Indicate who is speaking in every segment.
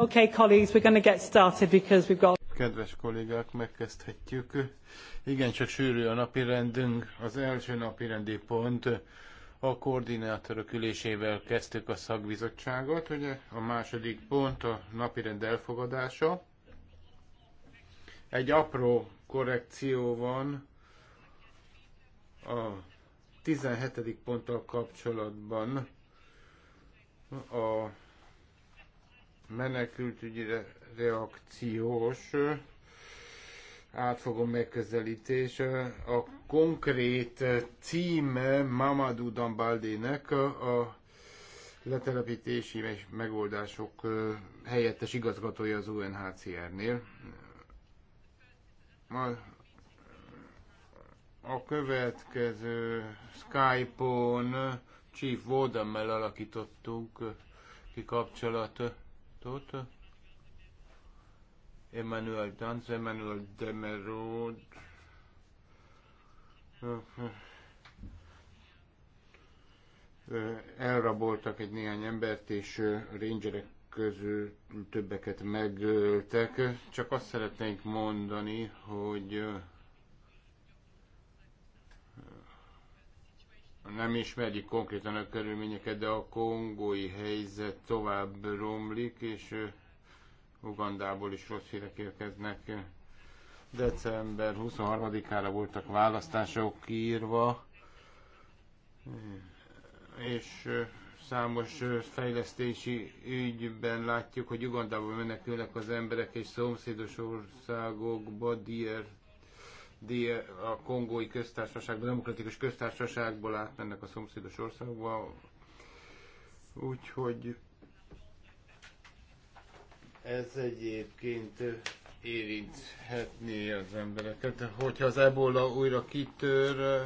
Speaker 1: Okay, colleagues, we're going to get started because we've got... Kedves kollégák, megkezdhetjük. Igen, csak sűrű a napi rendünk. Az első napi rendi pont a koordinátorok ülésével kezdtük a szakbizottságot, ugye a második pont a rend elfogadása. Egy apró korrekció van a 17. ponttal kapcsolatban a menekültügyi reakciós átfogó megközelítés. A konkrét címe Mamadou Dambaldének a letelepítési megoldások helyettes igazgatója az UNHCR-nél. A következő Skype-on Chief Vodemmel alakítottunk ki kapcsolat tot Emmanuel Danz, Emmanuel Demerod, elraboltak egy néhány embert, és rangerek közül többeket megöltek. Csak azt szeretnénk mondani, hogy nem ismerjük konkrétan a körülményeket, de a kongói helyzet tovább romlik, és Ugandából is rossz hírek érkeznek. December 23-ára voltak választások írva, és számos fejlesztési ügyben látjuk, hogy Ugandában menekülnek az emberek, és szomszédos országokba, DR a kongói köztársaságból, demokratikus köztársaságból átmennek a szomszédos országba. Úgyhogy ez egyébként érinthetné az embereket. Hogyha az ebola újra kitör,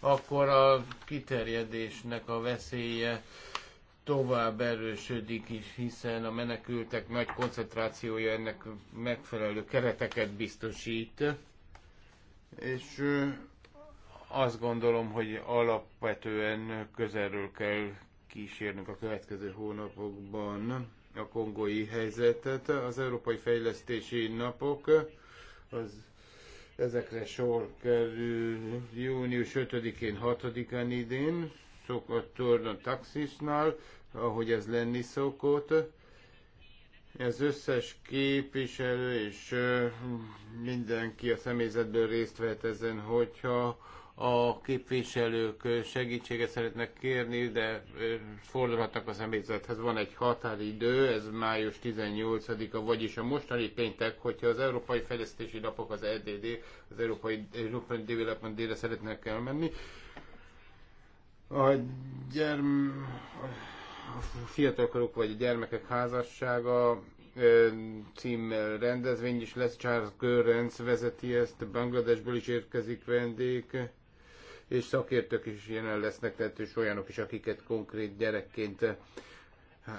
Speaker 1: akkor a kiterjedésnek a veszélye tovább erősödik is, hiszen a menekültek nagy koncentrációja ennek megfelelő kereteket biztosít és azt gondolom, hogy alapvetően közelről kell kísérnünk a következő hónapokban a kongói helyzetet. Az Európai Fejlesztési Napok az ezekre sor kerül június 5-én, 6-án idén, szokott Torna Taxisnál, ahogy ez lenni szokott ez összes képviselő és mindenki a személyzetből részt vehet ezen, hogyha a képviselők segítséget szeretnek kérni, de fordulhatnak a személyzethez. Van egy határidő, ez május 18-a, vagyis a mostani péntek, hogyha az Európai Fejlesztési Napok, az EDD, az Európai European Development Day-re szeretnek elmenni, a gyerm fiatalkoruk vagy a gyermekek házassága címmel rendezvény is lesz, Charles Görrenc vezeti ezt, Bangladesből is érkezik vendég, és szakértők is jelen lesznek, tehát és olyanok is, akiket konkrét gyerekként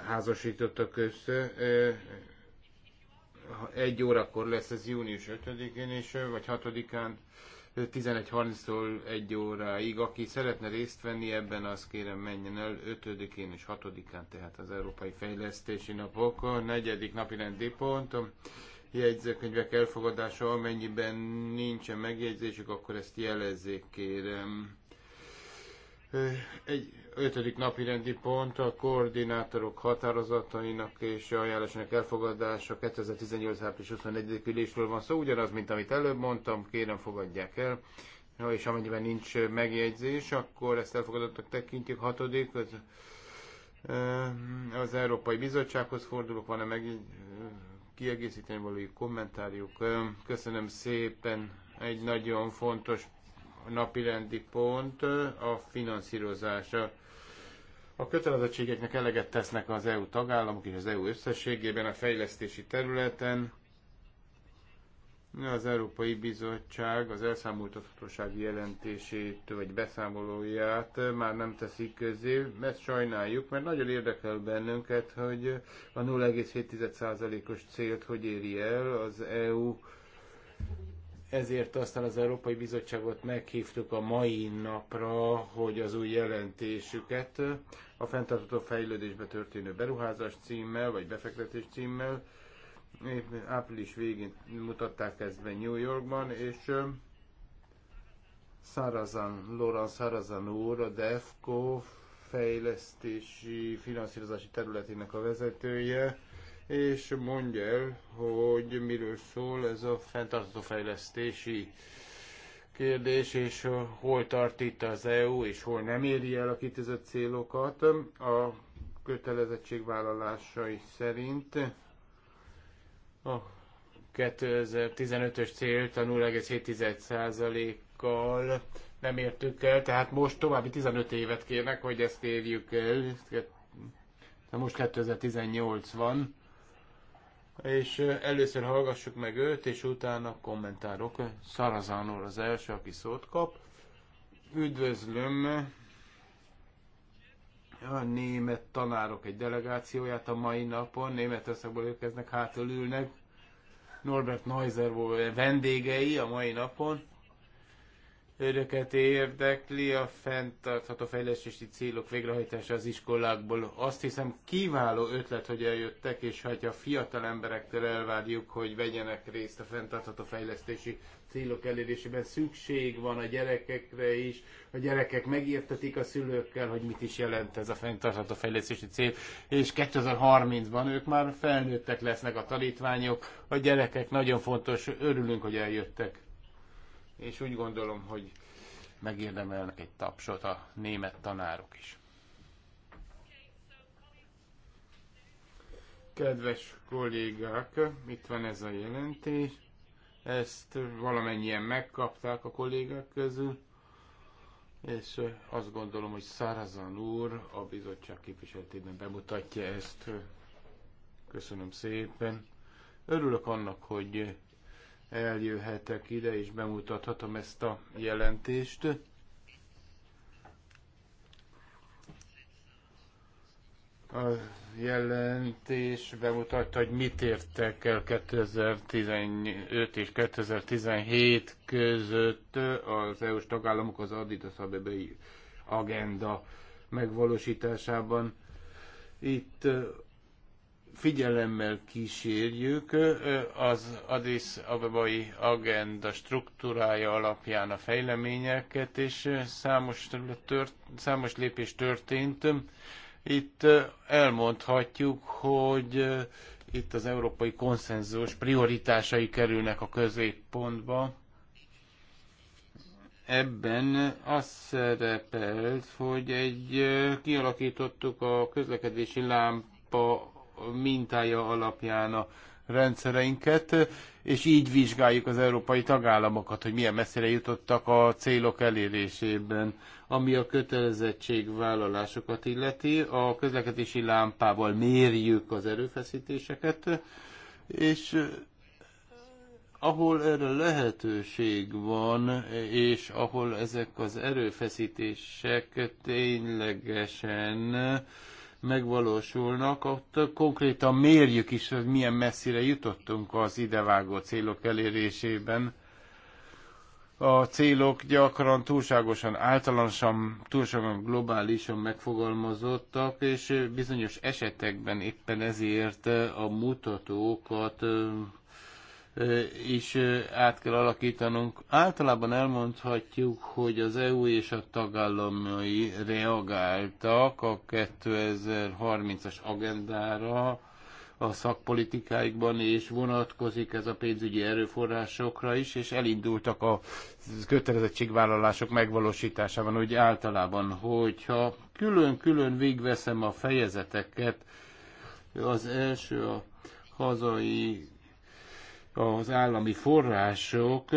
Speaker 1: házasítottak össze. Egy órakor lesz ez június 5-én és, vagy 6-án, 11.30-tól 1 óráig. Aki szeretne részt venni ebben, az kérem menjen el 5-én és 6-án, tehát az Európai Fejlesztési Napok, negyedik napi rendi pont. Jegyzőkönyvek elfogadása, amennyiben nincsen megjegyzésük, akkor ezt jelezzék, kérem. Egy, ötödik napi rendi pont a koordinátorok határozatainak és ajánlásának elfogadása 2018. április 21. ülésről van szó, ugyanaz, mint amit előbb mondtam, kérem fogadják el. Ja, és amennyiben nincs megjegyzés, akkor ezt elfogadottak tekintjük. Hatodik, az, eh, az Európai Bizottsághoz fordulok, van-e meg eh, kiegészíteni valójuk kommentárjuk. Köszönöm szépen, egy nagyon fontos napirendi pont eh, a finanszírozása. A kötelezettségeknek eleget tesznek az EU tagállamok és az EU összességében a fejlesztési területen. Az Európai Bizottság az elszámoltathatósági jelentését vagy beszámolóját már nem teszik közé. Mert sajnáljuk, mert nagyon érdekel bennünket, hogy a 0,7%-os célt hogy éri el az EU ezért aztán az Európai Bizottságot meghívtuk a mai napra, hogy az új jelentésüket a fenntartható fejlődésbe történő beruházás címmel, vagy befektetés címmel, április végén mutatták ezt be New Yorkban, és Szárazan, Loran Szárazan úr, a DEFCO fejlesztési finanszírozási területének a vezetője, és mondja el, hogy miről szól ez a fenntartható fejlesztési kérdés, és hol tart itt az EU, és hol nem éri el a kitűzött célokat a kötelezettségvállalásai szerint. A 2015-ös célt a 0,7%-kal nem értük el, tehát most további 15 évet kérnek, hogy ezt érjük el. De most 2018 van és először hallgassuk meg őt, és utána kommentárok. Szarazán úr az első, aki szót kap. Üdvözlöm a német tanárok egy delegációját a mai napon. Németországból érkeznek, hátul ülnek. Norbert Neuser volt vendégei a mai napon. Önöket érdekli a fenntartható fejlesztési célok végrehajtása az iskolákból. Azt hiszem kiváló ötlet, hogy eljöttek, és hát, ha a fiatal emberektől elvárjuk, hogy vegyenek részt a fenntartható fejlesztési célok elérésében, szükség van a gyerekekre is. A gyerekek megértetik a szülőkkel, hogy mit is jelent ez a fenntartható fejlesztési cél, és 2030-ban ők már felnőttek lesznek a tanítványok. A gyerekek nagyon fontos, örülünk, hogy eljöttek és úgy gondolom, hogy megérdemelnek egy tapsot a német tanárok is. Kedves kollégák, itt van ez a jelentés. Ezt valamennyien megkapták a kollégák közül, és azt gondolom, hogy Szárazan úr a bizottság képviseletében bemutatja ezt. Köszönöm szépen. Örülök annak, hogy eljöhetek ide, és bemutathatom ezt a jelentést. A jelentés bemutatta, hogy mit értek el 2015 és 2017 között az EU-s tagállamok az Adidas Abebei agenda megvalósításában. Itt figyelemmel kísérjük az Addis Ababai agenda struktúrája alapján a fejleményeket, és számos, tört, számos lépés történt. Itt elmondhatjuk, hogy itt az európai konszenzus prioritásai kerülnek a középpontba. Ebben az szerepelt, hogy egy kialakítottuk a közlekedési lámpa mintája alapján a rendszereinket, és így vizsgáljuk az európai tagállamokat, hogy milyen messzire jutottak a célok elérésében. Ami a kötelezettségvállalásokat illeti, a közlekedési lámpával mérjük az erőfeszítéseket, és eh, ahol erre lehetőség van, és ahol ezek az erőfeszítések ténylegesen megvalósulnak, ott konkrétan mérjük is, hogy milyen messzire jutottunk az idevágó célok elérésében. A célok gyakran túlságosan általánosan, túlságosan globálisan megfogalmazottak, és bizonyos esetekben éppen ezért a mutatókat is át kell alakítanunk. Általában elmondhatjuk, hogy az EU és a tagállamai reagáltak a 2030-as agendára a szakpolitikáikban, és vonatkozik ez a pénzügyi erőforrásokra is, és elindultak a kötelezettségvállalások megvalósításában, úgy általában, hogyha külön-külön végveszem a fejezeteket, az első a hazai az állami források,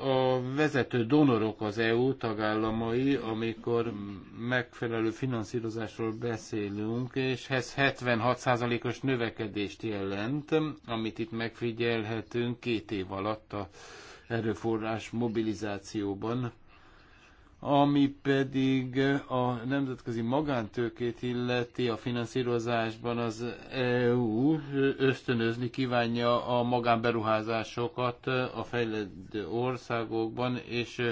Speaker 1: a vezető donorok az EU tagállamai, amikor megfelelő finanszírozásról beszélünk, és ez 76%-os növekedést jelent, amit itt megfigyelhetünk két év alatt a erőforrás mobilizációban ami pedig a nemzetközi magántőkét illeti a finanszírozásban az EU ösztönözni kívánja a magánberuházásokat a fejlett országokban, és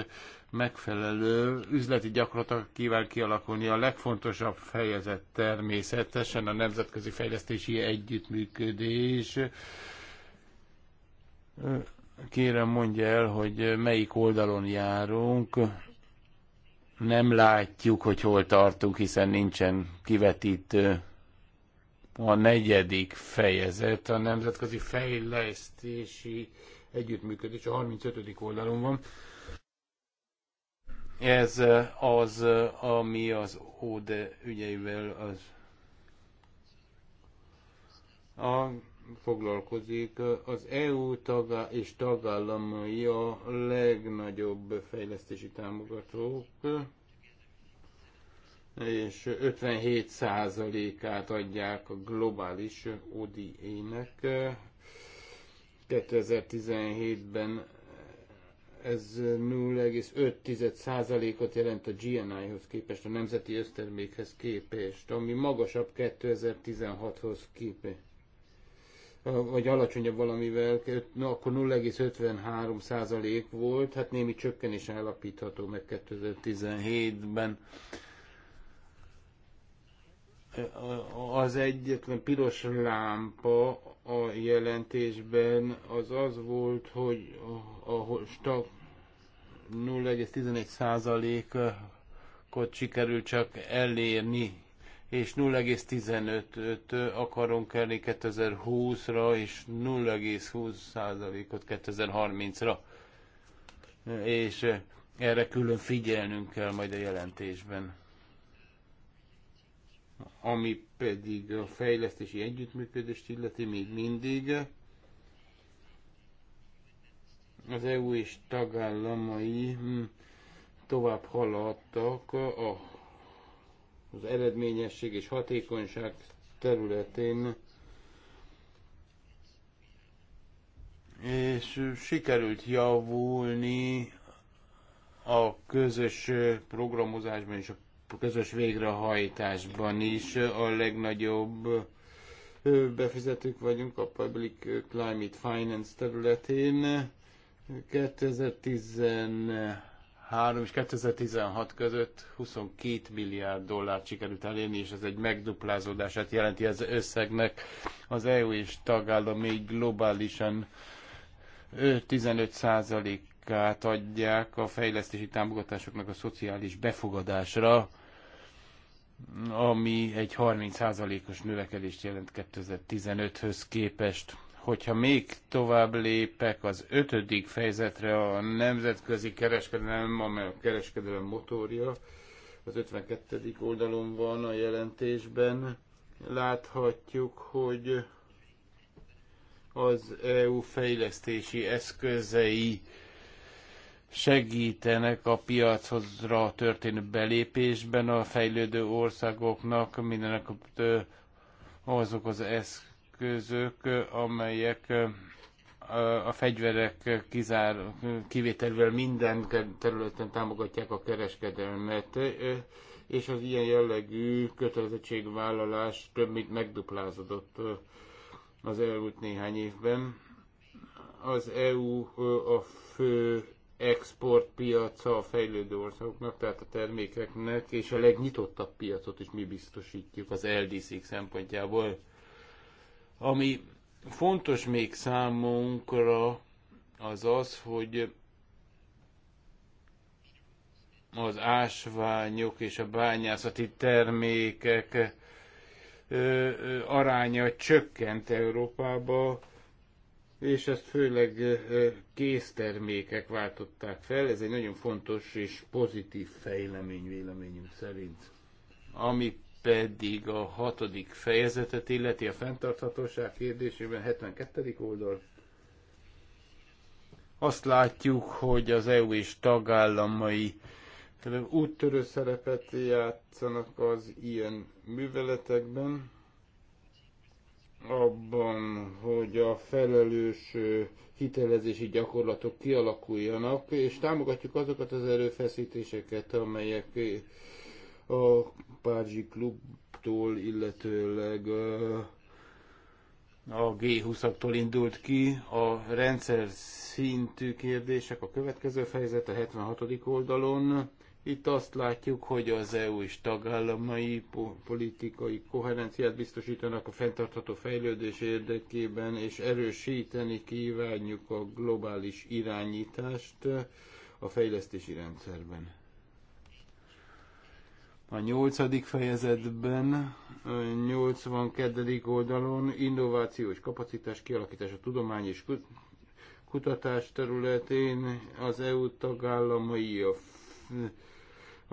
Speaker 1: megfelelő üzleti gyakorlatok kíván kialakulni. A legfontosabb fejezet természetesen a nemzetközi fejlesztési együttműködés. Kérem mondja el, hogy melyik oldalon járunk nem látjuk, hogy hol tartunk, hiszen nincsen kivetítő a negyedik fejezet, a nemzetközi fejlesztési együttműködés a 35. oldalon van. Ez az, ami az ODE ügyeivel az a foglalkozik. Az EU tagá és tagállamai a legnagyobb fejlesztési támogatók, és 57%-át adják a globális ODA-nek. 2017-ben ez 0,5%-ot jelent a GNI-hoz képest, a nemzeti össztermékhez képest, ami magasabb 2016-hoz képest vagy alacsonyabb valamivel, na, akkor 0,53 százalék volt, hát némi csökkenés állapítható meg 2017-ben. Az egyetlen piros lámpa a jelentésben az az volt, hogy a, a stag 0,11 százalékot sikerült csak elérni és 0,15-öt akarunk elni 2020-ra, és 0,20%-ot 2030-ra. És eh, erre külön figyelnünk kell majd a jelentésben. Ami pedig a fejlesztési együttműködést illeti még mindig, eh, az EU és tagállamai hm, tovább haladtak eh, a az eredményesség és hatékonyság területén és sikerült javulni a közös programozásban és a közös végrehajtásban is a legnagyobb befizetők vagyunk a Public Climate Finance területén. 2003 és 2016 között 22 milliárd dollárt sikerült elérni, és ez egy megduplázódását jelenti az összegnek. Az EU és még globálisan 15%-át adják a fejlesztési támogatásoknak a szociális befogadásra, ami egy 30%-os növekedést jelent 2015-höz képest hogyha még tovább lépek az ötödik fejezetre a nemzetközi kereskedelem, amely a kereskedelem motorja, az 52. oldalon van a jelentésben, láthatjuk, hogy az EU fejlesztési eszközei segítenek a piachozra történő belépésben a fejlődő országoknak, mindenek azok az eszközök, eszközök, amelyek a fegyverek kizár, kivételvel minden területen támogatják a kereskedelmet, és az ilyen jellegű kötelezettségvállalás több mint megduplázódott az elmúlt néhány évben. Az EU a fő exportpiaca a fejlődő országoknak, tehát a termékeknek, és a legnyitottabb piacot is mi biztosítjuk az LDC szempontjából ami fontos még számunkra az az, hogy az ásványok és a bányászati termékek aránya csökkent Európába, és ezt főleg késztermékek váltották fel. Ez egy nagyon fontos és pozitív fejlemény véleményünk szerint. Ami pedig a hatodik fejezetet illeti a fenntarthatóság kérdésében, 72. oldal. Azt látjuk, hogy az EU és tagállamai úttörő szerepet játszanak az ilyen műveletekben, abban, hogy a felelős hitelezési gyakorlatok kialakuljanak, és támogatjuk azokat az erőfeszítéseket, amelyek a Párizsi klubtól, illetőleg a G20-aktól indult ki. A rendszer szintű kérdések a következő fejezet a 76. oldalon. Itt azt látjuk, hogy az EU és tagállamai politikai koherenciát biztosítanak a fenntartható fejlődés érdekében, és erősíteni kívánjuk a globális irányítást a fejlesztési rendszerben a nyolcadik fejezetben, 82. oldalon innováció és kapacitás kialakítás a tudomány és kutatás területén az EU tagállamai a,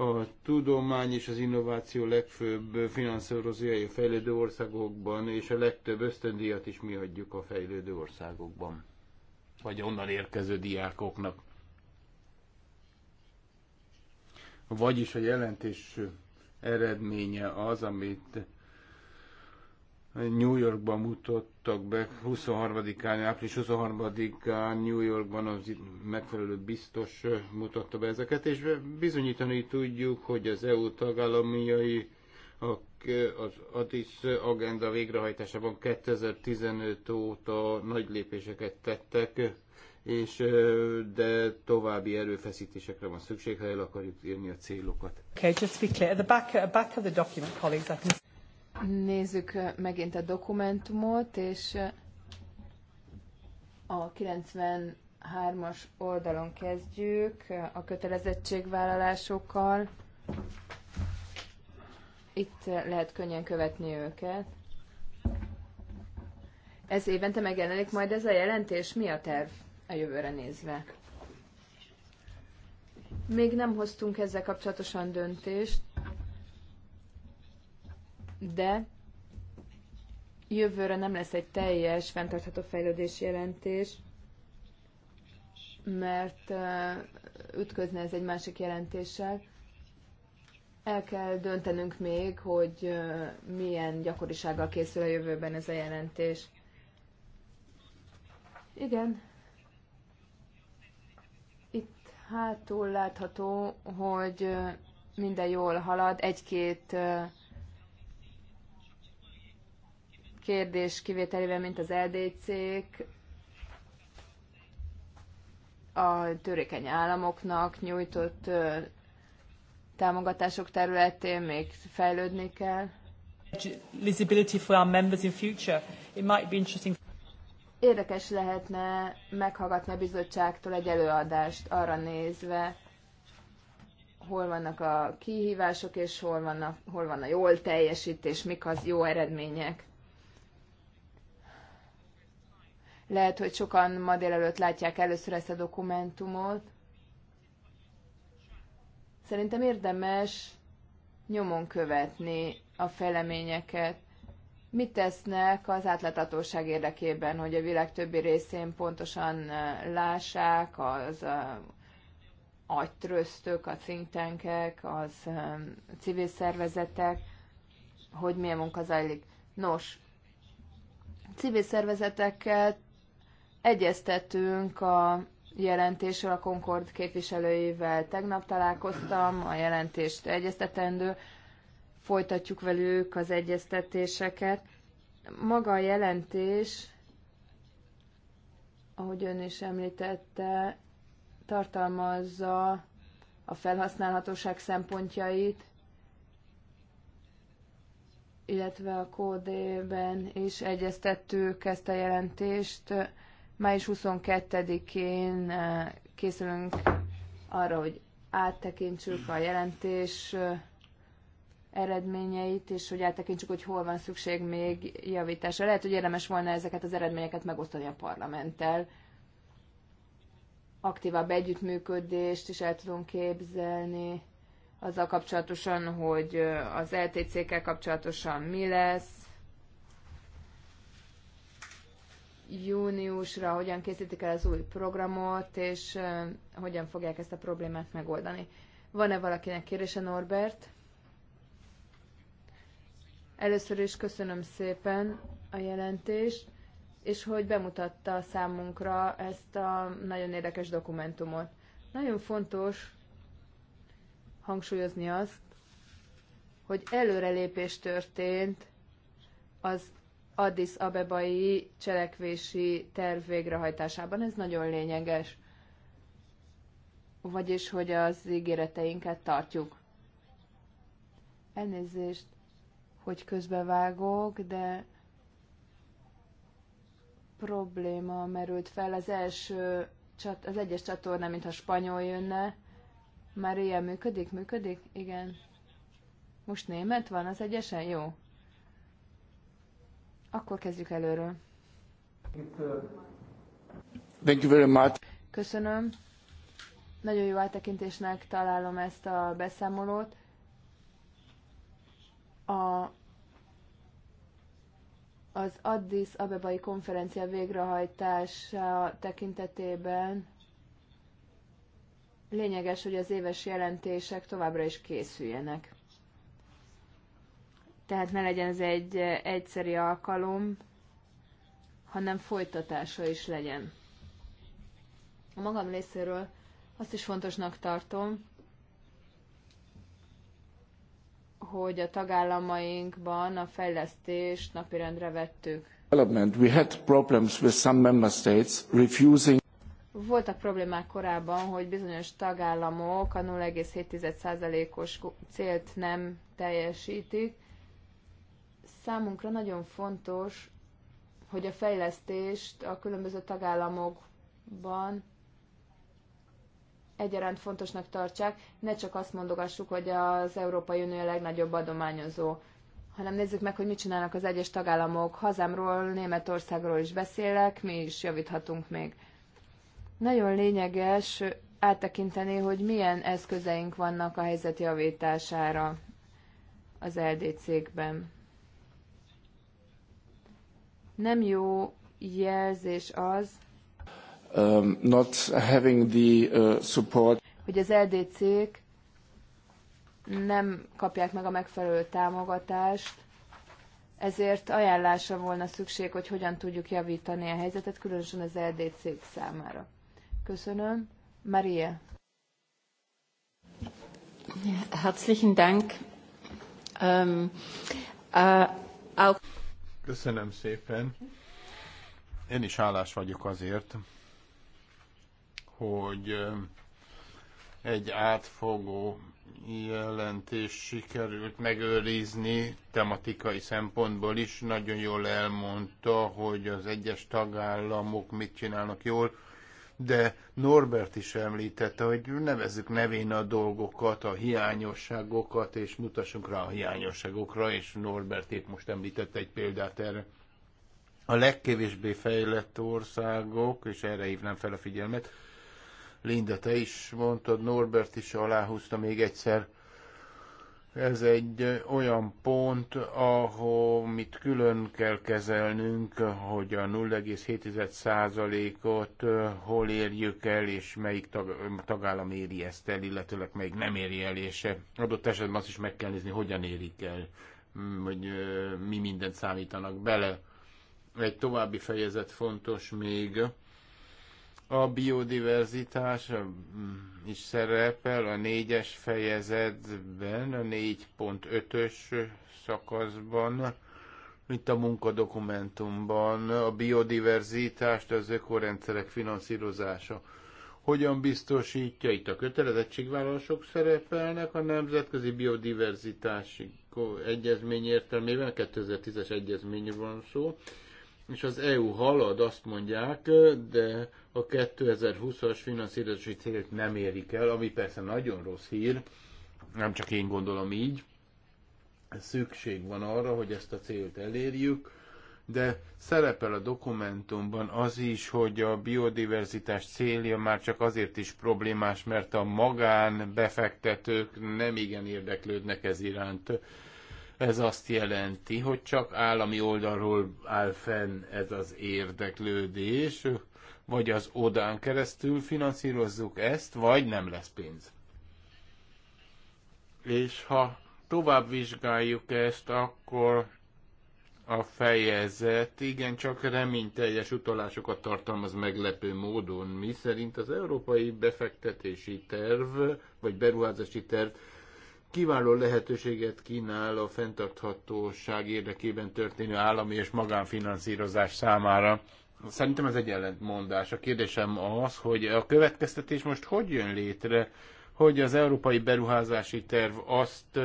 Speaker 1: a tudomány és az innováció legfőbb finanszírozói a fejlődő országokban, és a legtöbb ösztöndíjat is mi adjuk a fejlődő országokban, vagy onnan érkező diákoknak. Vagyis a jelentés eredménye az, amit New Yorkban mutattak be 23-án, április 23-án New Yorkban az megfelelő biztos mutatta be ezeket, és bizonyítani tudjuk, hogy az EU tagállamiai az Addis agenda végrehajtásában 2015 óta nagy lépéseket tettek, és de további erőfeszítésekre van szükség, ha el akarjuk írni a célokat.
Speaker 2: Okay, just be clear. The back, uh, back of
Speaker 3: the document, colleagues, I can...
Speaker 2: Nézzük uh, megint a dokumentumot, és uh, a 93-as oldalon kezdjük a kötelezettségvállalásokkal. Itt lehet könnyen követni őket. Ez évente megjelenik majd ez a jelentés. Mi a terv? a jövőre nézve. Még nem hoztunk ezzel kapcsolatosan döntést, de jövőre nem lesz egy teljes fenntartható fejlődés jelentés, mert ütközne ez egy másik jelentéssel. El kell döntenünk még, hogy milyen gyakorisággal készül a jövőben ez a jelentés. Igen, hátul látható, hogy minden jól halad. Egy-két kérdés kivételével, mint az LDC-k, a törékeny államoknak nyújtott támogatások területén még fejlődni kell.
Speaker 3: Visibility for our members in future. It might be interesting.
Speaker 2: Érdekes lehetne meghallgatni a bizottságtól egy előadást arra nézve, hol vannak a kihívások, és hol, van a hol van a jól teljesítés, mik az jó eredmények. Lehet, hogy sokan ma délelőtt látják először ezt a dokumentumot. Szerintem érdemes nyomon követni a fejleményeket mit tesznek az átláthatóság érdekében, hogy a világ többi részén pontosan lássák az agytröztök, a think tankek, az civil szervezetek, hogy milyen munka zajlik. Nos, civil szervezetekkel egyeztetünk a jelentésről a Concord képviselőivel. Tegnap találkoztam, a jelentést egyeztetendő folytatjuk velük az egyeztetéseket. Maga a jelentés, ahogy ön is említette, tartalmazza a felhasználhatóság szempontjait, illetve a kódében is egyeztettük ezt a jelentést. Május 22-én eh, készülünk arra, hogy áttekintsük a jelentés eh, eredményeit, és hogy eltekintsük, hogy hol van szükség még javításra. Lehet, hogy érdemes volna ezeket az eredményeket megosztani a parlamenttel. Aktívabb együttműködést is el tudunk képzelni azzal kapcsolatosan, hogy az LTC-kkel kapcsolatosan mi lesz, júniusra hogyan készítik el az új programot, és eh, hogyan fogják ezt a problémát megoldani. Van-e valakinek kérdése, Norbert? Először is köszönöm szépen a jelentést, és hogy bemutatta számunkra ezt a nagyon érdekes dokumentumot. Nagyon fontos hangsúlyozni azt, hogy előrelépés történt az Addis Abebai cselekvési terv végrehajtásában. Ez nagyon lényeges. Vagyis, hogy az ígéreteinket tartjuk. Elnézést hogy közbevágok, de probléma merült fel. Az első, az egyes csatorna, mintha spanyol jönne. Már ilyen működik? Működik? Igen. Most német van az egyesen? Jó. Akkor kezdjük előről.
Speaker 1: Thank you very much.
Speaker 2: Köszönöm. Nagyon jó áttekintésnek találom ezt a beszámolót a, az Addis Abebai konferencia végrehajtása tekintetében lényeges, hogy az éves jelentések továbbra is készüljenek. Tehát ne legyen ez egy egyszeri alkalom, hanem folytatása is legyen. A magam részéről azt is fontosnak tartom, hogy a tagállamainkban a fejlesztést napirendre vettük.
Speaker 1: We had problems with some member states refusing
Speaker 2: voltak problémák korábban, hogy bizonyos tagállamok a 0,7%-os célt nem teljesítik. Számunkra nagyon fontos, hogy a fejlesztést a különböző tagállamokban egyaránt fontosnak tartsák, ne csak azt mondogassuk, hogy az Európai Unió a legnagyobb adományozó, hanem nézzük meg, hogy mit csinálnak az egyes tagállamok. Hazámról, Németországról is beszélek, mi is javíthatunk még. Nagyon lényeges áttekinteni, hogy milyen eszközeink vannak a helyzet javítására az LDC-kben. Nem jó jelzés az,
Speaker 1: um, not having the uh, support.
Speaker 2: Hogy az LDC-k nem kapják meg a megfelelő támogatást, ezért ajánlásra volna szükség, hogy hogyan tudjuk javítani a helyzetet, különösen az LDC-k számára. Köszönöm. Maria.
Speaker 4: Herzlichen Dank. Ähm,
Speaker 1: äh, Köszönöm szépen. Én is állás vagyok azért, hogy egy átfogó jelentés sikerült megőrizni tematikai szempontból is. Nagyon jól elmondta, hogy az egyes tagállamok mit csinálnak jól, de Norbert is említette, hogy nevezzük nevén a dolgokat, a hiányosságokat, és mutassunk rá a hiányosságokra, és Norbert épp most említette egy példát erre. A legkevésbé fejlett országok, és erre hívnám fel a figyelmet, Linda, te is mondtad, Norbert is aláhúzta még egyszer, ez egy olyan pont, ahol mit külön kell kezelnünk, hogy a 0,7%-ot hol érjük el, és melyik tag, tagállam éri ezt el, illetőleg melyik nem éri el, és adott esetben azt is meg kell nézni, hogyan érik el, hogy mi mindent számítanak bele. Egy további fejezet fontos még, a biodiverzitás mm, is szerepel a négyes fejezetben, a 4.5-ös szakaszban, itt a munkadokumentumban, a biodiverzitást, az ökorendszerek finanszírozása hogyan biztosítja. Itt a kötelezettségvállalások szerepelnek a Nemzetközi Biodiverzitási Egyezmény értelmében, 2010-es egyezmény van szó, és az EU halad, azt mondják, de a 2020-as finanszírozási célt nem érik el, ami persze nagyon rossz hír, nem csak én gondolom így. Szükség van arra, hogy ezt a célt elérjük, de szerepel a dokumentumban az is, hogy a biodiverzitás célja már csak azért is problémás, mert a magán befektetők nem igen érdeklődnek ez iránt ez azt jelenti, hogy csak állami oldalról áll fenn ez az érdeklődés, vagy az odán keresztül finanszírozzuk ezt, vagy nem lesz pénz. És ha tovább vizsgáljuk ezt, akkor a fejezet igen csak reményteljes utalásokat tartalmaz meglepő módon, mi szerint az európai befektetési terv, vagy beruházási terv kiváló lehetőséget kínál a fenntarthatóság érdekében történő állami és magánfinanszírozás számára. Szerintem ez egy ellentmondás. A kérdésem az, hogy a következtetés most hogy jön létre, hogy az európai beruházási terv azt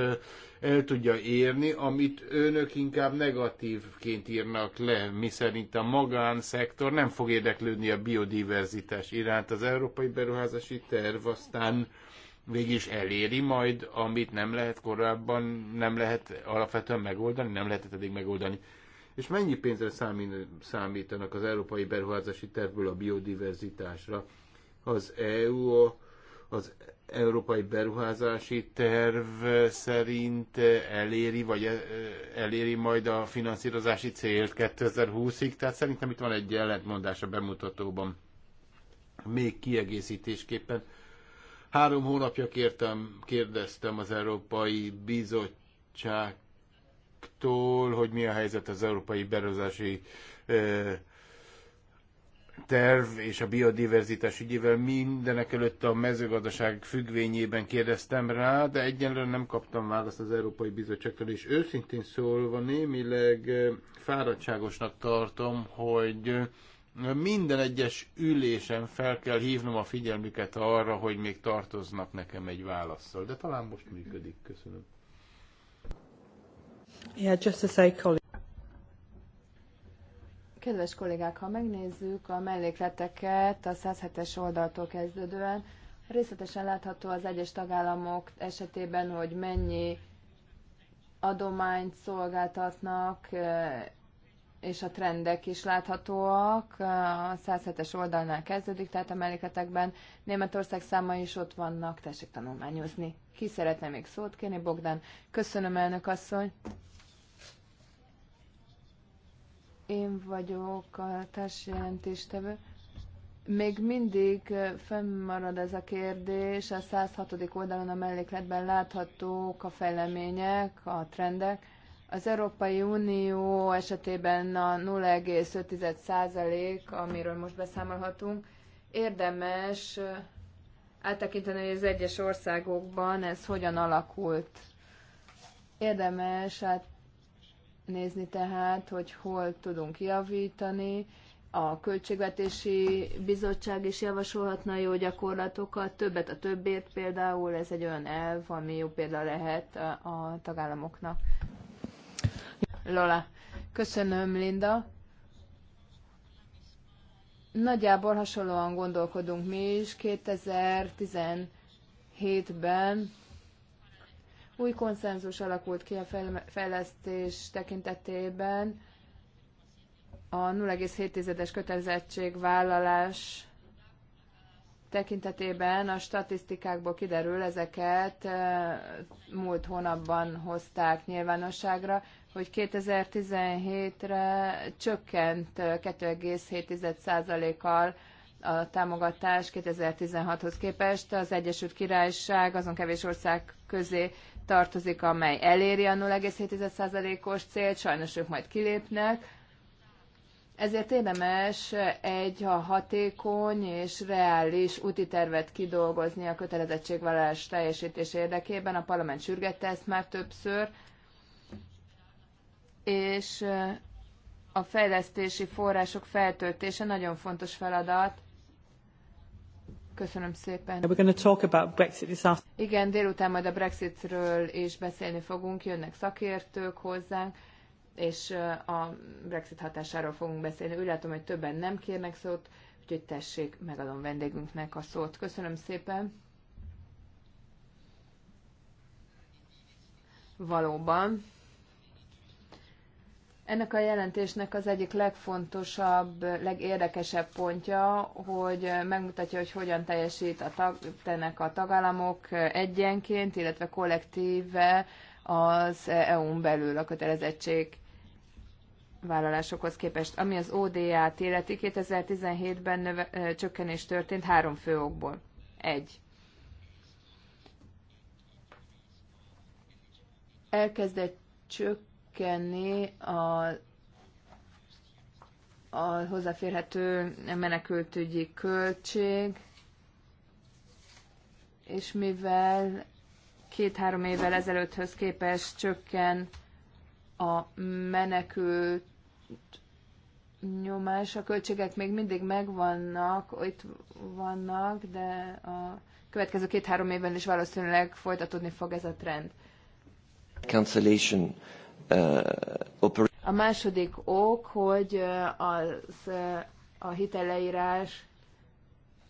Speaker 1: el tudja érni, amit önök inkább negatívként írnak le, miszerint a magánszektor nem fog érdeklődni a biodiverzitás iránt. Az európai beruházási terv aztán végig is eléri majd, amit nem lehet korábban, nem lehet alapvetően megoldani, nem lehetett eddig megoldani. És mennyi pénzre számítanak az európai beruházási tervből a biodiverzitásra? Az EU, az európai beruházási terv szerint eléri, vagy e, eléri majd a finanszírozási célt 2020-ig, tehát szerintem itt van egy ellentmondás a bemutatóban. Még kiegészítésképpen Három hónapja kértem, kérdeztem az Európai Bizottságtól, hogy mi a helyzet az Európai Berozási terv és a biodiverzitás ügyével mindenek előtt a mezőgazdaság függvényében kérdeztem rá, de egyenlően nem kaptam választ az Európai Bizottságtól, és őszintén szólva némileg fáradtságosnak tartom, hogy minden egyes ülésen fel kell hívnom a figyelmüket arra, hogy még tartoznak nekem egy válaszsal. De talán most működik. Köszönöm.
Speaker 3: Yeah, just to say,
Speaker 2: Kedves kollégák, ha megnézzük a mellékleteket a 107-es oldaltól kezdődően, részletesen látható az egyes tagállamok esetében, hogy mennyi adományt szolgáltatnak, és a trendek is láthatóak. A 107-es oldalnál kezdődik, tehát a melléketekben. Németország száma is ott vannak, tessék tanulmányozni. Ki szeretne még szót kérni, Bogdan? Köszönöm, elnök asszony. Én vagyok a társjelentéstevő. Még mindig fennmarad ez a kérdés, a 106. oldalon a mellékletben láthatók a fejlemények, a trendek az Európai Unió esetében a 0,5%, amiről most beszámolhatunk, érdemes áttekinteni, hogy az egyes országokban ez hogyan alakult. Érdemes átnézni tehát, hogy hol tudunk javítani. A Költségvetési Bizottság is javasolhatna jó gyakorlatokat, többet a többért például, ez egy olyan elv, ami jó példa lehet a tagállamoknak. Lola. Köszönöm, Linda. Nagyjából hasonlóan gondolkodunk mi is. 2017-ben új konszenzus alakult ki a fejlesztés tekintetében a 0,7-es kötelezettségvállalás tekintetében a statisztikákból kiderül, ezeket eh, múlt hónapban hozták nyilvánosságra hogy 2017-re csökkent 2,7%-kal a támogatás 2016-hoz képest. Az Egyesült Királyság azon kevés ország közé tartozik, amely eléri a 0,7%-os célt, sajnos ők majd kilépnek. Ezért érdemes egy a hatékony és reális úti tervet kidolgozni a kötelezettségvállalás teljesítés érdekében. A parlament sürgette ezt már többször, és a fejlesztési források feltöltése nagyon fontos feladat. Köszönöm szépen. We're going to talk
Speaker 3: about Brexit this afternoon.
Speaker 2: Igen, délután majd a Brexitről is beszélni fogunk, jönnek szakértők hozzánk, és a Brexit hatásáról fogunk beszélni. Úgy látom, hogy többen nem kérnek szót, úgyhogy tessék, megadom vendégünknek a szót. Köszönöm szépen. Valóban. Ennek a jelentésnek az egyik legfontosabb, legérdekesebb pontja, hogy megmutatja, hogy hogyan teljesít a tag, ennek a tagállamok egyenként, illetve kollektíve az EU-n belül a kötelezettség vállalásokhoz képest. Ami az ODA-t illeti, 2017-ben növe, csökkenés történt három fő okból. Egy. Elkezdett csökkenni csökkenni a, a hozzáférhető menekültügyi költség, és mivel két-három évvel ezelőtthöz képest csökken a menekült nyomás, a költségek még mindig megvannak, itt vannak, de a következő két-három évben is valószínűleg folytatódni fog ez a trend.
Speaker 3: Cancellation Uh,
Speaker 2: a második ok, hogy uh, az, uh, a hiteleírás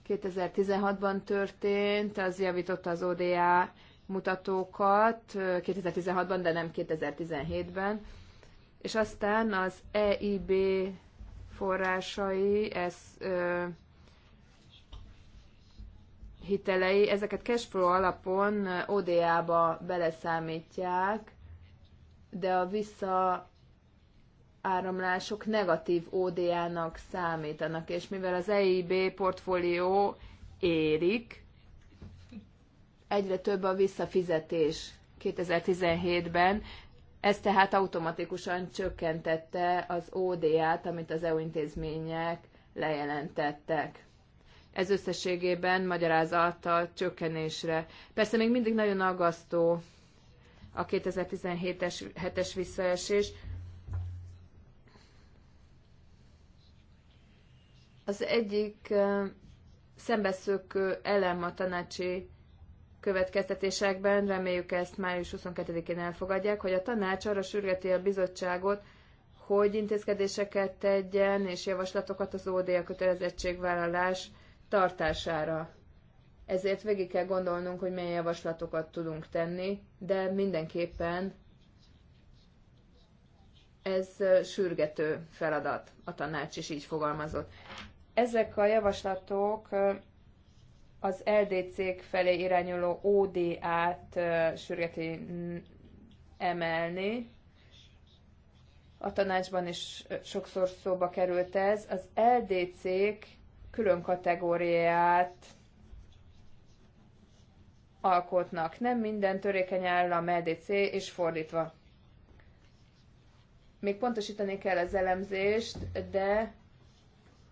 Speaker 2: 2016-ban történt, az javította az ODA mutatókat 2016-ban, de nem 2017-ben. És aztán az EIB forrásai, ez ö, hitelei, ezeket cashflow alapon ODA-ba beleszámítják, de a áramlások negatív ODA-nak számítanak, és mivel az EIB portfólió érik, egyre több a visszafizetés 2017-ben, ez tehát automatikusan csökkentette az ODA-t, amit az EU intézmények lejelentettek. Ez összességében magyarázata a csökkenésre. Persze még mindig nagyon aggasztó a 2017-es visszaesés. Az egyik szembeszökő elem a tanácsi következtetésekben, reméljük ezt május 22-én elfogadják, hogy a tanács arra sürgeti a bizottságot, hogy intézkedéseket tegyen és javaslatokat az ODA kötelezettségvállalás tartására. Ezért végig kell gondolnunk, hogy milyen javaslatokat tudunk tenni, de mindenképpen ez sürgető feladat, a tanács is így fogalmazott. Ezek a javaslatok az LDC-k felé irányuló ODA-t sürgeti emelni. A tanácsban is sokszor szóba került ez. Az LDC-k külön kategóriát alkotnak. Nem minden törékeny állam MDC és fordítva. Még pontosítani kell az elemzést, de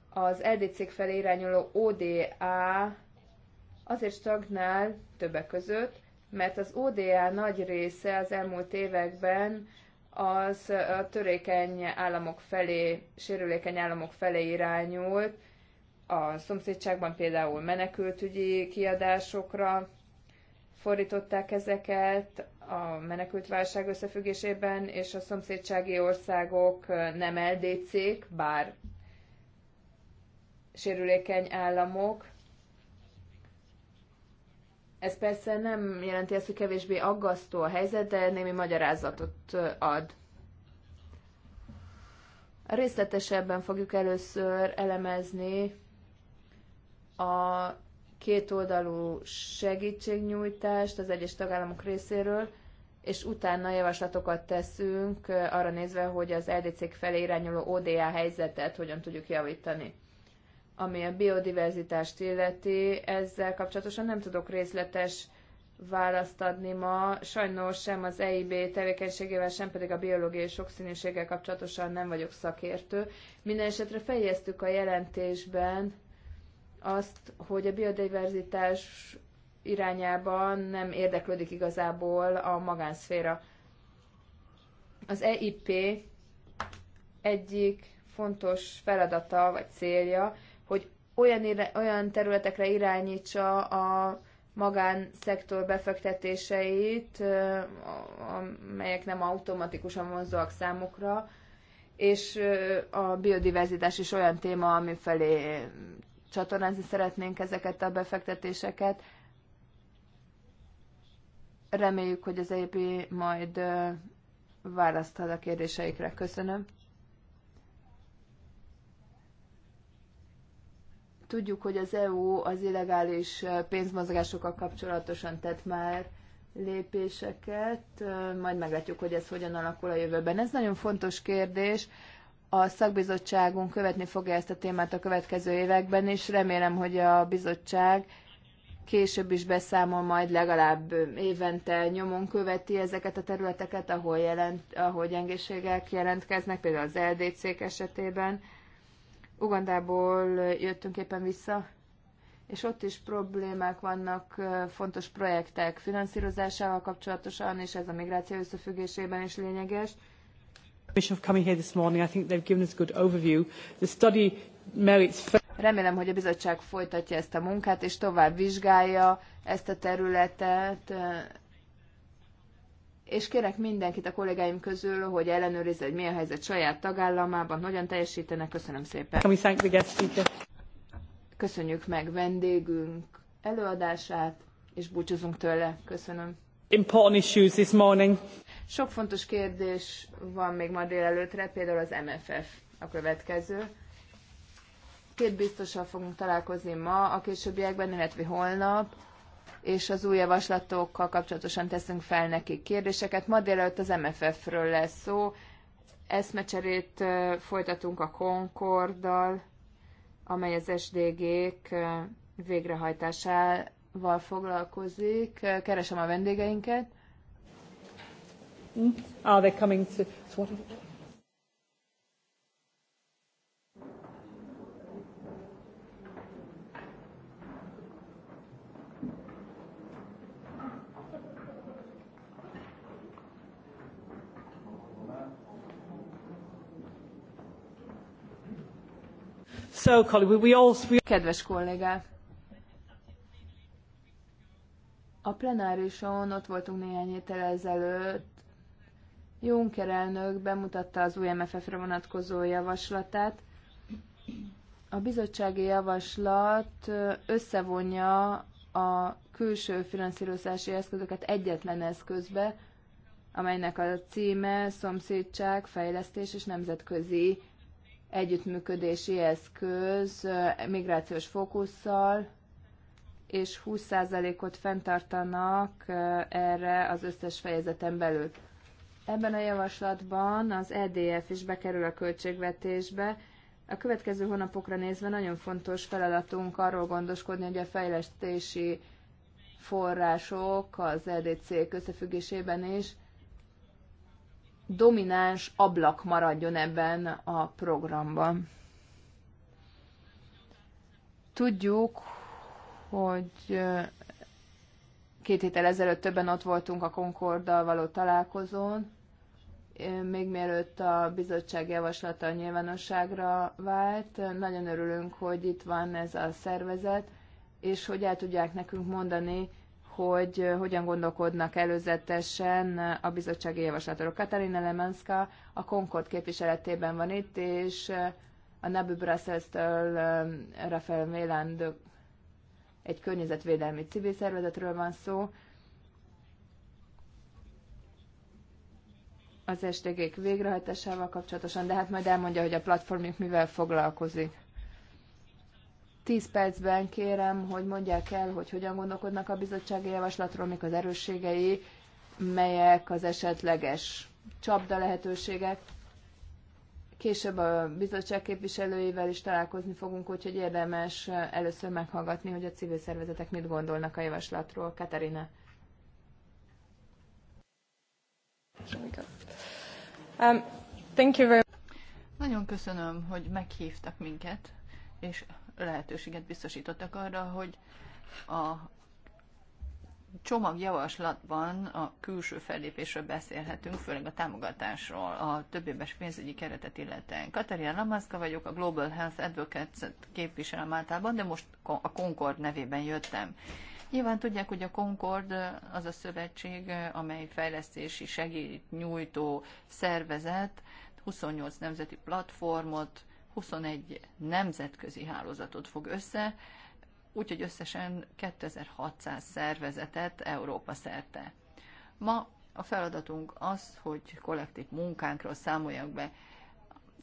Speaker 2: az LDC felé irányuló ODA azért stagnál többek között, mert az ODA nagy része az elmúlt években az a törékeny államok felé, sérülékeny államok felé irányult, a szomszédságban például menekültügyi kiadásokra, fordították ezeket a menekült válság összefüggésében, és a szomszédsági országok nem LDC-k, bár sérülékeny államok. Ez persze nem jelenti azt, hogy kevésbé aggasztó a helyzet, de némi magyarázatot ad. Részletesebben fogjuk először elemezni a kétoldalú segítségnyújtást az egyes tagállamok részéről, és utána javaslatokat teszünk arra nézve, hogy az LDC-k felé irányuló ODA helyzetet hogyan tudjuk javítani. Ami a biodiverzitást illeti, ezzel kapcsolatosan nem tudok részletes választ adni ma. Sajnos sem az EIB tevékenységével, sem pedig a biológiai sokszínűséggel kapcsolatosan nem vagyok szakértő. Minden esetre fejeztük a jelentésben azt, hogy a biodiverzitás irányában nem érdeklődik igazából a magánszféra. Az EIP egyik fontos feladata vagy célja, hogy olyan, olyan területekre irányítsa a magánszektor befektetéseit, amelyek nem automatikusan vonzóak számukra, és a biodiverzitás is olyan téma, ami felé csatornázni szeretnénk ezeket a befektetéseket. Reméljük, hogy az EIP majd választhat a kérdéseikre. Köszönöm. Tudjuk, hogy az EU az illegális pénzmozgásokkal kapcsolatosan tett már lépéseket, majd meglátjuk, hogy ez hogyan alakul a jövőben. Ez nagyon fontos kérdés a szakbizottságunk követni fogja ezt a témát a következő években, és remélem, hogy a bizottság később is beszámol, majd legalább évente nyomon követi ezeket a területeket, ahol, jelent, ahol gyengéségek jelentkeznek, például az ldc esetében. Ugandából jöttünk éppen vissza, és ott is problémák vannak fontos projektek finanszírozásával kapcsolatosan, és ez a migráció összefüggésében is lényeges
Speaker 3: coming here this morning. I think they've given us a good overview. The study
Speaker 2: merits Remélem, hogy a bizottság folytatja ezt a munkát, és tovább vizsgálja ezt a területet, és kérek mindenkit a kollégáim közül, hogy ellenőrizze, hogy a helyzet saját tagállamában, hogyan teljesítenek. Köszönöm szépen. Köszönjük meg vendégünk előadását, és búcsúzunk tőle. Köszönöm.
Speaker 3: Important issues this morning.
Speaker 2: Sok fontos kérdés van még ma délelőtre, például az MFF a következő. Két biztosan fogunk találkozni ma, a későbbiekben, illetve holnap, és az új javaslatokkal kapcsolatosan teszünk fel nekik kérdéseket. Ma délelőtt az MFF-ről lesz szó, eszmecserét folytatunk a Concorddal, amely az SDG-k végrehajtásával foglalkozik. Keresem a vendégeinket. Hmm? Are ah, they coming to... So what
Speaker 3: So, are we... all speak. Kedves kollégák!
Speaker 2: A plenárison ott voltunk néhány héttel ezelőtt, Juncker elnök bemutatta az új MFF-re vonatkozó javaslatát. A bizottsági javaslat összevonja a külső finanszírozási eszközöket egyetlen eszközbe, amelynek a címe szomszédság, fejlesztés és nemzetközi együttműködési eszköz migrációs fókusszal, és 20%-ot fenntartanak erre az összes fejezeten belül. Ebben a javaslatban az EDF is bekerül a költségvetésbe. A következő hónapokra nézve nagyon fontos feladatunk arról gondoskodni, hogy a fejlesztési források az EDC összefüggésében is domináns ablak maradjon ebben a programban. Tudjuk, hogy két héttel ezelőtt többen ott voltunk a Concorddal való találkozón, még mielőtt a bizottság javaslata nyilvánosságra vált. Nagyon örülünk, hogy itt van ez a szervezet, és hogy el tudják nekünk mondani, hogy hogyan gondolkodnak előzetesen a bizottsági javaslatról. Katarina Lemanska a Concord képviseletében van itt, és a Nabu Brussels-től um, Rafael Méland egy környezetvédelmi civil szervezetről van szó, az STG-k végrehajtásával kapcsolatosan, de hát majd elmondja, hogy a platformjuk mivel foglalkozik. 10 percben kérem, hogy mondják el, hogy hogyan gondolkodnak a bizottsági javaslatról, mik az erősségei, melyek az esetleges csapda lehetőségek. Később a bizottság képviselőivel is találkozni fogunk, úgyhogy érdemes először meghallgatni, hogy a civil szervezetek mit gondolnak a javaslatról. Katarina.
Speaker 4: Um, thank you very Nagyon köszönöm, hogy meghívtak minket, és lehetőséget biztosítottak arra, hogy a csomagjavaslatban a külső fellépésről beszélhetünk, főleg a támogatásról, a többéves pénzügyi keretet illetően. Katarina Lamaszka vagyok, a Global Health Advocates-et képviselem általában, de most a Concord nevében jöttem. Nyilván tudják, hogy a Concord az a szövetség, amely fejlesztési segít nyújtó szervezet, 28 nemzeti platformot, 21 nemzetközi hálózatot fog össze, úgyhogy összesen 2600 szervezetet Európa szerte. Ma a feladatunk az, hogy kollektív munkánkról számoljak be.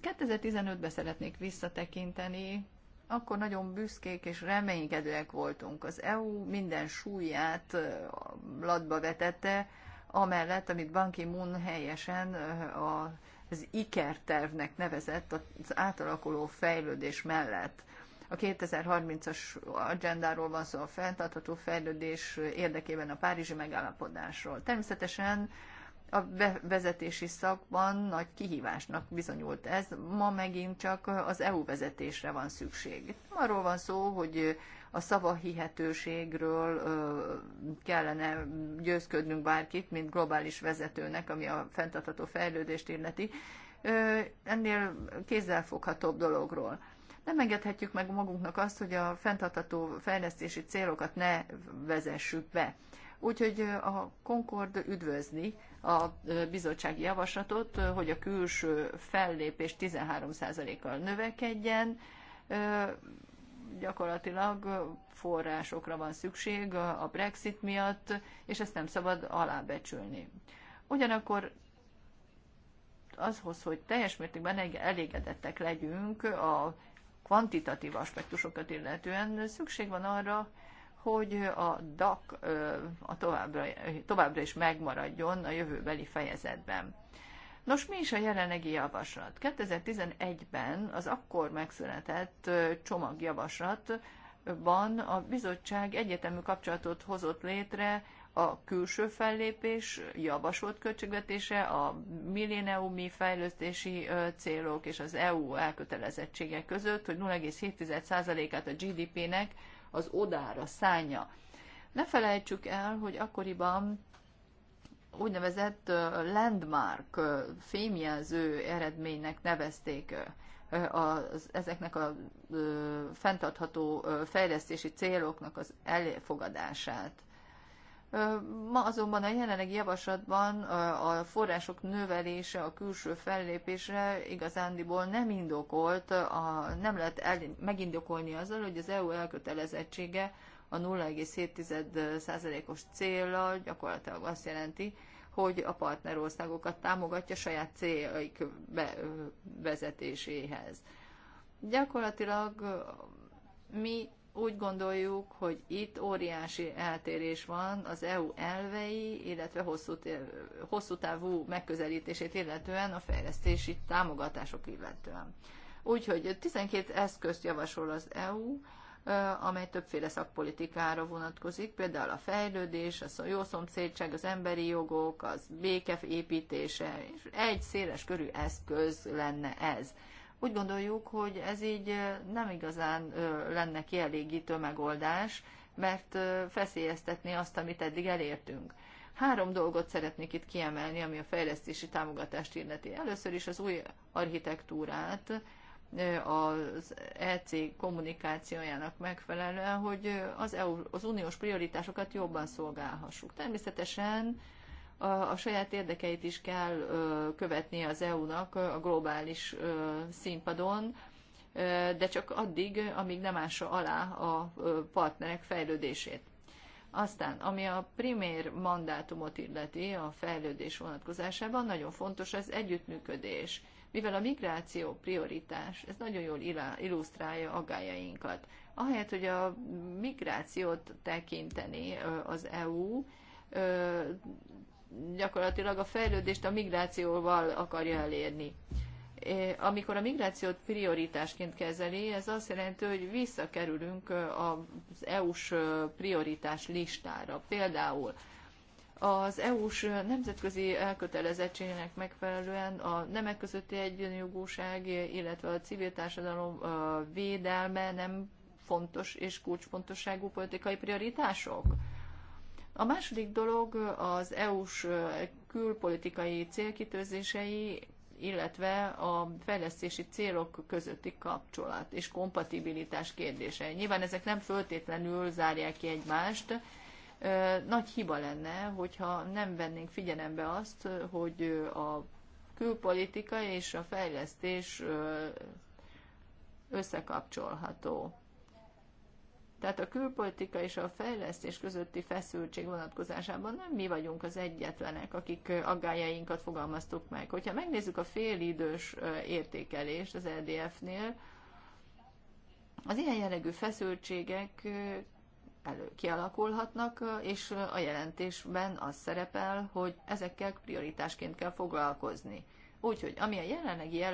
Speaker 4: 2015-ben szeretnék visszatekinteni, akkor nagyon büszkék és reménykedőek voltunk. Az EU minden súlyát latba vetette, amellett, amit Ban Ki-moon helyesen az IKER tervnek nevezett az átalakuló fejlődés mellett. A 2030-as agendáról van szó a fenntartható fejlődés érdekében a Párizsi megállapodásról. Természetesen a vezetési szakban nagy kihívásnak bizonyult ez, ma megint csak az EU vezetésre van szükség. Arról van szó, hogy a hihetőségről kellene győzködnünk bárkit, mint globális vezetőnek, ami a fenntartható fejlődést illeti, ennél kézzelfoghatóbb dologról. Nem engedhetjük meg magunknak azt, hogy a fenntartható fejlesztési célokat ne vezessük be. Úgyhogy a Concord üdvözli a bizottsági javaslatot, hogy a külső fellépés 13%-kal növekedjen. Gyakorlatilag forrásokra van szükség a Brexit miatt, és ezt nem szabad alábecsülni. Ugyanakkor azhoz, hogy teljes mértékben elégedettek legyünk a kvantitatív aspektusokat illetően, szükség van arra, hogy a DAC a továbbra, továbbra is megmaradjon a jövőbeli fejezetben. Nos, mi is a jelenlegi javaslat? 2011-ben az akkor megszületett csomagjavaslatban a bizottság egyetemű kapcsolatot hozott létre a külső fellépés javasolt költségvetése, a milléniumi fejlesztési célok és az EU elkötelezettségek között, hogy 0,7%-át a GDP-nek az odára szánja. Ne felejtsük el, hogy akkoriban úgynevezett landmark, fémjelző eredménynek nevezték az, ezeknek a fenntartható fejlesztési céloknak az elfogadását. Ma azonban a jelenlegi javaslatban a források növelése a külső fellépésre igazándiból nem indokolt, a, nem lehet el, megindokolni azzal, hogy az EU elkötelezettsége a 0,7%-os célra gyakorlatilag azt jelenti, hogy a partnerországokat támogatja saját céljaik bevezetéséhez. Gyakorlatilag mi úgy gondoljuk, hogy itt óriási eltérés van az EU elvei, illetve hosszú, hosszú távú megközelítését illetően, a fejlesztési támogatások illetően. Úgyhogy 12 eszközt javasol az EU, amely többféle szakpolitikára vonatkozik, például a fejlődés, a jó szomszédság, az emberi jogok, az békef építése, és egy széles körű eszköz lenne ez. Úgy gondoljuk, hogy ez így nem igazán lenne kielégítő megoldás, mert feszélyeztetni azt, amit eddig elértünk. Három dolgot szeretnék itt kiemelni, ami a fejlesztési támogatást illeti. Először is az új architektúrát, az EC kommunikációjának megfelelően, hogy az, EU, az uniós prioritásokat jobban szolgálhassuk. Természetesen a, a saját érdekeit is kell ö, követni az EU-nak a globális ö, színpadon, ö, de csak addig, amíg nem ássa alá a ö, partnerek fejlődését. Aztán, ami a primér mandátumot illeti a fejlődés vonatkozásában, nagyon fontos az együttműködés, mivel a migráció prioritás, ez nagyon jól illusztrálja aggájainkat. Ahelyett, hogy a migrációt tekinteni az EU, gyakorlatilag a fejlődést a migrációval akarja elérni. Amikor a migrációt prioritásként kezeli, ez azt jelenti, hogy visszakerülünk az EU-s prioritás listára. Például az EU-s nemzetközi elkötelezettségének megfelelően a nemek közötti egyenjogúság, illetve a civil társadalom védelme nem fontos és kulcsfontosságú politikai prioritások? A második dolog az EU-s külpolitikai célkitőzései, illetve a fejlesztési célok közötti kapcsolat és kompatibilitás kérdése. Nyilván ezek nem föltétlenül zárják ki egymást. Nagy hiba lenne, hogyha nem vennénk figyelembe azt, hogy a külpolitika és a fejlesztés összekapcsolható. Tehát a külpolitika és a fejlesztés közötti feszültség vonatkozásában nem mi vagyunk az egyetlenek, akik aggájainkat fogalmaztuk meg. Hogyha megnézzük a félidős értékelést az LDF-nél, e az ilyen jellegű feszültségek elő kialakulhatnak, és a jelentésben az szerepel, hogy ezekkel prioritásként kell foglalkozni. Úgyhogy ami a jelenlegi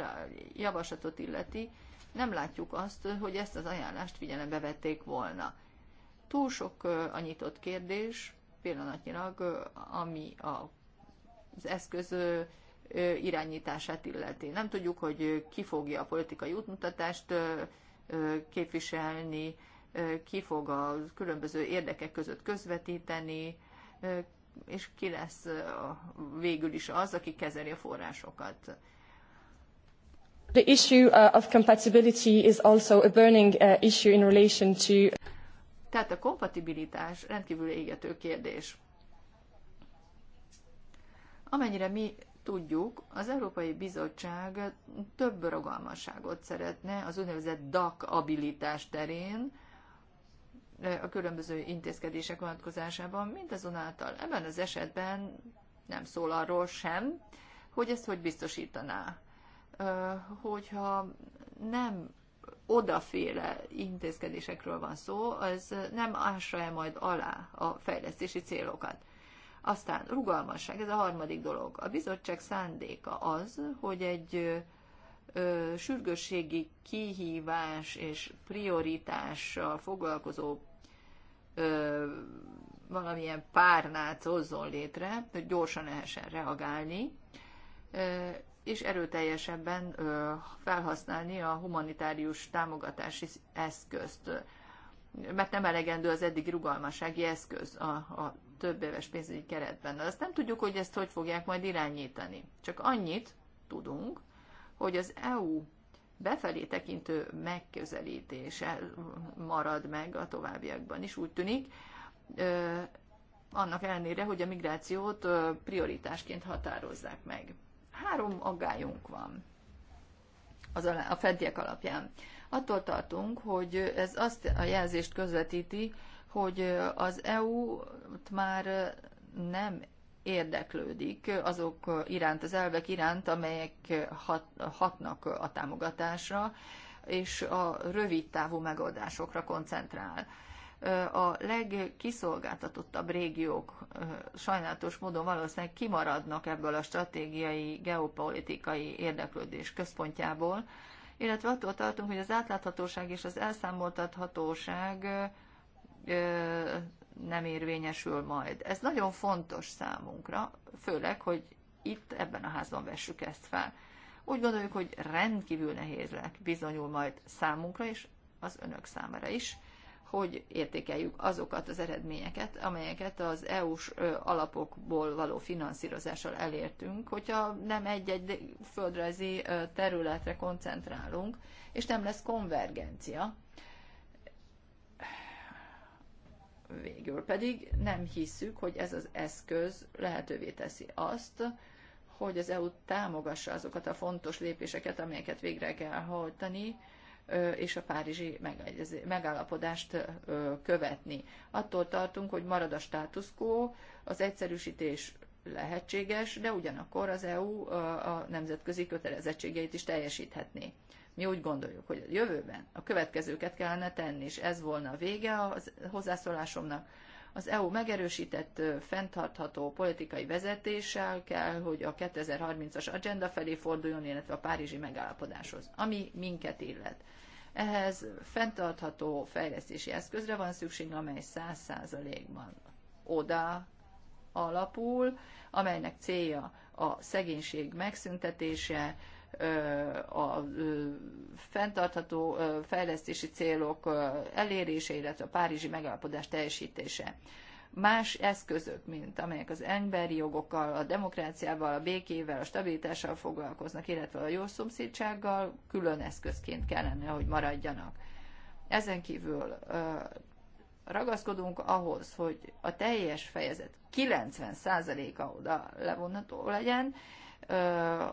Speaker 4: javaslatot illeti, nem látjuk azt, hogy ezt az ajánlást figyelembe vették volna. Túl sok a nyitott kérdés pillanatnyilag, ami az eszköz irányítását illeti. Nem tudjuk, hogy ki fogja a politikai útmutatást képviselni, ki fog a különböző érdekek között közvetíteni, és ki lesz végül is az, aki kezeli a forrásokat. The issue uh, of compatibility is also a burning uh, issue in relation to tehát a kompatibilitás rendkívül égető kérdés. Amennyire mi tudjuk, az Európai Bizottság több rogalmasságot szeretne az úgynevezett DAC abilitás terén, a különböző intézkedések vonatkozásában, azonáltal. ebben az esetben nem szól arról sem, hogy ezt hogy biztosítaná hogyha nem odaféle intézkedésekről van szó, az nem ásra -e majd alá a fejlesztési célokat. Aztán rugalmasság, ez a harmadik dolog. A bizottság szándéka az, hogy egy ö, sürgősségi kihívás és prioritással foglalkozó ö, valamilyen párnát hozzon létre, hogy gyorsan lehessen reagálni, és erőteljesebben felhasználni a humanitárius támogatási eszközt, mert nem elegendő az eddig rugalmasági eszköz a, a több éves pénzügyi keretben. De azt nem tudjuk, hogy ezt hogy fogják majd irányítani. Csak annyit tudunk, hogy az EU befelé tekintő megközelítése marad meg a továbbiakban is, úgy tűnik, annak ellenére, hogy a migrációt prioritásként határozzák meg. Három aggályunk van az a, a feddiek alapján. Attól tartunk, hogy ez azt a jelzést közvetíti, hogy az EU már nem érdeklődik azok iránt, az elvek iránt, amelyek hat, hatnak a támogatásra, és a rövid távú megoldásokra koncentrál a legkiszolgáltatottabb régiók sajnálatos módon valószínűleg kimaradnak ebből a stratégiai, geopolitikai érdeklődés központjából, illetve attól tartunk, hogy az átláthatóság és az elszámoltathatóság nem érvényesül majd. Ez nagyon fontos számunkra, főleg, hogy itt ebben a házban vessük ezt fel. Úgy gondoljuk, hogy rendkívül nehéz lesz, bizonyul majd számunkra és az önök számára is hogy értékeljük azokat az eredményeket, amelyeket az EU-s alapokból való finanszírozással elértünk, hogyha nem egy-egy földrajzi területre koncentrálunk, és nem lesz konvergencia. Végül pedig nem hisszük, hogy ez az eszköz lehetővé teszi azt, hogy az EU támogassa azokat a fontos lépéseket, amelyeket végre kell hajtani, és a párizsi megállapodást követni. Attól tartunk, hogy marad a status quo, az egyszerűsítés lehetséges, de ugyanakkor az EU a nemzetközi kötelezettségeit is teljesíthetné. Mi úgy gondoljuk, hogy a jövőben a következőket kellene tenni, és ez volna a vége a hozzászólásomnak. Az EU megerősített, fenntartható politikai vezetéssel kell, hogy a 2030-as agenda felé forduljon, illetve a Párizsi megállapodáshoz, ami minket illet. Ehhez fenntartható fejlesztési eszközre van szükség, amely 100%-ban oda alapul, amelynek célja a szegénység megszüntetése, a fenntartható fejlesztési célok elérése, illetve a Párizsi megállapodás teljesítése. Más eszközök, mint amelyek az emberi jogokkal, a demokráciával, a békével, a stabilitással foglalkoznak, illetve a jó szomszédsággal, külön eszközként kellene, hogy maradjanak. Ezen kívül ragaszkodunk ahhoz, hogy a teljes fejezet 90%-a oda levonható legyen,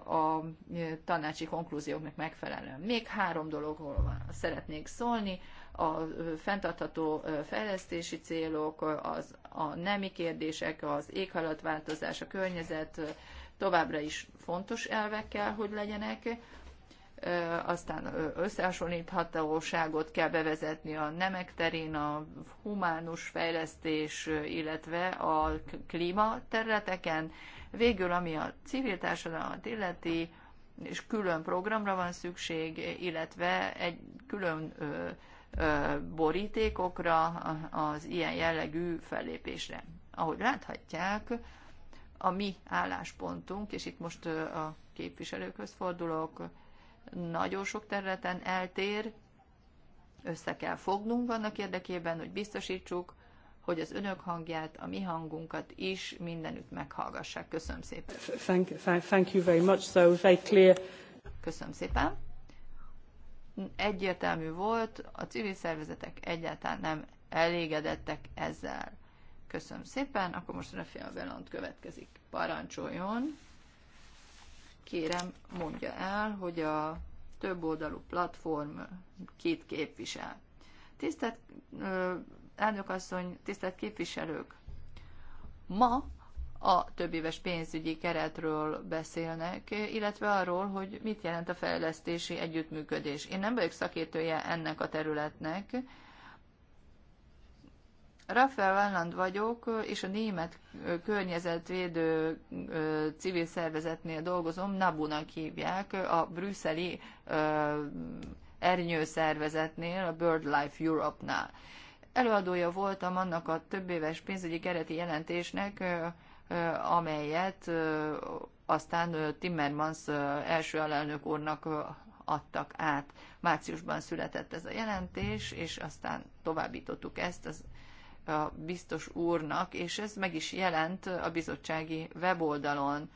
Speaker 4: a tanácsi konklúzióknak megfelelően. Még három dologról szeretnék szólni. A fenntartható fejlesztési célok, az, a nemi kérdések, az éghajlatváltozás, a környezet továbbra is fontos elvekkel, hogy legyenek aztán összehasonlíthatóságot kell bevezetni a nemek terén, a humánus fejlesztés, illetve a klíma területeken, Végül, ami a civil társadalmat illeti, és külön programra van szükség, illetve egy külön ö, ö, borítékokra az ilyen jellegű fellépésre. Ahogy láthatják, a mi álláspontunk, és itt most a képviselőkhöz fordulok, nagyon sok területen eltér, össze kell fognunk annak érdekében, hogy biztosítsuk, hogy az önök hangját, a mi hangunkat is mindenütt meghallgassák. Köszönöm szépen.
Speaker 3: Thank, thank, thank you very much. So very clear.
Speaker 4: Köszönöm szépen. Egyértelmű volt, a civil szervezetek egyáltalán nem elégedettek ezzel. Köszönöm szépen, akkor most a Belant következik. Parancsoljon! Kérem, mondja el, hogy a több oldalú platform két képvisel. Tisztelt elnökasszony, tisztelt képviselők! Ma a többéves pénzügyi keretről beszélnek, illetve arról, hogy mit jelent a fejlesztési együttműködés. Én nem vagyok szakértője ennek a területnek. Rafael Walland vagyok, és a német környezetvédő civil szervezetnél dolgozom, Nabunak hívják, a brüsszeli ernyőszervezetnél, a BirdLife Europe-nál előadója voltam annak a több éves pénzügyi kereti jelentésnek, amelyet aztán Timmermans első alelnök úrnak adtak át. Márciusban született ez a jelentés, és aztán továbbítottuk ezt az a biztos úrnak, és ez meg is jelent a bizottsági weboldalon.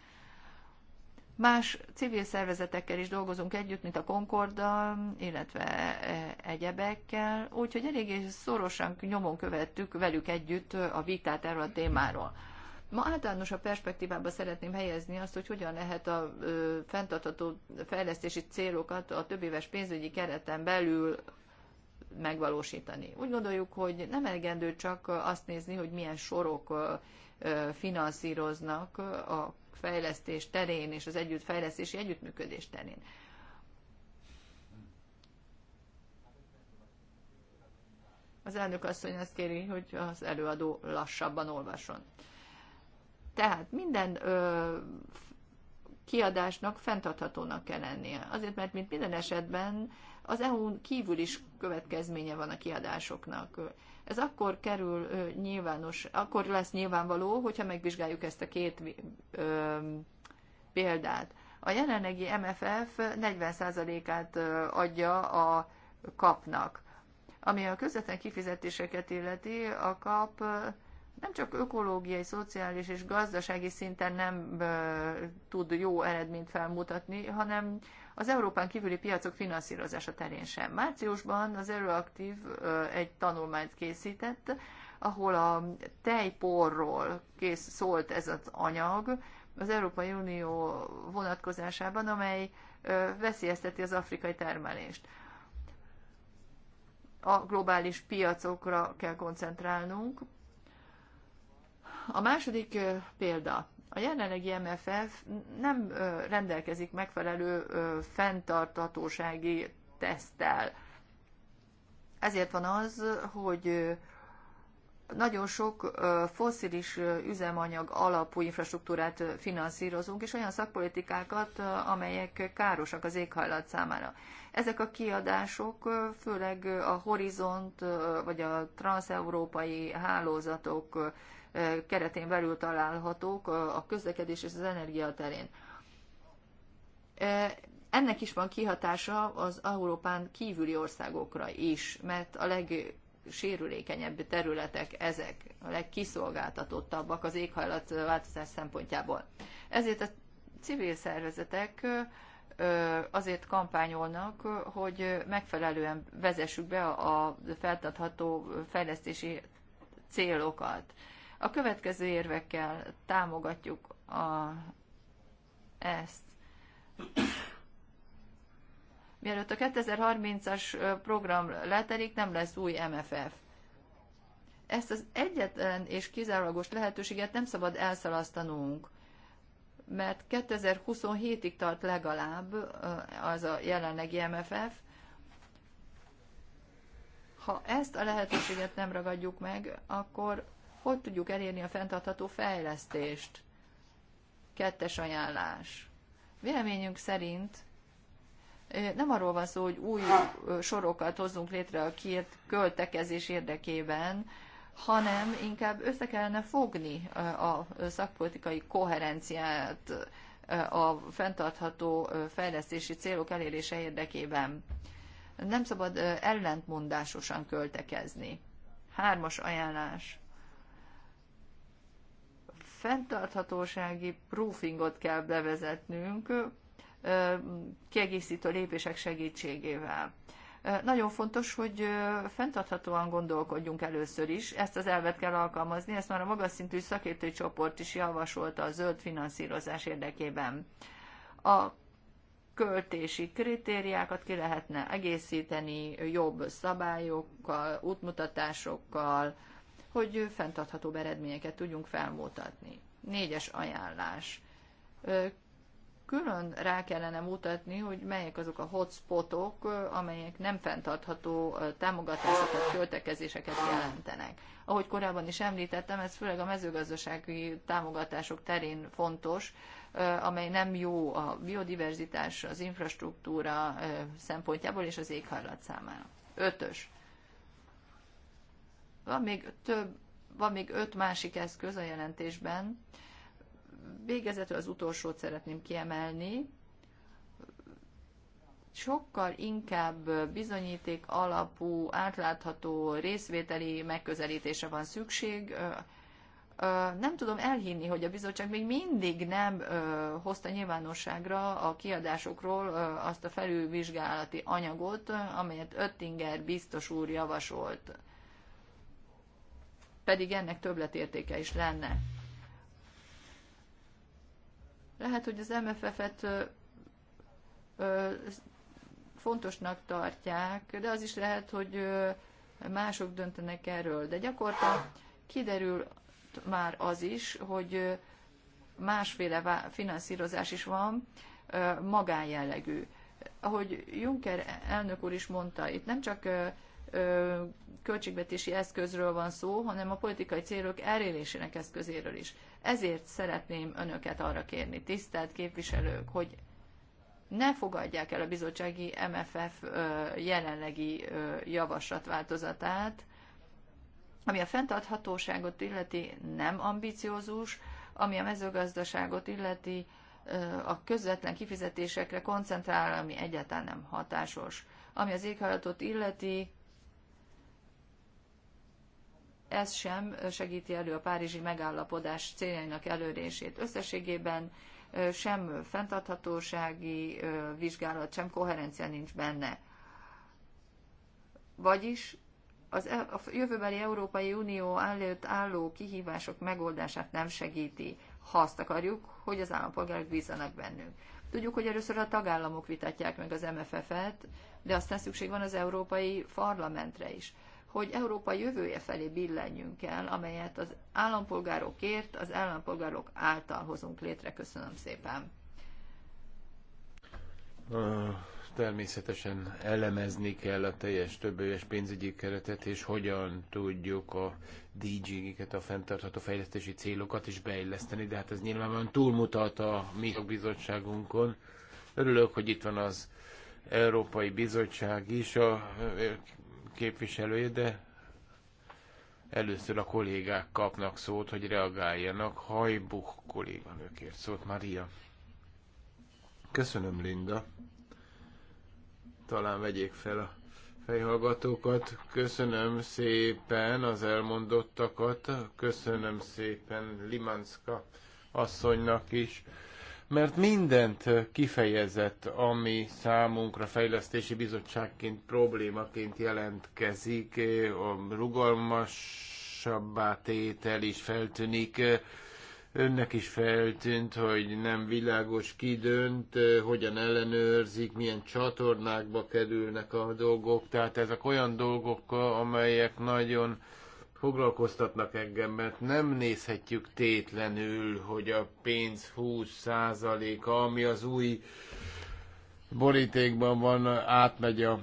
Speaker 4: Más civil szervezetekkel is dolgozunk együtt, mint a Concorddal, illetve e, egyebekkel, úgyhogy eléggé szorosan nyomon követtük velük együtt a vitát erről a témáról. Ma általános a perspektívába szeretném helyezni azt, hogy hogyan lehet a ö, fenntartható fejlesztési célokat a éves pénzügyi kereten belül megvalósítani. Úgy gondoljuk, hogy nem elegendő csak azt nézni, hogy milyen sorok finanszíroznak a fejlesztés terén és az együttfejlesztési együttműködés terén. Az elnök asszony azt kéri, hogy az előadó lassabban olvasson. Tehát minden ö, kiadásnak fenntarthatónak kell lennie. Azért, mert mint minden esetben az EU-n kívül is következménye van a kiadásoknak. Ez akkor kerül nyilvános, akkor lesz nyilvánvaló, hogyha megvizsgáljuk ezt a két ö, példát. A jelenlegi MFF 40%-át adja a kapnak. Ami a közvetlen kifizetéseket illeti, a kap nem csak ökológiai, szociális és gazdasági szinten nem tud jó eredményt felmutatni, hanem az Európán kívüli piacok finanszírozása terén sem. Márciusban az Euroaktív egy tanulmányt készített, ahol a tejporról kész szólt ez az anyag az Európai Unió vonatkozásában, amely veszélyezteti az afrikai termelést. A globális piacokra kell koncentrálnunk. A második példa a jelenlegi MFF nem rendelkezik megfelelő fenntartatósági teszttel. Ezért van az, hogy nagyon sok foszilis üzemanyag alapú infrastruktúrát finanszírozunk, és olyan szakpolitikákat, amelyek károsak az éghajlat számára. Ezek a kiadások főleg a horizont vagy a transeurópai hálózatok keretén belül találhatók a közlekedés és az energia terén. Ennek is van kihatása az Európán kívüli országokra is, mert a legsérülékenyebb területek ezek, a legkiszolgáltatottabbak az éghajlatváltozás szempontjából. Ezért a civil szervezetek azért kampányolnak, hogy megfelelően vezessük be a feltartható fejlesztési célokat. A következő érvekkel támogatjuk a, ezt. Mielőtt a 2030-as program letelik, nem lesz új MFF. Ezt az egyetlen és kizárólagos lehetőséget nem szabad elszalasztanunk, mert 2027-ig tart legalább az a jelenlegi MFF. Ha ezt a lehetőséget nem ragadjuk meg, akkor hogy tudjuk elérni a fenntartható fejlesztést. Kettes ajánlás. Véleményünk szerint nem arról van szó, hogy új sorokat hozzunk létre a két költekezés érdekében, hanem inkább össze kellene fogni a szakpolitikai koherenciát a fenntartható fejlesztési célok elérése érdekében. Nem szabad ellentmondásosan költekezni. Hármas ajánlás fenntarthatósági proofingot kell bevezetnünk kiegészítő lépések segítségével. Nagyon fontos, hogy fenntarthatóan gondolkodjunk először is. Ezt az elvet kell alkalmazni, ezt már a magas szintű szakértői csoport is javasolta a zöld finanszírozás érdekében. A költési kritériákat ki lehetne egészíteni jobb szabályokkal, útmutatásokkal, hogy fenntartható eredményeket tudjunk felmutatni. Négyes ajánlás. Külön rá kellene mutatni, hogy melyek azok a hotspotok, amelyek nem fenntartható támogatásokat, költekezéseket jelentenek. Ahogy korábban is említettem, ez főleg a mezőgazdasági támogatások terén fontos, amely nem jó a biodiverzitás, az infrastruktúra szempontjából és az éghajlat számára. Ötös van még több, van még öt másik eszköz a jelentésben. Végezetül az utolsót szeretném kiemelni. Sokkal inkább bizonyíték alapú, átlátható részvételi megközelítése van szükség. Nem tudom elhinni, hogy a bizottság még mindig nem hozta nyilvánosságra a kiadásokról azt a felülvizsgálati anyagot, amelyet Öttinger biztos úr javasolt pedig ennek többletértéke is lenne. Lehet, hogy az MFF-et fontosnak tartják, de az is lehet, hogy mások döntenek erről. De gyakorta kiderül már az is, hogy másféle finanszírozás is van, magánjellegű. Ahogy Juncker elnök úr is mondta, itt nem csak költségvetési eszközről van szó, hanem a politikai célok elérésének eszközéről is. Ezért szeretném önöket arra kérni, tisztelt képviselők, hogy ne fogadják el a bizottsági MFF jelenlegi javaslatváltozatát, ami a fenntarthatóságot illeti nem ambiciózus, ami a mezőgazdaságot illeti a közvetlen kifizetésekre koncentrál, ami egyáltalán nem hatásos. Ami az éghajlatot illeti, ez sem segíti elő a párizsi megállapodás céljainak elérését. Összességében sem fenntarthatósági vizsgálat, sem koherencia nincs benne. Vagyis az, e- a jövőbeli Európai Unió előtt álló kihívások megoldását nem segíti, ha azt akarjuk, hogy az állampolgárok bízzanak bennünk. Tudjuk, hogy először a tagállamok vitatják meg az MFF-et, de aztán szükség van az Európai Parlamentre is hogy Európa jövője felé billenjünk el, amelyet az állampolgárokért, az állampolgárok által hozunk létre. Köszönöm szépen!
Speaker 1: Természetesen elemezni kell a teljes többéves pénzügyi keretet, és hogyan tudjuk a DG-ket, a fenntartható fejlesztési célokat is beilleszteni, de hát ez nyilvánvalóan túlmutat a mi bizottságunkon. Örülök, hogy itt van az Európai Bizottság is, a képviselője, de először a kollégák kapnak szót, hogy reagáljanak. Hajbuch kolléganőkért szót, Maria. Köszönöm, Linda. Talán vegyék fel a fejhallgatókat. Köszönöm szépen az elmondottakat. Köszönöm szépen Limanska asszonynak is mert mindent kifejezett, ami számunkra fejlesztési bizottságként problémaként jelentkezik, a rugalmasabbá tétel is feltűnik, önnek is feltűnt, hogy nem világos ki dönt, hogyan ellenőrzik, milyen csatornákba kerülnek a dolgok, tehát ezek olyan dolgok, amelyek nagyon foglalkoztatnak engem, mert nem nézhetjük tétlenül, hogy a pénz 20%-a, ami az új borítékban van, átmegy a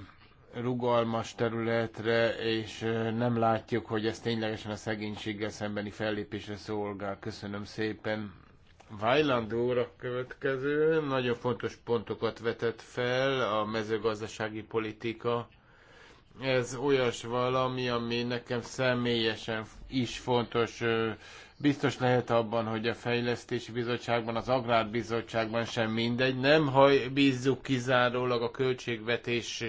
Speaker 1: rugalmas területre, és nem látjuk, hogy ez ténylegesen a szegénységgel szembeni fellépésre szolgál. Köszönöm szépen. Vajland óra következő. Nagyon fontos pontokat vetett fel a mezőgazdasági politika ez olyas valami, ami nekem személyesen is fontos. Biztos lehet abban, hogy a Fejlesztési Bizottságban, az Agrárbizottságban sem mindegy. Nem ha bízzuk kizárólag a költségvetés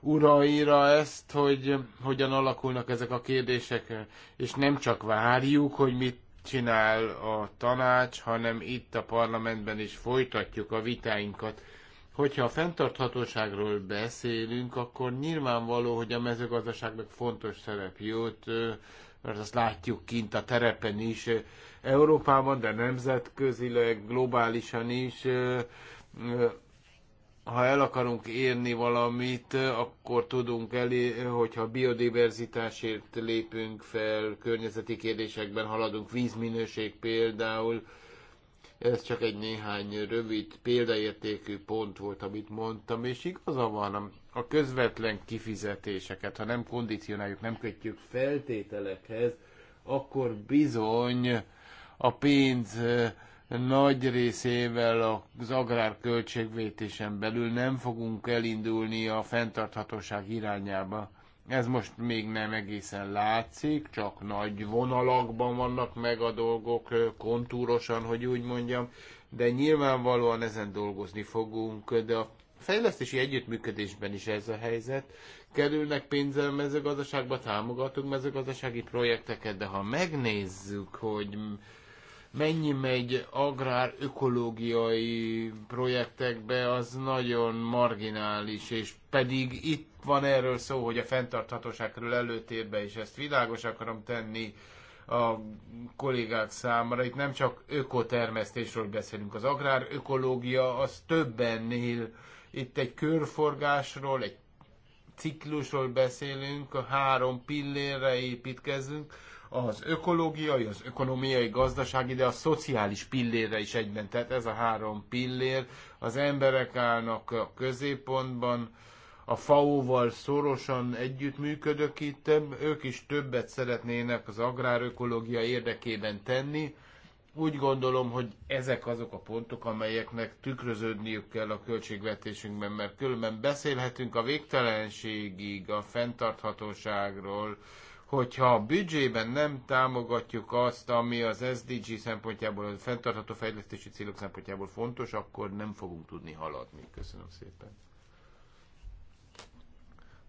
Speaker 1: uraira ezt, hogy hogyan alakulnak ezek a kérdések, és nem csak várjuk, hogy mit csinál a tanács, hanem itt a parlamentben is folytatjuk a vitáinkat Hogyha a fenntarthatóságról beszélünk, akkor nyilvánvaló, hogy a mezőgazdaságnak fontos szerep jót, mert azt látjuk kint a terepen is, Európában, de nemzetközileg, globálisan is. Ha el akarunk érni valamit, akkor tudunk elé, hogyha biodiverzitásért lépünk fel, környezeti kérdésekben haladunk, vízminőség például, ez csak egy néhány rövid példaértékű pont volt, amit mondtam, és igaza van, a közvetlen kifizetéseket, ha nem kondicionáljuk, nem kötjük feltételekhez, akkor bizony a pénz nagy részével az agrárköltségvétésen belül nem fogunk elindulni a fenntarthatóság irányába. Ez most még nem egészen látszik, csak nagy vonalakban vannak meg a dolgok, kontúrosan, hogy úgy mondjam, de nyilvánvalóan ezen dolgozni fogunk, de a fejlesztési együttműködésben is ez a helyzet. Kerülnek pénzzel mezőgazdaságba, támogatunk mezőgazdasági projekteket, de ha megnézzük, hogy mennyi megy agrár-ökológiai projektekbe, az nagyon marginális, és pedig itt van erről szó, hogy a fenntarthatóság kerül előtérbe, és ezt világos akarom tenni a kollégák számára. Itt nem csak ökotermesztésről beszélünk, az agrár ökológia az többennél. Itt egy körforgásról, egy ciklusról beszélünk, a három pillérre építkezünk, az ökológiai, az ökonomiai, gazdasági, de a szociális pillérre is egyben. Tehát ez a három pillér, az emberek állnak a középpontban, a FAO-val szorosan együttműködök itt, ők is többet szeretnének az agrárökológia érdekében tenni. Úgy gondolom, hogy ezek azok a pontok, amelyeknek tükröződniük kell a költségvetésünkben, mert különben beszélhetünk a végtelenségig, a fenntarthatóságról, hogyha a büdzsében nem támogatjuk azt, ami az SDG szempontjából, a fenntartható fejlesztési célok szempontjából fontos, akkor nem fogunk tudni haladni. Köszönöm szépen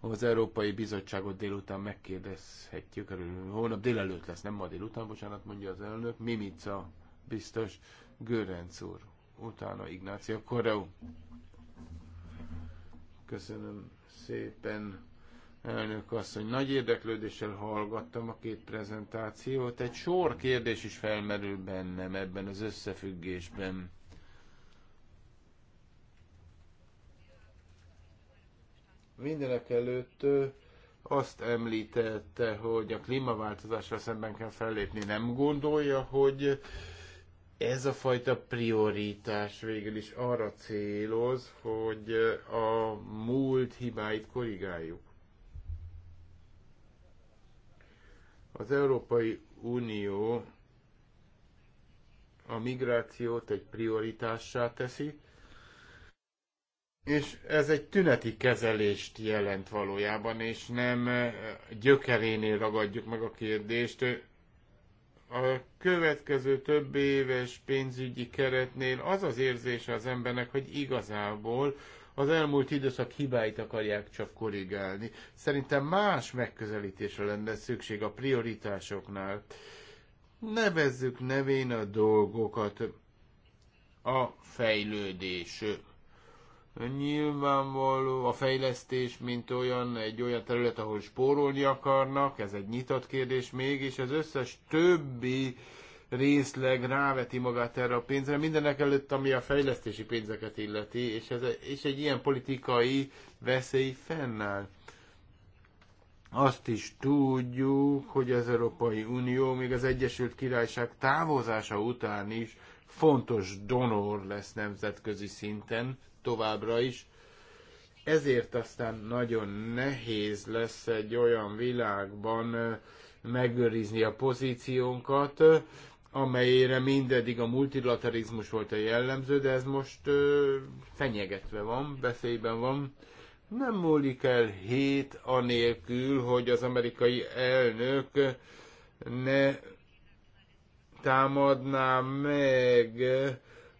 Speaker 1: az Európai Bizottságot délután megkérdezhetjük, körülbelül holnap délelőtt lesz, nem ma délután, bocsánat, mondja az elnök, Mimica biztos, Görenc úr, utána Ignácia Koreu. Köszönöm szépen, elnök asszony. Nagy érdeklődéssel hallgattam a két prezentációt. Egy sor kérdés is felmerül bennem ebben az összefüggésben Mindenek előtt azt említette, hogy a klímaváltozással szemben kell fellépni. Nem gondolja, hogy ez a fajta prioritás végül is arra céloz, hogy a múlt hibáit korrigáljuk. Az Európai Unió a migrációt egy prioritássá teszi, és ez egy tüneti kezelést jelent valójában, és nem gyökerénél ragadjuk meg a kérdést. A következő több éves pénzügyi keretnél az az érzése az embernek, hogy igazából az elmúlt időszak hibáit akarják csak korrigálni. Szerintem más megközelítésre lenne szükség a prioritásoknál. Nevezzük nevén a dolgokat. A fejlődés Nyilvánvaló a fejlesztés, mint olyan, egy olyan terület, ahol spórolni akarnak, ez egy nyitott kérdés még, és az összes többi részleg ráveti magát erre a pénzre, mindenek előtt, ami a fejlesztési pénzeket illeti, és, ez, és egy ilyen politikai veszély fennáll. Azt is tudjuk, hogy az Európai Unió még az Egyesült Királyság távozása után is fontos donor lesz nemzetközi szinten, továbbra is. Ezért aztán nagyon nehéz lesz egy olyan világban megőrizni a pozíciónkat, amelyre mindeddig a multilaterizmus volt a jellemző, de ez most ö, fenyegetve van, veszélyben van. Nem múlik el hét anélkül, hogy az amerikai elnök ne támadná meg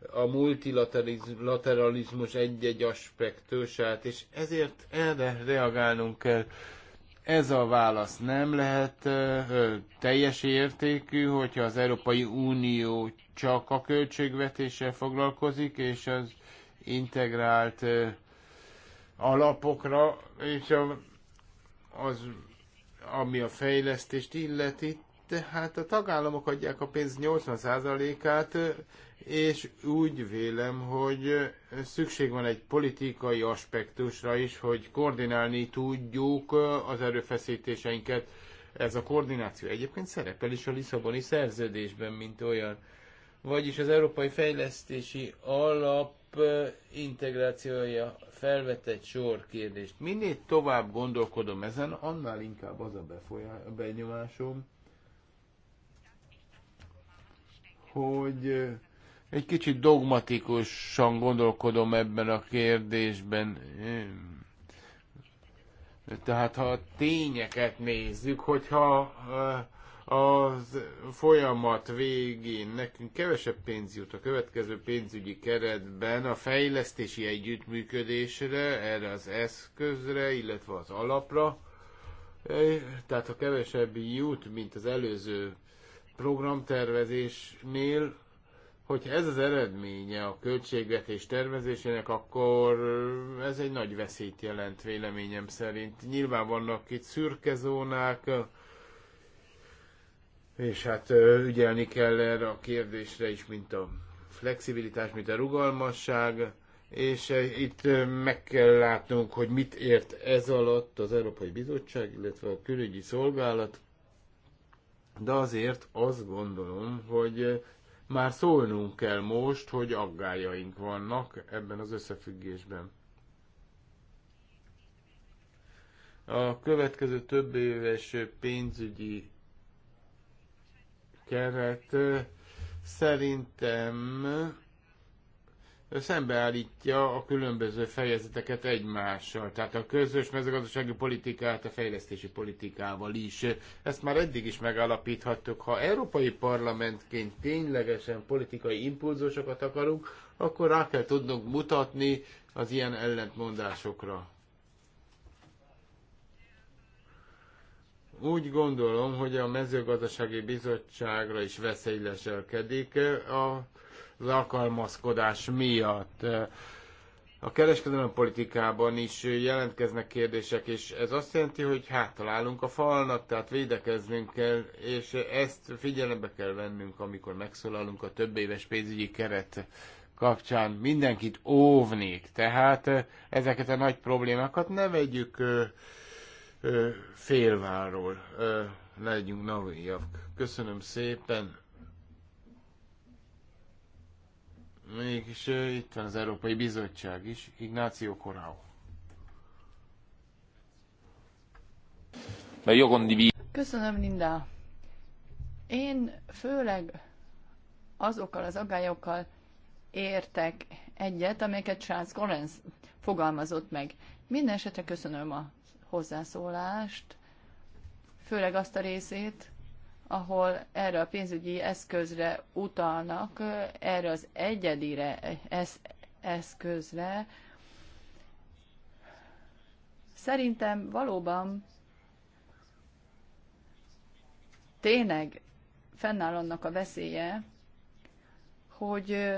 Speaker 1: a multilateralizmus egy-egy aspektusát, és ezért erre reagálnunk kell. Ez a válasz nem lehet ö, teljes értékű, hogyha az Európai Unió csak a költségvetéssel foglalkozik, és az integrált ö, alapokra, és a, az, ami a fejlesztést illeti, tehát a tagállamok adják a pénz 80%-át, és úgy vélem, hogy szükség van egy politikai aspektusra is, hogy koordinálni tudjuk az erőfeszítéseinket. Ez a koordináció egyébként szerepel is a Lisszaboni szerződésben, mint olyan. Vagyis az Európai Fejlesztési Alap integrációja felvet egy sor kérdést. Minél tovább gondolkodom ezen, annál inkább az a befolyá- benyomásom, hogy egy kicsit dogmatikusan gondolkodom ebben a kérdésben. Tehát ha a tényeket nézzük, hogyha eh, a folyamat végén nekünk kevesebb pénz jut a következő pénzügyi keretben a fejlesztési együttműködésre, erre az eszközre, illetve az alapra, eh, tehát ha kevesebb jut, mint az előző programtervezésnél, Hogyha ez az eredménye a költségvetés tervezésének, akkor ez egy nagy veszélyt jelent véleményem szerint. Nyilván vannak itt szürke zónák, és hát ügyelni kell erre a kérdésre is, mint a flexibilitás, mint a rugalmasság, és itt meg kell látnunk, hogy mit ért ez alatt az Európai Bizottság, illetve a külügyi szolgálat, de azért azt gondolom, hogy már szólnunk kell most, hogy aggájaink vannak ebben az összefüggésben. A következő több éves pénzügyi keret eh, szerintem szembeállítja a különböző fejezeteket egymással, tehát a közös mezőgazdasági politikát a fejlesztési politikával is. Ezt már eddig is megállapíthattuk. Ha Európai Parlamentként ténylegesen politikai impulzusokat akarunk, akkor rá kell tudnunk mutatni az ilyen ellentmondásokra. Úgy gondolom, hogy a mezőgazdasági bizottságra is veszély leselkedik. A az alkalmazkodás miatt. A kereskedelmi politikában is jelentkeznek kérdések, és ez azt jelenti, hogy hát találunk a falnak, tehát védekeznünk kell, és ezt figyelembe kell vennünk, amikor megszólalunk a több éves pénzügyi keret kapcsán. Mindenkit óvnék, tehát ezeket a nagy problémákat ne vegyük félváról. legyünk navijak. Köszönöm szépen! Mégis itt van az Európai Bizottság is, Ignáció Korau.
Speaker 4: Köszönöm, Linda. Én főleg azokkal az agályokkal értek egyet, amelyeket Charles Gorenz fogalmazott meg. Minden esetre köszönöm a hozzászólást, főleg azt a részét, ahol erre a pénzügyi eszközre utalnak, erre az egyedire esz, eszközre. Szerintem valóban tényleg fennáll annak a veszélye, hogy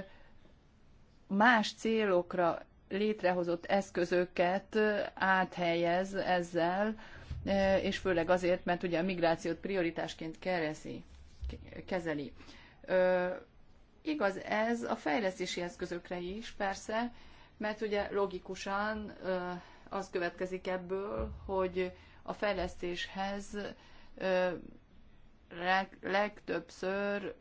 Speaker 4: más célokra létrehozott eszközöket áthelyez ezzel, E, és főleg azért, mert ugye a migrációt prioritásként keresi, kezeli. Igaz ez a fejlesztési eszközökre is, persze, mert ugye logikusan az következik ebből, hogy a fejlesztéshez legtöbbször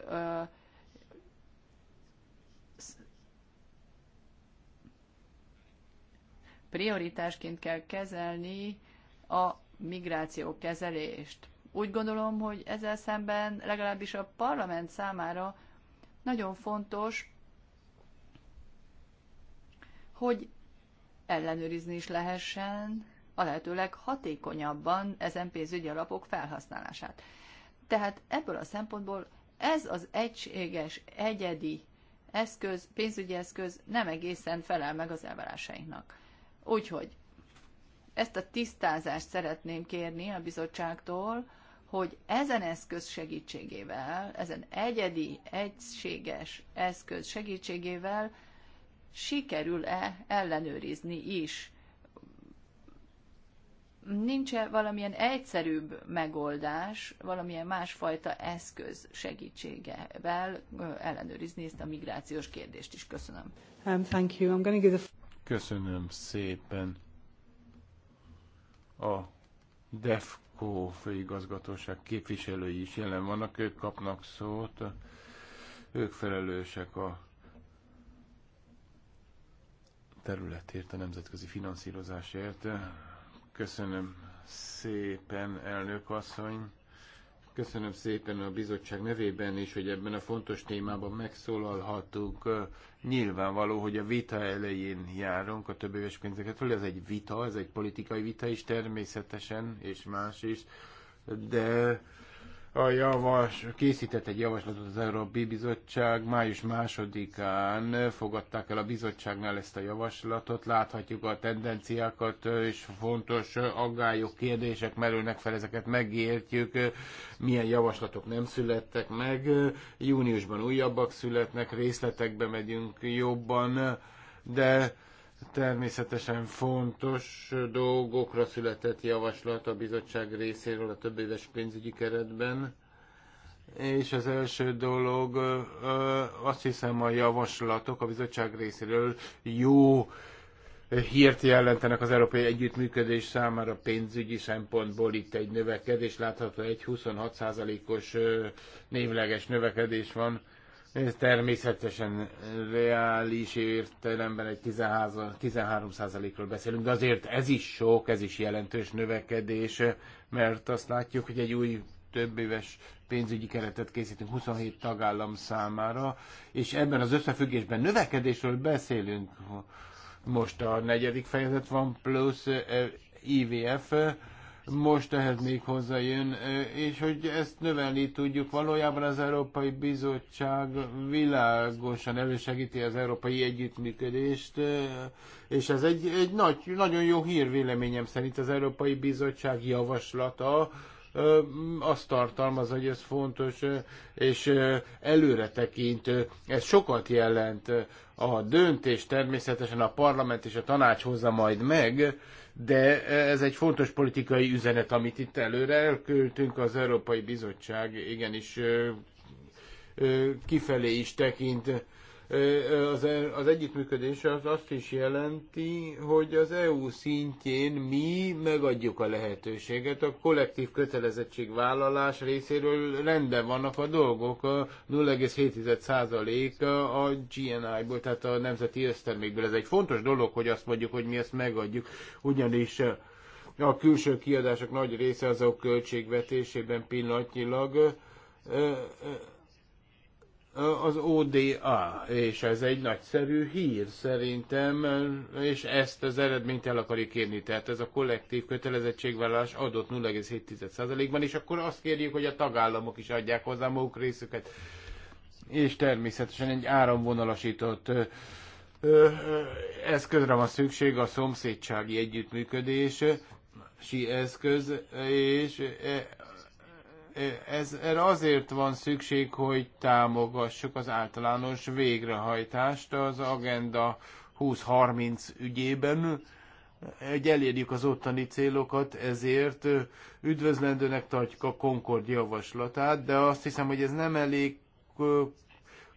Speaker 4: prioritásként kell kezelni a migráció kezelést. Úgy gondolom, hogy ezzel szemben legalábbis a parlament számára nagyon fontos, hogy ellenőrizni is lehessen a lehetőleg hatékonyabban ezen pénzügyi alapok felhasználását. Tehát ebből a szempontból ez az egységes, egyedi eszköz, pénzügyi eszköz nem egészen felel meg az elvárásainknak. Úgyhogy ezt a tisztázást szeretném kérni a bizottságtól, hogy ezen eszköz segítségével, ezen egyedi, egységes eszköz segítségével sikerül-e ellenőrizni is. Nincs-e valamilyen egyszerűbb megoldás, valamilyen másfajta eszköz segítségevel ellenőrizni ezt a migrációs kérdést is? Köszönöm.
Speaker 3: Um, thank you. I'm give the...
Speaker 1: Köszönöm szépen a DEFCO főigazgatóság képviselői is jelen vannak, ők kapnak szót, ők felelősek a területért, a nemzetközi finanszírozásért. Köszönöm szépen, elnök asszony. Köszönöm szépen a bizottság nevében is, hogy ebben a fontos témában megszólalhatunk. Nyilvánvaló, hogy a vita elején járunk a több éves hogy Ez egy vita, ez egy politikai vita is természetesen, és más is. De a javas, készített egy javaslatot az Európai Bizottság, május másodikán fogadták el a bizottságnál ezt a javaslatot, láthatjuk a tendenciákat, és fontos aggályok, kérdések merülnek fel, ezeket megértjük, milyen javaslatok nem születtek meg, júniusban újabbak születnek, részletekbe megyünk jobban, de Természetesen fontos dolgokra született javaslat a bizottság részéről a több éves pénzügyi keretben, és az első dolog, azt hiszem a javaslatok a bizottság részéről jó hírt jelentenek az európai együttműködés számára pénzügyi szempontból itt egy növekedés, látható egy 26%-os névleges növekedés van, ez természetesen reális értelemben egy 13%-ról beszélünk, de azért ez is sok, ez is jelentős növekedés, mert azt látjuk, hogy egy új több éves pénzügyi keretet készítünk 27 tagállam számára, és ebben az összefüggésben növekedésről beszélünk. Most a negyedik fejezet van, plusz eh, IVF, most ehhez még hozzájön, és hogy ezt növelni tudjuk. Valójában az Európai Bizottság világosan elősegíti az európai együttműködést, és ez egy, egy nagy, nagyon jó hír véleményem szerint az Európai Bizottság javaslata, azt tartalmaz, hogy ez fontos, és előre tekint. Ez sokat jelent. A döntés természetesen a parlament és a tanács hozza majd meg, de ez egy fontos politikai üzenet, amit itt előre elküldtünk. Az Európai Bizottság igenis kifelé is tekint az, e- az együttműködés az azt is jelenti, hogy az EU szintjén mi megadjuk a lehetőséget, a kollektív kötelezettségvállalás részéről rendben vannak a dolgok, 0,7% a GNI-ból, tehát a nemzeti ösztermékből. Ez egy fontos dolog, hogy azt mondjuk, hogy mi ezt megadjuk, ugyanis a külső kiadások nagy része azok költségvetésében pillanatnyilag az ODA, és ez egy nagyszerű hír szerintem, és ezt az eredményt el akarjuk érni. Tehát ez a kollektív kötelezettségvállalás adott 0,7%-ban, és akkor azt kérjük, hogy a tagállamok is adják hozzá maguk részüket. És természetesen egy áramvonalasított eszközre van szükség a szomszédsági együttműködés, eszköz, és ez, erre azért van szükség, hogy támogassuk az általános végrehajtást az Agenda 2030 ügyében, hogy elérjük az ottani célokat, ezért üdvözlendőnek tartjuk a Concord javaslatát, de azt hiszem, hogy ez nem elég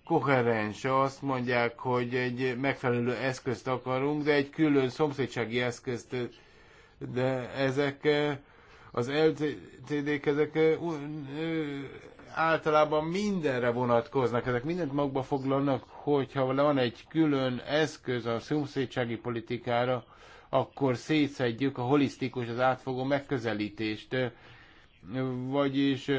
Speaker 1: koherens. Azt mondják, hogy egy megfelelő eszközt akarunk, de egy külön szomszédsági eszközt, de ezek az LCD-k ezek általában mindenre vonatkoznak, ezek mindent magba foglalnak, hogyha van egy külön eszköz a szomszédsági politikára, akkor szétszedjük a holisztikus, az átfogó megközelítést. Vagyis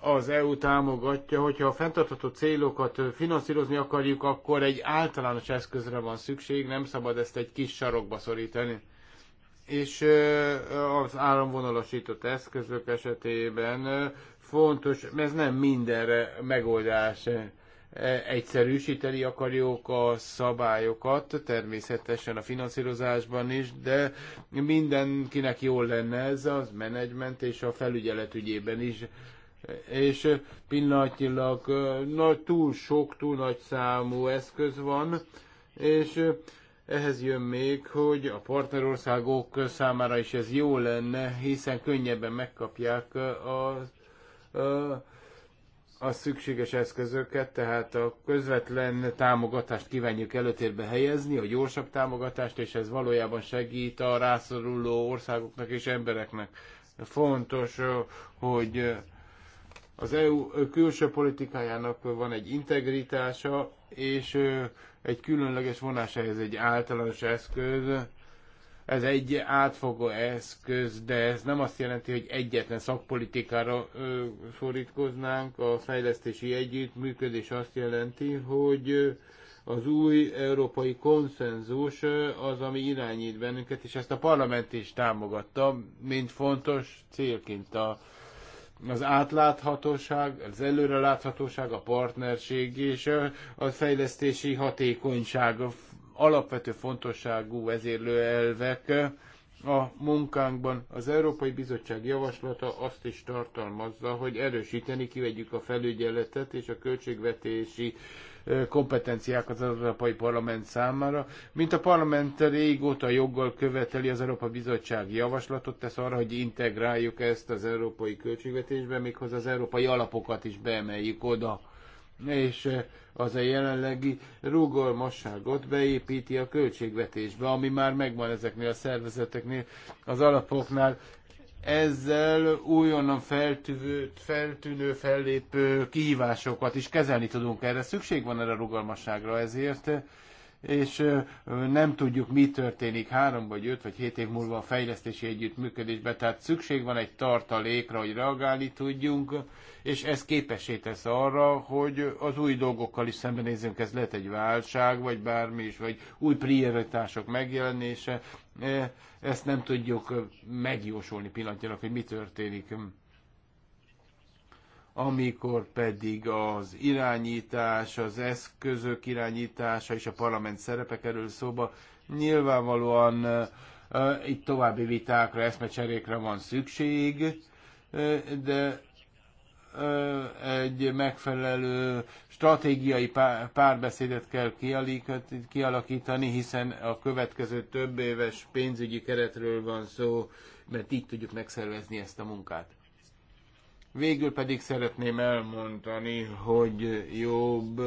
Speaker 1: az EU támogatja, hogyha a fenntartható célokat finanszírozni akarjuk, akkor egy általános eszközre van szükség, nem szabad ezt egy kis sarokba szorítani és az áramvonalasított eszközök esetében fontos, ez nem mindenre megoldás. E, egyszerűsíteni akarjuk a szabályokat, természetesen a finanszírozásban is, de mindenkinek jól lenne ez az menedzsment és a felügyelet ügyében is. És pillanatnyilag nagy, túl sok, túl nagy számú eszköz van, és ehhez jön még, hogy a partnerországok számára is ez jó lenne, hiszen könnyebben megkapják a, a, a szükséges eszközöket, tehát a közvetlen támogatást kívánjuk előtérbe helyezni, a gyorsabb támogatást, és ez valójában segít a rászoruló országoknak és embereknek. Fontos, hogy az EU külső politikájának van egy integritása, és egy különleges vonása, ez egy általános eszköz, ez egy átfogó eszköz, de ez nem azt jelenti, hogy egyetlen szakpolitikára szorítkoznánk. A fejlesztési együttműködés azt jelenti, hogy az új európai konszenzus az, ami irányít bennünket, és ezt a parlament is támogatta, mint fontos célként a az átláthatóság, az előreláthatóság, a partnerség és a fejlesztési hatékonyság alapvető fontosságú vezérlőelvek elvek a munkánkban. Az Európai Bizottság javaslata azt is tartalmazza, hogy erősíteni kivegyük a felügyeletet és a költségvetési kompetenciák az Európai Parlament számára. Mint a parlament régóta joggal követeli, az Európai Bizottság javaslatot tesz arra, hogy integráljuk ezt az európai költségvetésbe, méghozzá az európai alapokat is beemeljük oda. És az a jelenlegi rugalmasságot beépíti a költségvetésbe, ami már megvan ezeknél a szervezeteknél, az alapoknál. Ezzel újonnan feltűvő, feltűnő, fellépő kihívásokat is kezelni tudunk erre. Szükség van erre a rugalmasságra ezért és nem tudjuk, mi történik három vagy öt vagy hét év múlva a fejlesztési együttműködésben, tehát szükség van egy tartalékra, hogy reagálni tudjunk, és ez képessé tesz arra, hogy az új dolgokkal is szembenézünk, ez lehet egy válság, vagy bármi is, vagy új prioritások megjelenése, e, ezt nem tudjuk megjósolni pillanatnyilag, hogy mi történik amikor pedig az irányítás, az eszközök irányítása és a parlament szerepe kerül szóba, nyilvánvalóan uh, itt további vitákra, eszmecserékre van szükség, de egy megfelelő stratégiai párbeszédet kell kialakítani, hiszen a következő több éves pénzügyi keretről van szó, mert így tudjuk megszervezni ezt a munkát. Végül pedig szeretném elmondani, hogy jobb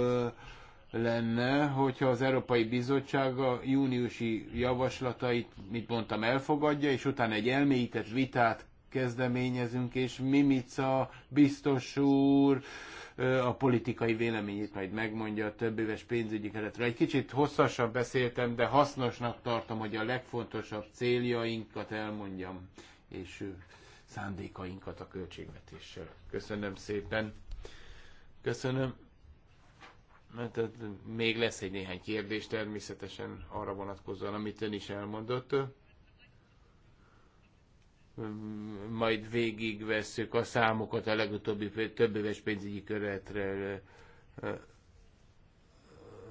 Speaker 1: lenne, hogyha az Európai Bizottság a júniusi javaslatait, mit mondtam, elfogadja, és utána egy elmélyített vitát kezdeményezünk, és Mimica biztos úr a politikai véleményét majd megmondja a több éves pénzügyi keretre. Egy kicsit hosszasan beszéltem, de hasznosnak tartom, hogy a legfontosabb céljainkat elmondjam, és szándékainkat a költségvetéssel. Köszönöm szépen. Köszönöm. Mert hát még lesz egy néhány kérdés természetesen arra vonatkozóan, amit ön is elmondott. Majd végigvesszük a számokat a legutóbbi több éves pénzügyi köretre.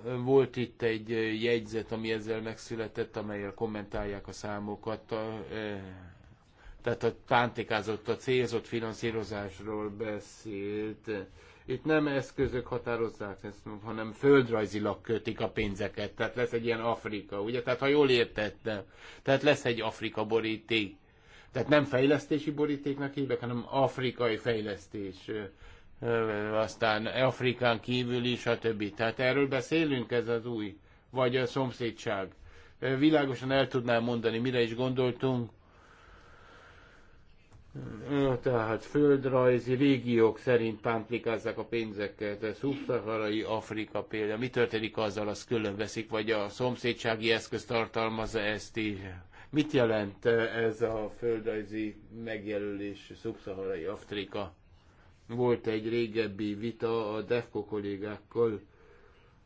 Speaker 1: Volt itt egy jegyzet, ami ezzel megszületett, amelyel kommentálják a számokat e, tehát a pántikázott, a célzott finanszírozásról beszélt. Itt nem eszközök határozzák ezt, hanem földrajzilag kötik a pénzeket. Tehát lesz egy ilyen Afrika, ugye? Tehát ha jól értettem, tehát lesz egy Afrika boríték. Tehát nem fejlesztési borítéknak hívják, hanem afrikai fejlesztés. Aztán Afrikán kívül is, a többi. Tehát erről beszélünk, ez az új. Vagy a szomszédság. Világosan el tudnám mondani, mire is gondoltunk tehát földrajzi régiók szerint pántlikázzák a pénzeket. Szubszaharai Afrika például, mi történik azzal, az külön veszik, vagy a szomszédsági eszköz tartalmazza ezt is? Mit jelent ez a földrajzi megjelölés szubszaharai Afrika? Volt egy régebbi vita a DEFCO kollégákkal,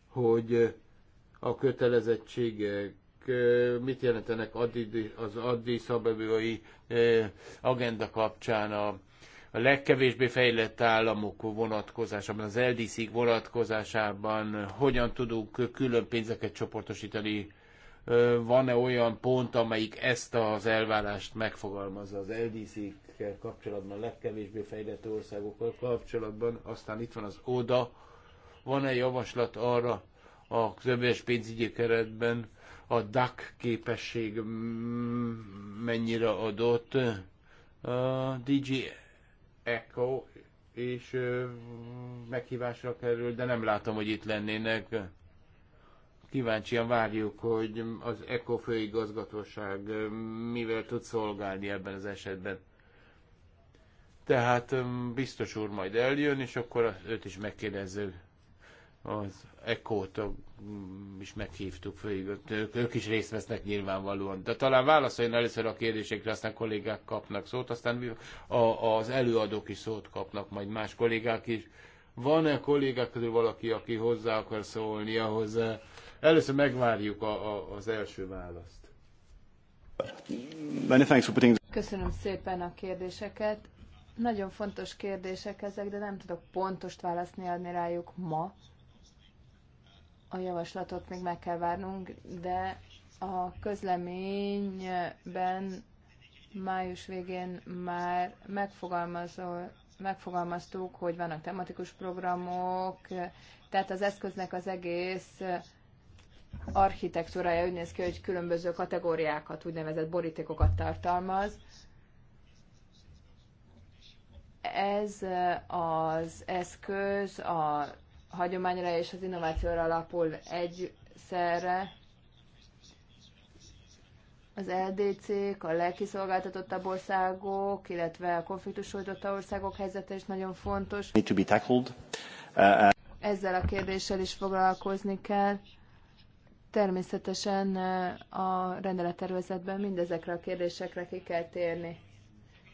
Speaker 1: hogy a kötelezettségek mit jelentenek az Addis Abebai agenda kapcsán a, a legkevésbé fejlett államok vonatkozásában, az LDC vonatkozásában hogyan tudunk külön pénzeket csoportosítani? Van-e olyan pont, amelyik ezt az elvárást megfogalmazza az ldc kapcsolatban, kapcsolatban, legkevésbé fejlett országokkal kapcsolatban? Aztán itt van az ODA. Van-e javaslat arra a közöves pénzügyi keretben, a DAC képesség mennyire adott. A DJ Echo és meghívásra kerül, de nem látom, hogy itt lennének. Kíváncsian várjuk, hogy az Echo főigazgatóság mivel tud szolgálni ebben az esetben. Tehát biztos úr majd eljön, és akkor őt is megkérdezzük az ECO-t is meghívtuk, ők, ők is részt vesznek nyilvánvalóan. De talán válaszoljon először a kérdésekre, aztán kollégák kapnak szót, aztán a, az előadók is szót kapnak, majd más kollégák is. Van-e kollégák közül valaki, aki hozzá akar szólni ahhoz? Először megvárjuk a, a, az első választ.
Speaker 2: Köszönöm szépen a kérdéseket. Nagyon fontos kérdések ezek, de nem tudok pontos választ adni rájuk ma a javaslatot még meg kell várnunk, de a közleményben május végén már megfogalmaztuk, hogy vannak tematikus programok, tehát az eszköznek az egész architektúrája úgy néz ki, hogy különböző kategóriákat, úgynevezett borítékokat tartalmaz. Ez az eszköz a hagyományra és az innovációra alapul egyszerre. Az LDC-k, a legkiszolgáltatottabb országok, illetve a konfliktusoldott országok helyzete is nagyon fontos.
Speaker 3: Need to be tackled.
Speaker 2: Ezzel a kérdéssel is foglalkozni kell. Természetesen eh, a rendelettervezetben mindezekre a kérdésekre ki kell térni.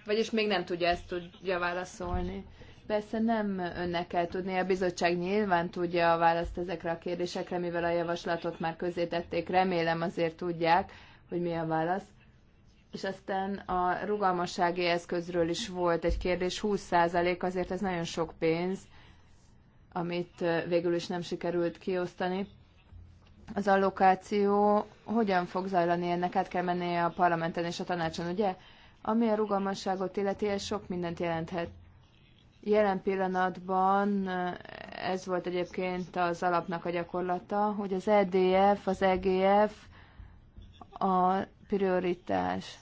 Speaker 2: Vagyis még nem tudja ezt tudja válaszolni. Persze nem önnek kell tudni, a bizottság nyilván tudja a választ ezekre a kérdésekre, mivel a javaslatot már közzétették, remélem azért tudják, hogy mi a válasz. És aztán a rugalmassági eszközről is volt egy kérdés, 20% azért ez nagyon sok pénz, amit végül is nem sikerült kiosztani. Az allokáció hogyan fog zajlani ennek? Át kell mennie a parlamenten és a tanácson, ugye? Ami a rugalmasságot illeti, ez sok mindent jelenthet Jelen pillanatban eh, ez volt egyébként az alapnak a gyakorlata, hogy az EDF, az EGF a prioritás,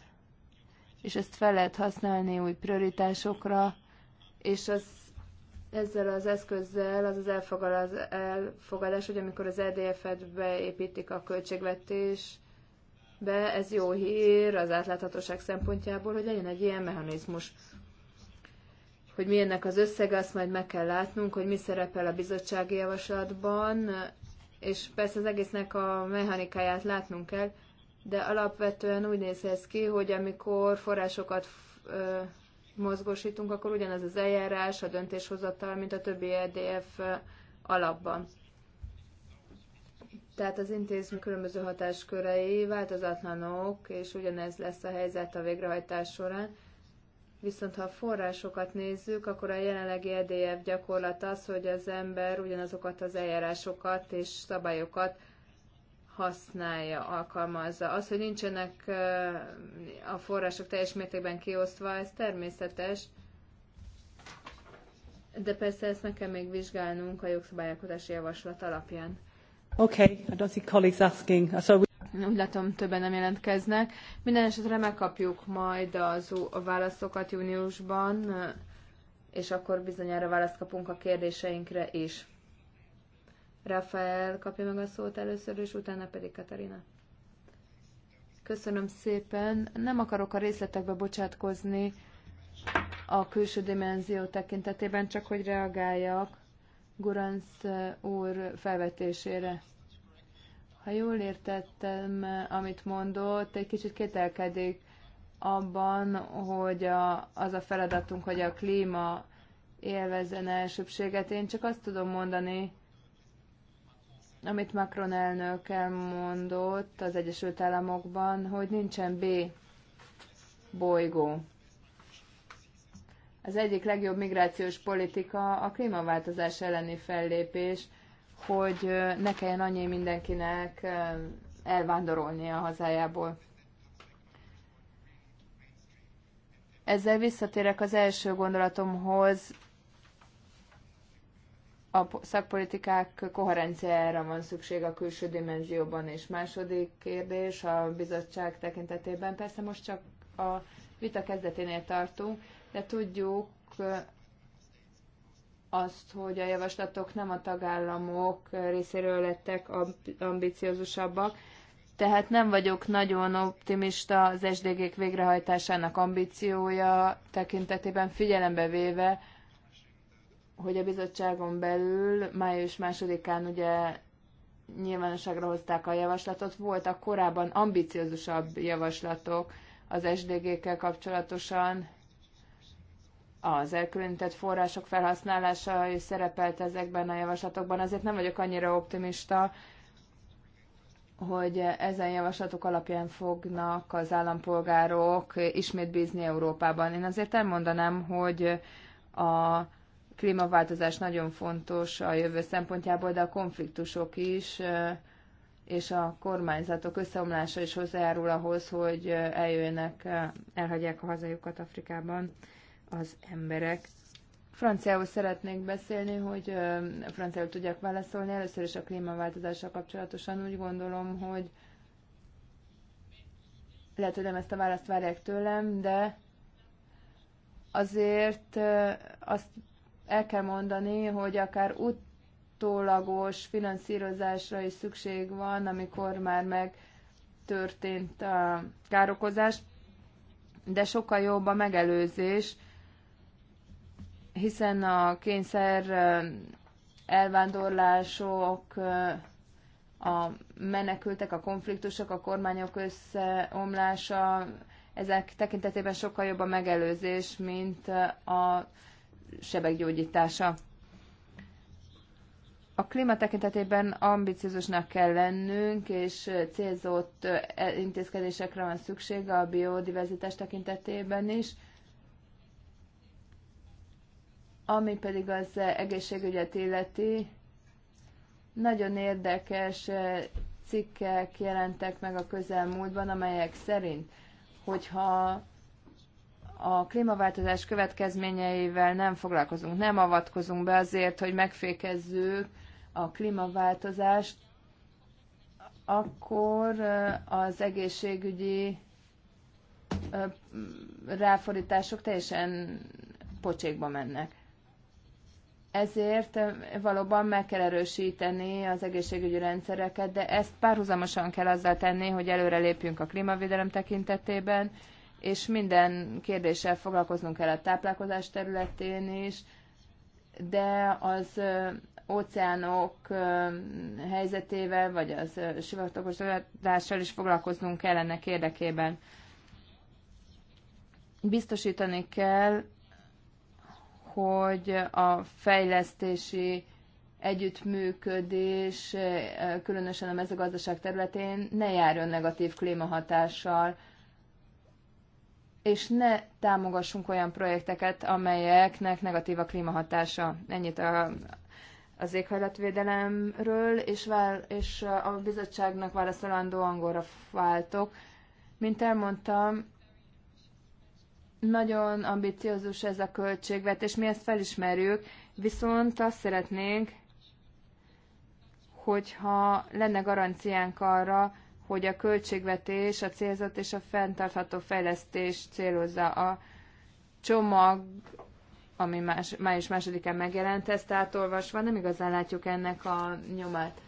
Speaker 2: és ezt fel lehet használni új prioritásokra, és az ezzel az eszközzel az az elfogadás, elfogadás hogy amikor az EDF-et beépítik a költségvetésbe, ez jó hír az átláthatóság szempontjából, hogy legyen egy ilyen mechanizmus hogy mi ennek az összege, azt majd meg kell látnunk, hogy mi szerepel a bizottsági javaslatban, és persze az egésznek a mechanikáját látnunk kell, de alapvetően úgy néz ez ki, hogy amikor forrásokat ö, mozgósítunk, akkor ugyanaz az eljárás, a döntéshozatal, mint a többi EDF alapban. Tehát az intézmény különböző hatáskörei változatlanok, és ugyanez lesz a helyzet a végrehajtás során. Viszont ha a forrásokat nézzük, akkor a jelenlegi EDF gyakorlat az, hogy az ember ugyanazokat az eljárásokat és szabályokat használja, alkalmazza. Az, hogy nincsenek a források teljes mértékben kiosztva, ez természetes, de persze ezt meg kell még vizsgálnunk a jogszabályalkotási javaslat alapján. Okay, I don't see colleagues asking. So we... Úgy látom, többen nem jelentkeznek. Minden esetre megkapjuk majd az, a válaszokat júniusban, és akkor bizonyára választ kapunk a kérdéseinkre is. Rafael kapja meg a szót először, és utána pedig Katarina. Köszönöm szépen. Nem akarok a részletekbe bocsátkozni a külső dimenzió tekintetében, csak hogy reagáljak Guranc úr felvetésére. Ha jól értettem, amit mondott, egy kicsit kételkedik abban, hogy a, az a feladatunk, hogy a klíma élvezzen elsőbséget. Én csak azt tudom mondani, amit Macron elnök elmondott az Egyesült Államokban, hogy nincsen B bolygó. Az egyik legjobb migrációs politika a klímaváltozás elleni fellépés, hogy ne kelljen annyi mindenkinek elvándorolnia a hazájából. Ezzel visszatérek az első gondolatomhoz, a szakpolitikák koherenciájára van szükség a külső dimenzióban, és második kérdés a bizottság tekintetében. Persze most csak a vita kezdeténél tartunk, de tudjuk, azt, hogy a javaslatok nem a tagállamok részéről lettek ambiciózusabbak, tehát nem vagyok nagyon optimista az SDG-k végrehajtásának ambíciója tekintetében figyelembe véve, hogy a bizottságon belül május másodikán ugye nyilvánosságra hozták a javaslatot, voltak korábban ambiciózusabb javaslatok az SDG-kkel kapcsolatosan, az elkülönített források felhasználása is szerepelt ezekben a javaslatokban, azért nem vagyok annyira optimista, hogy ezen javaslatok alapján fognak az állampolgárok ismét bízni Európában. Én azért elmondanám, hogy a klímaváltozás nagyon fontos a jövő szempontjából, de a konfliktusok is és a kormányzatok összeomlása is hozzájárul ahhoz, hogy eljöjjenek, elhagyják a hazajukat Afrikában az emberek. Franciául szeretnék beszélni, hogy franciául tudjak válaszolni. Először is a klímaváltozással kapcsolatosan úgy gondolom, hogy lehet, hogy nem ezt a választ várják tőlem, de azért azt el kell mondani, hogy akár utólagos finanszírozásra is szükség van, amikor már megtörtént a károkozás, de sokkal jobb a megelőzés, hiszen a kényszer elvándorlások, a menekültek, a konfliktusok, a kormányok összeomlása, ezek tekintetében sokkal jobb a megelőzés, mint a sebek gyógyítása. A klíma tekintetében ambiciózusnak kell lennünk, és célzott intézkedésekre van szükség a biodiverzitás tekintetében is. Ami pedig az eh, egészségügyet illeti, nagyon érdekes eh, cikkek jelentek meg a közelmúltban, amelyek szerint, hogyha a klímaváltozás következményeivel nem foglalkozunk, nem avatkozunk be azért, hogy megfékezzük a klímaváltozást, akkor eh, az egészségügyi ráfordítások teljesen pocsékba mennek. Ezért valóban meg kell erősíteni az egészségügyi rendszereket, de ezt párhuzamosan kell azzal tenni, hogy előre lépjünk a klímavédelem tekintetében, és minden kérdéssel foglalkoznunk kell a táplálkozás területén is, de az óceánok helyzetével, vagy az sivatagosodással is foglalkoznunk kell ennek érdekében. Biztosítani kell, hogy a fejlesztési együttműködés, különösen a mezőgazdaság területén ne járjon negatív klímahatással, és ne támogassunk olyan projekteket, amelyeknek negatív a klímahatása. Ennyit a, az éghajlatvédelemről, és, vál, és a bizottságnak válaszolandó angolra váltok. Mint elmondtam, nagyon ambiciózus ez a költségvetés, mi ezt felismerjük, viszont azt szeretnénk, hogyha lenne garanciánk arra, hogy a költségvetés a célzat és a fenntartható fejlesztés célozza a csomag, ami más, május másodikán megjelent, ezt átolvasva nem igazán látjuk ennek a nyomát.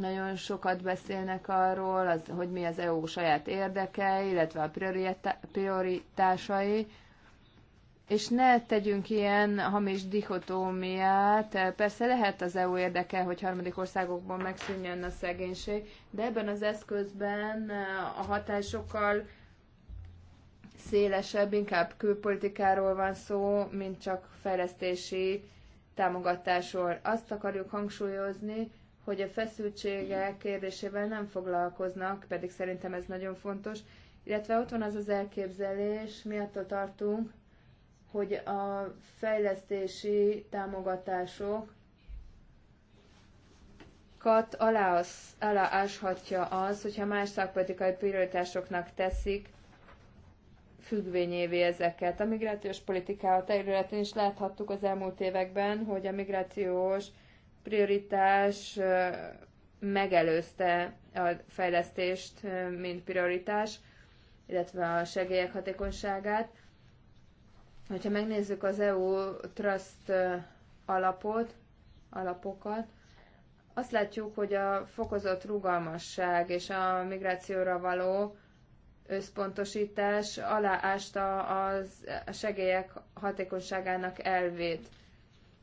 Speaker 2: Nagyon sokat beszélnek arról, az, hogy mi az EU saját érdeke, illetve a prioritásai, és ne tegyünk ilyen hamis dichotómiát. Persze lehet az EU érdeke, hogy harmadik országokban megszűnjön a szegénység, de ebben az eszközben a hatásokkal szélesebb, inkább külpolitikáról van szó, mint csak fejlesztési támogatásról. Azt akarjuk hangsúlyozni, hogy a feszültségek kérdésével nem foglalkoznak, pedig szerintem ez nagyon fontos. Illetve ott van az az elképzelés, mi attól tartunk, hogy a fejlesztési támogatásokat alááshatja az, hogyha más szakpolitikai prioritásoknak teszik függvényévé ezeket. A migrációs politika területén is láthattuk az elmúlt években, hogy a migrációs prioritás megelőzte a fejlesztést, mint prioritás, illetve a segélyek hatékonyságát. Hogyha megnézzük az EU Trust alapot, alapokat, azt látjuk, hogy a fokozott rugalmasság és a migrációra való összpontosítás aláásta a segélyek hatékonyságának elvét.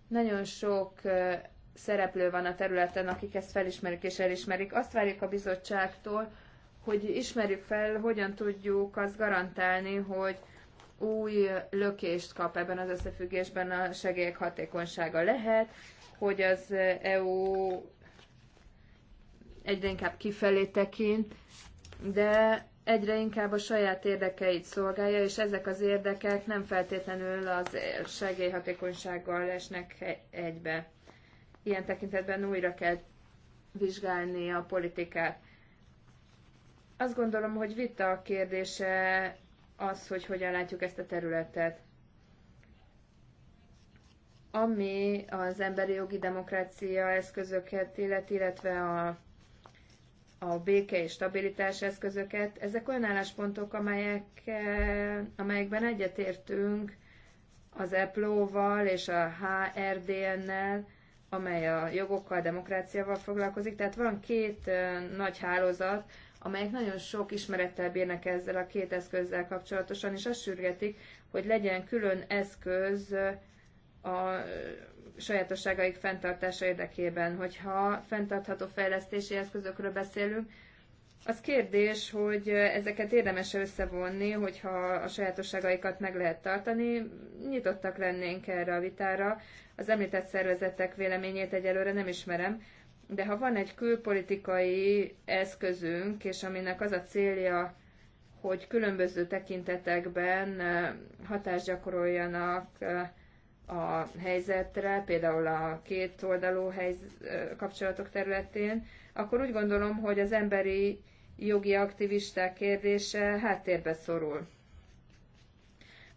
Speaker 2: Nagyon sok szereplő van a területen, akik ezt felismerik és elismerik. Azt várjuk a bizottságtól, hogy ismerjük fel, hogyan tudjuk azt garantálni, hogy új lökést kap ebben az összefüggésben a segélyek hatékonysága lehet, hogy az EU egyre inkább kifelé tekint, de egyre inkább a saját érdekeit szolgálja, és ezek az érdekek nem feltétlenül az segélyhatékonysággal esnek e- egybe ilyen tekintetben újra kell vizsgálni a politikát. Azt gondolom, hogy vita a kérdése az, hogy hogyan látjuk ezt a területet. Ami az emberi jogi demokrácia eszközöket illet, illetve a, a béke és stabilitás eszközöket, ezek olyan álláspontok, amelyek, amelyekben egyetértünk az EPLO-val és a HRDN-nel, amely a jogokkal, demokráciával foglalkozik. Tehát van két nagy hálózat, amelyek nagyon sok ismerettel bírnak ezzel a két eszközzel kapcsolatosan, és azt sürgetik, hogy legyen külön eszköz a sajátosságaik fenntartása érdekében. Hogyha fenntartható fejlesztési eszközökről beszélünk, az kérdés, hogy ezeket érdemes összevonni, hogyha a sajátosságaikat meg lehet tartani, nyitottak lennénk erre a vitára. Az említett szervezetek véleményét egyelőre nem ismerem, de ha van egy külpolitikai eszközünk, és aminek az a célja, hogy különböző tekintetekben hatást gyakoroljanak a helyzetre, például a két oldalú helyz, kapcsolatok területén, akkor úgy gondolom, hogy az emberi jogi aktivisták kérdése háttérbe szorul.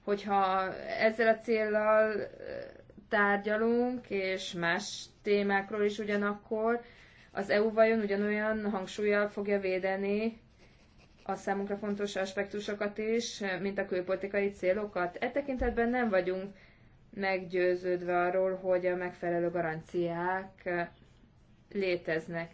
Speaker 2: Hogyha ezzel a céllal tárgyalunk, és más témákról is ugyanakkor, az EU vajon ugyanolyan hangsúlyjal fogja védeni a számunkra fontos aspektusokat is, mint a külpolitikai célokat. E tekintetben nem vagyunk meggyőződve arról, hogy a megfelelő garanciák léteznek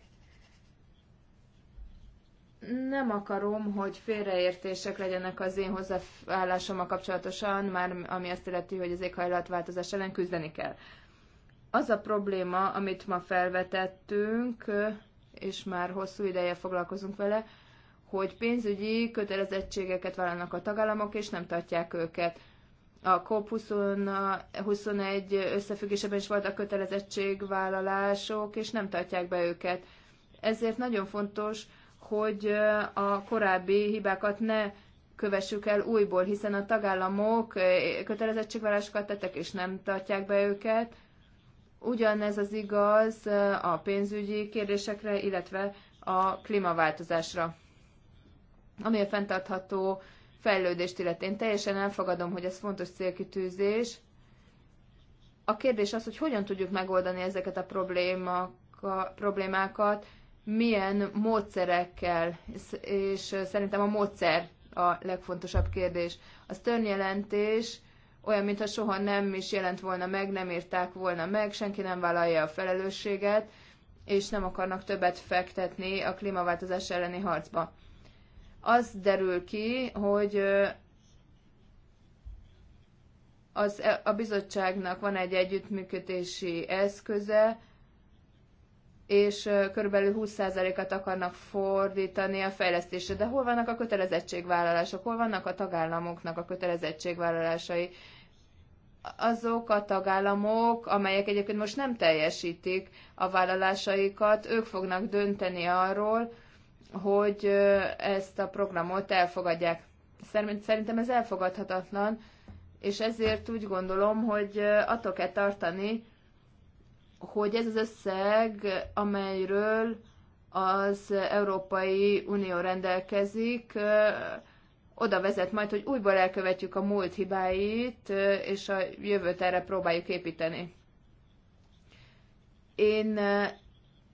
Speaker 2: nem akarom, hogy félreértések legyenek az én hozzáállásommal kapcsolatosan, már ami azt illeti, hogy az éghajlatváltozás ellen küzdeni kell. Az a probléma, amit ma felvetettünk, és már hosszú ideje foglalkozunk vele, hogy pénzügyi kötelezettségeket vállalnak a tagállamok, és nem tartják őket. A COP21 összefüggésében is voltak kötelezettségvállalások, és nem tartják be őket. Ezért nagyon fontos, hogy a korábbi hibákat ne kövessük el újból, hiszen a tagállamok kötelezettségvállásokat tettek és nem tartják be őket. Ugyanez az igaz a pénzügyi kérdésekre, illetve a klímaváltozásra. Ami a fenntartható fejlődést illeti. Én teljesen elfogadom, hogy ez fontos célkitűzés. A kérdés az, hogy hogyan tudjuk megoldani ezeket a problémákat, milyen módszerekkel, és szerintem a módszer a legfontosabb kérdés. A Stern jelentés olyan, mintha soha nem is jelent volna meg, nem írták volna meg, senki nem vállalja a felelősséget, és nem akarnak többet fektetni a klímaváltozás elleni harcba. Az derül ki, hogy az, e, a bizottságnak van egy együttműködési eszköze, és körülbelül 20%-at akarnak fordítani a fejlesztésre. De hol vannak a kötelezettségvállalások? Hol vannak a tagállamoknak a kötelezettségvállalásai? Azok a tagállamok, amelyek egyébként most nem teljesítik a vállalásaikat, ők fognak dönteni arról, hogy ezt a programot elfogadják. Szerintem ez elfogadhatatlan, és ezért úgy gondolom, hogy attól kell tartani, hogy ez az összeg, amelyről az Európai Unió rendelkezik, oda vezet majd, hogy újból elkövetjük a múlt hibáit, és a jövőt erre próbáljuk építeni. Én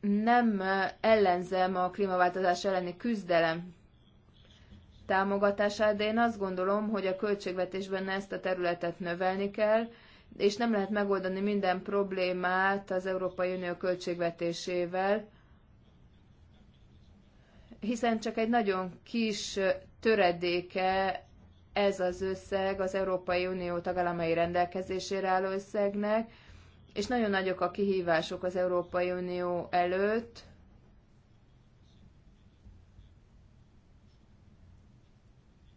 Speaker 2: nem ellenzem a klímaváltozás elleni küzdelem támogatását, de én azt gondolom, hogy a költségvetésben ezt a területet növelni kell, és nem lehet megoldani minden problémát az Európai Unió költségvetésével, hiszen csak egy nagyon kis töredéke ez az összeg az Európai Unió tagállamai rendelkezésére álló összegnek, és nagyon nagyok a kihívások az Európai Unió előtt.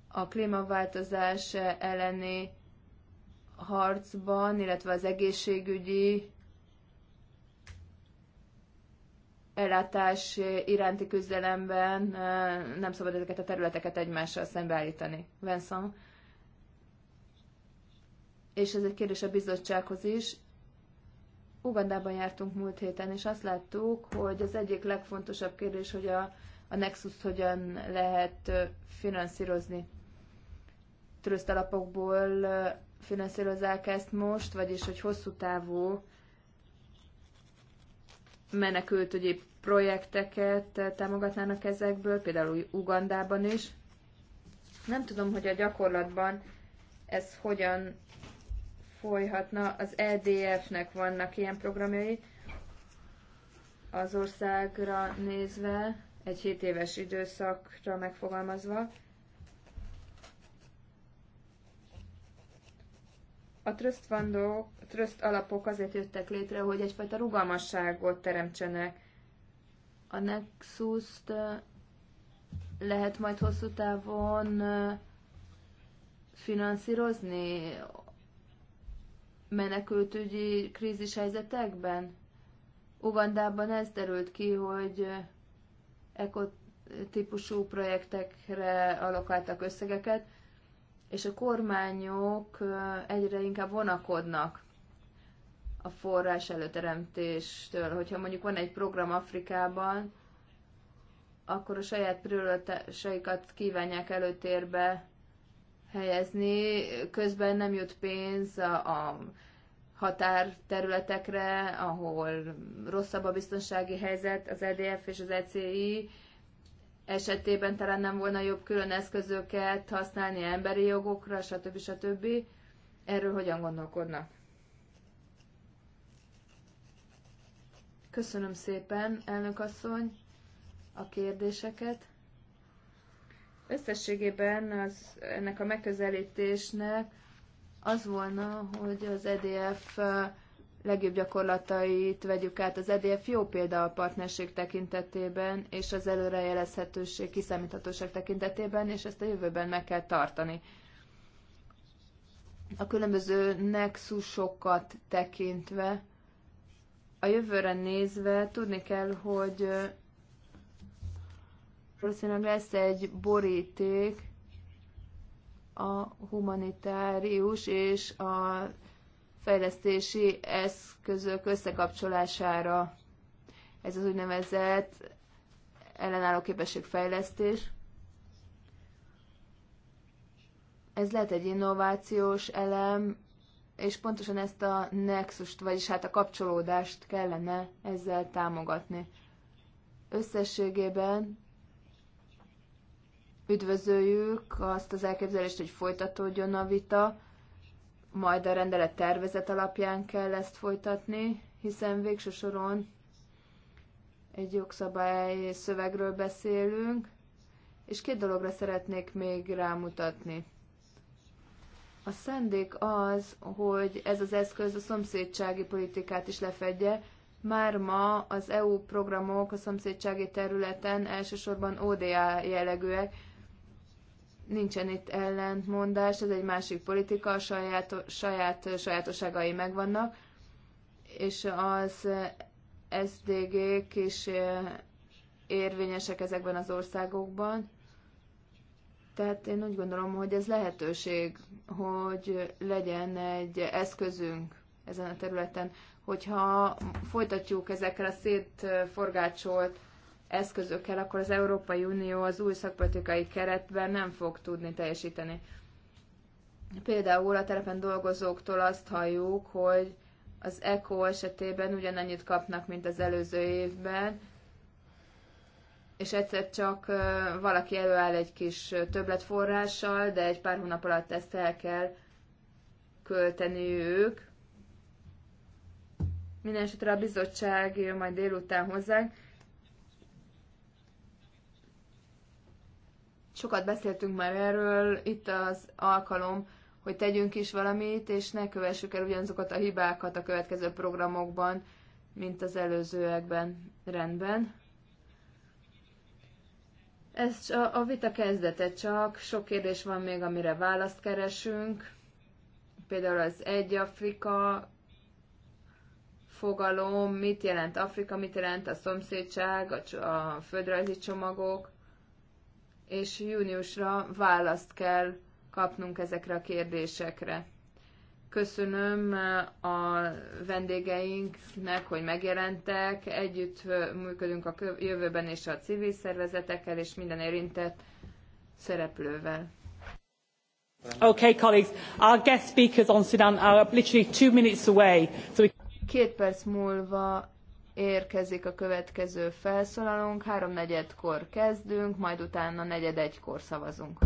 Speaker 2: A klímaváltozás elleni harcban, illetve az egészségügyi ellátás iránti küzdelemben nem szabad ezeket a területeket egymással szembeállítani. Venszom. És ez egy kérdés a bizottsághoz is. Ugandában jártunk múlt héten, és azt láttuk, hogy az egyik legfontosabb kérdés, hogy a, a nexus hogyan lehet finanszírozni. alapokból finanszírozzák ezt most, vagyis hogy hosszú távú menekültügyi projekteket támogatnának ezekből, például Ugandában is. Nem tudom, hogy a gyakorlatban ez hogyan folyhatna. Az EDF-nek vannak ilyen programjai az országra nézve, egy 7 éves időszakra megfogalmazva. a trust fundok, a trust alapok azért jöttek létre, hogy egyfajta rugalmasságot teremtsenek. A nexus lehet majd hosszú távon finanszírozni menekültügyi krízis helyzetekben? Ugandában ez derült ki, hogy ekotípusú projektekre alokáltak összegeket, és a kormányok egyre inkább vonakodnak a forrás előteremtéstől. Hogyha mondjuk van egy program Afrikában, akkor a saját prioritásaikat kívánják előtérbe helyezni, közben nem jut pénz a, határterületekre, ahol rosszabb a biztonsági helyzet, az EDF és az ECI, esetében talán nem volna jobb külön eszközöket használni emberi jogokra, stb. stb. Erről hogyan gondolkodnak? Köszönöm szépen, elnök asszony, a kérdéseket. Összességében az, ennek a megközelítésnek az volna, hogy az EDF legjobb gyakorlatait vegyük át. Az EDF jó példa a partnerség tekintetében, és az előrejelezhetőség, kiszámíthatóság tekintetében, és ezt a jövőben meg kell tartani. A különböző nexusokat tekintve, a jövőre nézve tudni kell, hogy valószínűleg lesz egy boríték a humanitárius és a fejlesztési eszközök összekapcsolására. Ez az úgynevezett ellenálló képességfejlesztés. Ez lehet egy innovációs elem, és pontosan ezt a nexust, vagyis hát a kapcsolódást kellene ezzel támogatni. Összességében üdvözöljük azt az elképzelést, hogy folytatódjon a vita, majd a rendelet tervezet alapján kell ezt folytatni, hiszen végső soron egy jogszabály szövegről beszélünk, és két dologra szeretnék még rámutatni. A szándék az, hogy ez az eszköz a szomszédsági politikát is lefedje. Már ma az EU programok a szomszédsági területen elsősorban ODA jellegűek, nincsen itt ellentmondás, ez egy másik politika, a saját, saját sajátosságai megvannak, és az SDG-k is érvényesek ezekben az országokban. Tehát én úgy gondolom, hogy ez lehetőség, hogy legyen egy eszközünk ezen a területen, hogyha folytatjuk ezekkel a szétforgácsolt eszközökkel, akkor az Európai Unió az új szakpolitikai keretben nem fog tudni teljesíteni. Például a terepen dolgozóktól azt halljuk, hogy az ECO esetében ugyanannyit kapnak, mint az előző évben, és egyszer csak valaki előáll egy kis többletforrással, de egy pár hónap alatt ezt el kell költeni ők. Mindenesetre a bizottság jön majd délután hozzánk, Sokat beszéltünk már erről, itt az alkalom, hogy tegyünk is valamit, és ne kövessük el ugyanazokat a hibákat a következő programokban, mint az előzőekben. Rendben. Ez a vita kezdete csak, sok kérdés van még, amire választ keresünk. Például az egy Afrika fogalom, mit jelent Afrika, mit jelent a szomszédság, a, a földrajzi csomagok és júniusra választ kell kapnunk ezekre a kérdésekre. Köszönöm eh, a vendégeinknek, hogy megjelentek. Együtt eh, működünk a jövőben és a civil szervezetekkel és minden érintett szereplővel.
Speaker 3: Okay, colleagues, our guest speakers on Sudan are literally two minutes away. So we...
Speaker 2: Két perc múlva érkezik a következő felszólalónk, háromnegyedkor kezdünk, majd utána negyed egykor szavazunk.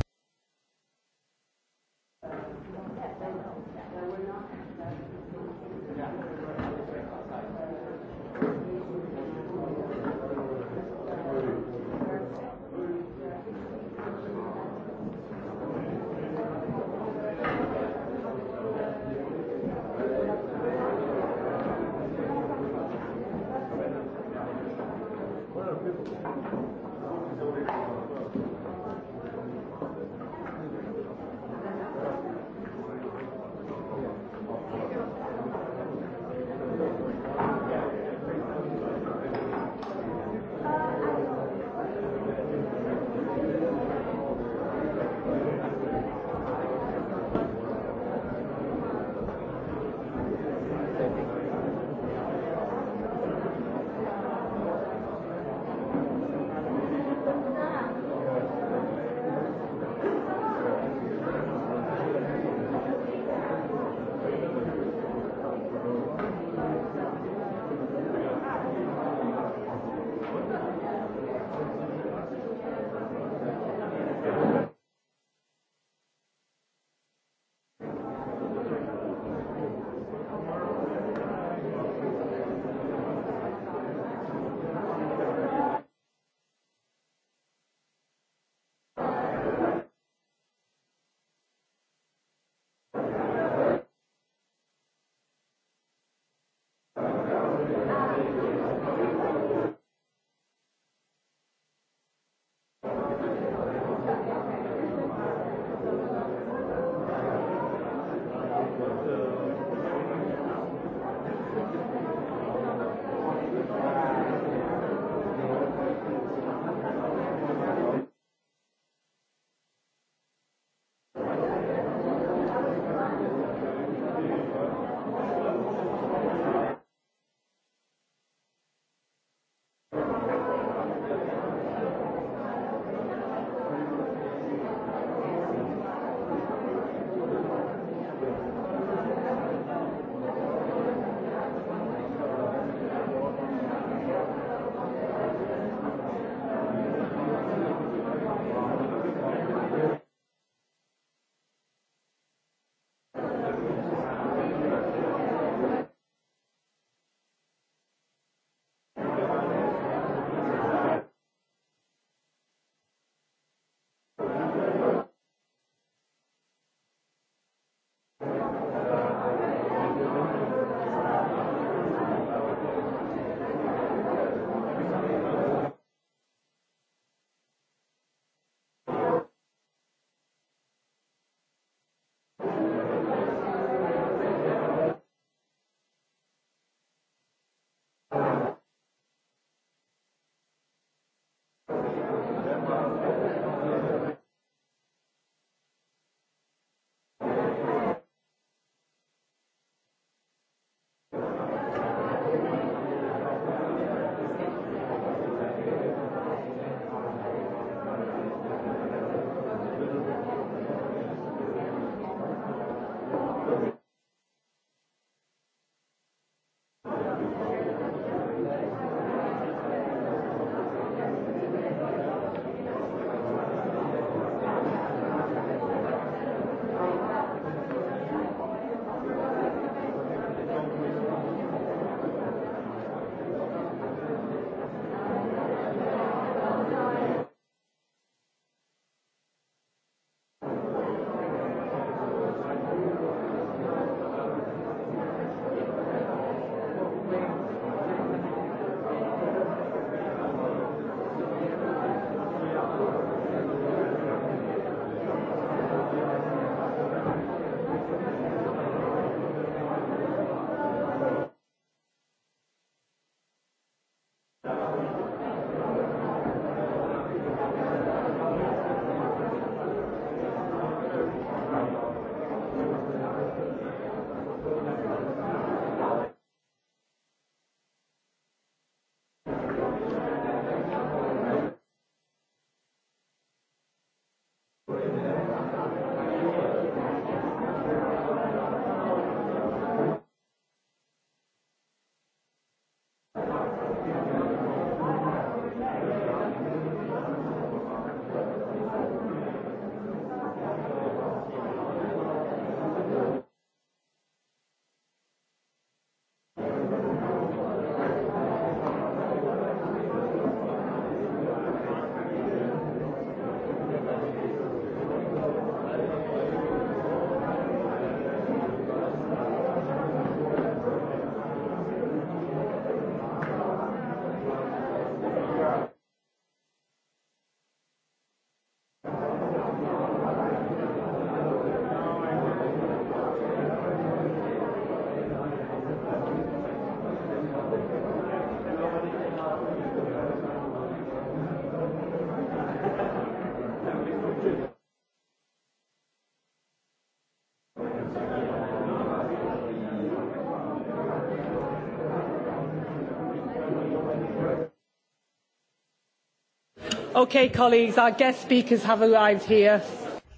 Speaker 3: Okay, colleagues, our guest speakers have arrived here.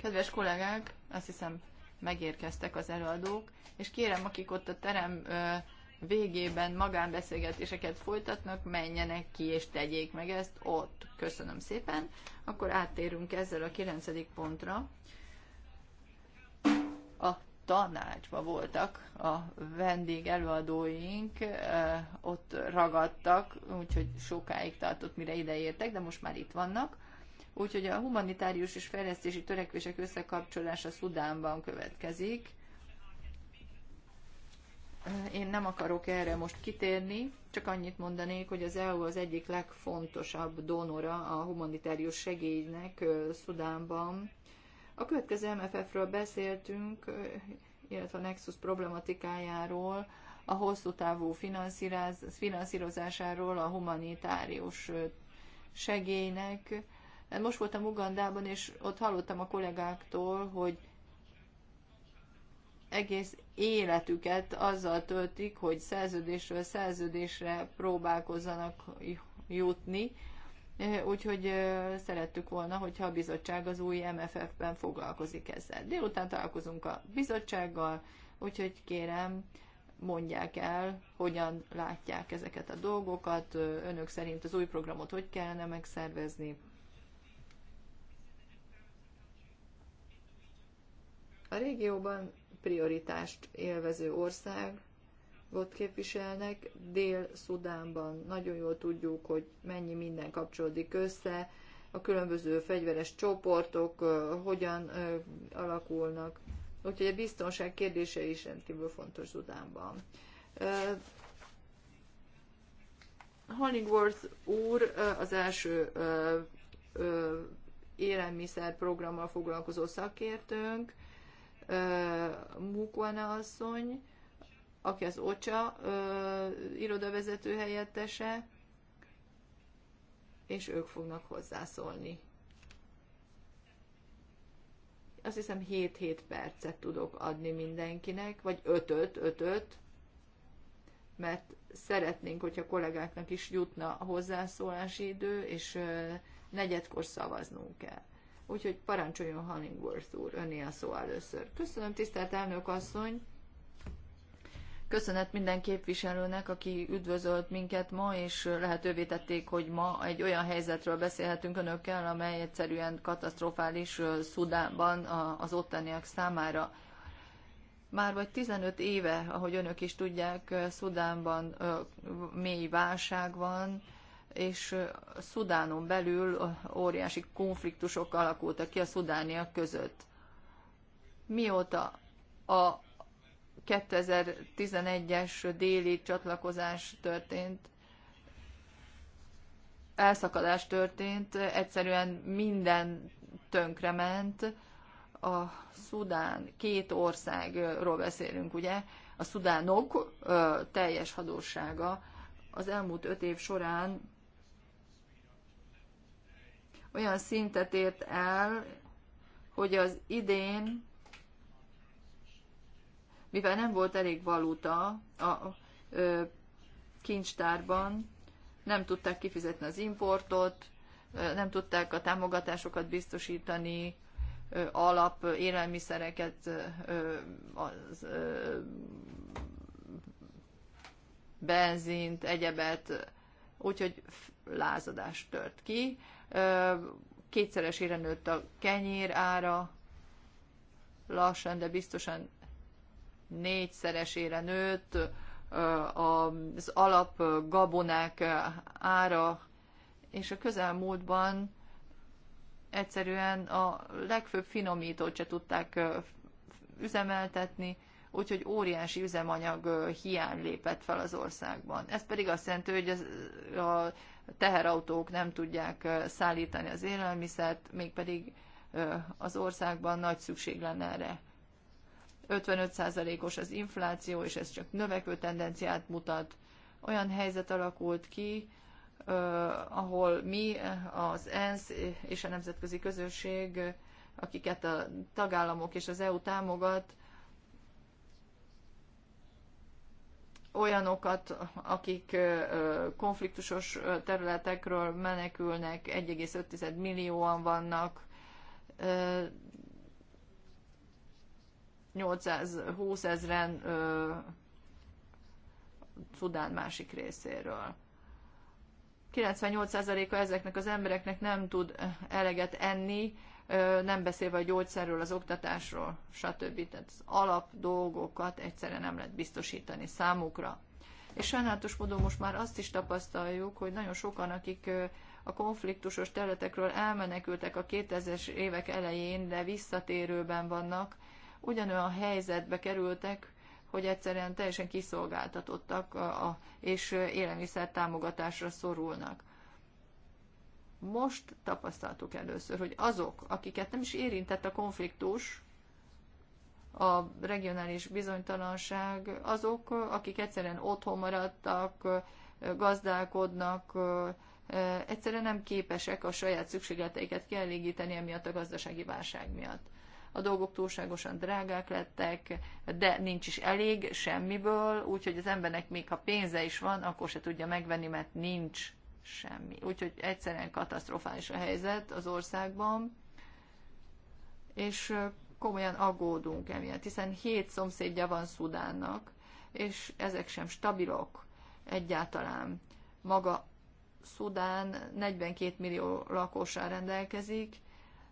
Speaker 4: Kedves kollégák, azt hiszem megérkeztek az előadók, és kérem, akik ott a terem végében magánbeszélgetéseket folytatnak, menjenek ki és tegyék meg ezt ott. Köszönöm szépen. Akkor áttérünk ezzel a 9. pontra, tanácsba voltak a vendég előadóink, ott ragadtak, úgyhogy sokáig tartott, mire ideértek, de most már itt vannak. Úgyhogy a humanitárius és fejlesztési törekvések összekapcsolása Szudánban következik. Én nem akarok erre most kitérni, csak annyit mondanék, hogy az EU az egyik legfontosabb donora a humanitárius segélynek Szudánban a következő MFF-ről beszéltünk, illetve a Nexus problematikájáról, a hosszú távú finanszírozásáról, a humanitárius segélynek. Most voltam Ugandában, és ott hallottam a kollégáktól, hogy egész életüket azzal töltik, hogy szerződésről szerződésre próbálkozzanak jutni, úgyhogy szerettük volna, hogyha a bizottság az új MFF-ben foglalkozik ezzel. Délután találkozunk a bizottsággal, úgyhogy kérem, mondják el, hogyan látják ezeket a dolgokat, önök szerint az új programot hogy kellene megszervezni. A régióban prioritást élvező ország országot képviselnek, Dél-Szudánban nagyon jól tudjuk, hogy mennyi minden kapcsolódik össze, a különböző fegyveres csoportok hogyan alakulnak. Úgyhogy a biztonság kérdése is rendkívül fontos Szudánban. Hollingworth úr az első élelmiszer programmal foglalkozó szakértőnk, Mukwana asszony, aki az OCSA ö, irodavezető helyettese, és ők fognak hozzászólni. Azt hiszem 7-7 percet tudok adni mindenkinek, vagy 5-5-5-5, mert szeretnénk, hogyha kollégáknak is jutna a hozzászólási idő, és ö, negyedkor szavaznunk kell. Úgyhogy parancsoljon Hollingworth úr, öné a szó először. Köszönöm, tisztelt elnök asszony! Köszönet minden képviselőnek, aki üdvözölt minket ma, és lehetővé tették, hogy ma egy olyan helyzetről beszélhetünk önökkel, amely egyszerűen katasztrofális Szudánban az ottaniak számára. Már vagy 15 éve, ahogy önök is tudják, Szudánban mély válság van, és Szudánon belül óriási konfliktusok alakultak ki a szudániak között. Mióta a 2011-es déli csatlakozás történt, elszakadás történt, egyszerűen minden ment. A Szudán, két országról beszélünk, ugye? A szudánok teljes hadósága az elmúlt öt év során olyan szintet ért el, hogy az idén mivel nem volt elég valuta a ö, kincstárban, nem tudták kifizetni az importot, nem tudták a támogatásokat biztosítani, alap élelmiszereket az, benzint, egyebet, úgyhogy lázadás tört ki. Kétszeresére nőtt a kenyér ára, lassan, de biztosan négyszeresére nőtt az alap gabonák ára, és a közelmúltban egyszerűen a legfőbb finomítót se tudták üzemeltetni, úgyhogy óriási üzemanyag hiány lépett fel az országban. Ez pedig azt jelenti, hogy a teherautók nem tudják szállítani az élelmiszert, mégpedig az országban nagy szükség lenne erre. 55%-os az infláció, és ez csak növekvő tendenciát mutat. Olyan helyzet alakult ki, ahol mi, az ENSZ és a nemzetközi közösség, akiket a tagállamok és az EU támogat, olyanokat, akik konfliktusos területekről menekülnek, 1,5 millióan vannak, 820 ezeren Szudán másik részéről. 98%-a ezeknek az embereknek nem tud eleget enni, nem beszélve a gyógyszerről, az oktatásról, stb. Tehát az alap dolgokat egyszerűen nem lehet biztosítani számukra. És sajnálatos módon most már azt is tapasztaljuk, hogy nagyon sokan, akik a konfliktusos területekről elmenekültek a 2000-es évek elején, de visszatérőben vannak, ugyanolyan helyzetbe kerültek, hogy egyszerűen teljesen kiszolgáltatottak a, a, és élelmiszer támogatásra szorulnak. Most tapasztaltuk először, hogy azok, akiket nem is érintett a konfliktus, a regionális bizonytalanság, azok, akik egyszerűen otthon maradtak, gazdálkodnak, egyszerűen nem képesek a saját szükségleteiket kielégíteni emiatt a gazdasági válság miatt a dolgok túlságosan drágák lettek, de nincs is elég semmiből, úgyhogy az embernek még ha pénze is van, akkor se tudja megvenni, mert nincs semmi. Úgyhogy egyszerűen katasztrofális a helyzet az országban, és komolyan aggódunk emiatt, hiszen hét szomszédja van Szudánnak, és ezek sem stabilok egyáltalán. Maga Szudán 42 millió lakossal rendelkezik,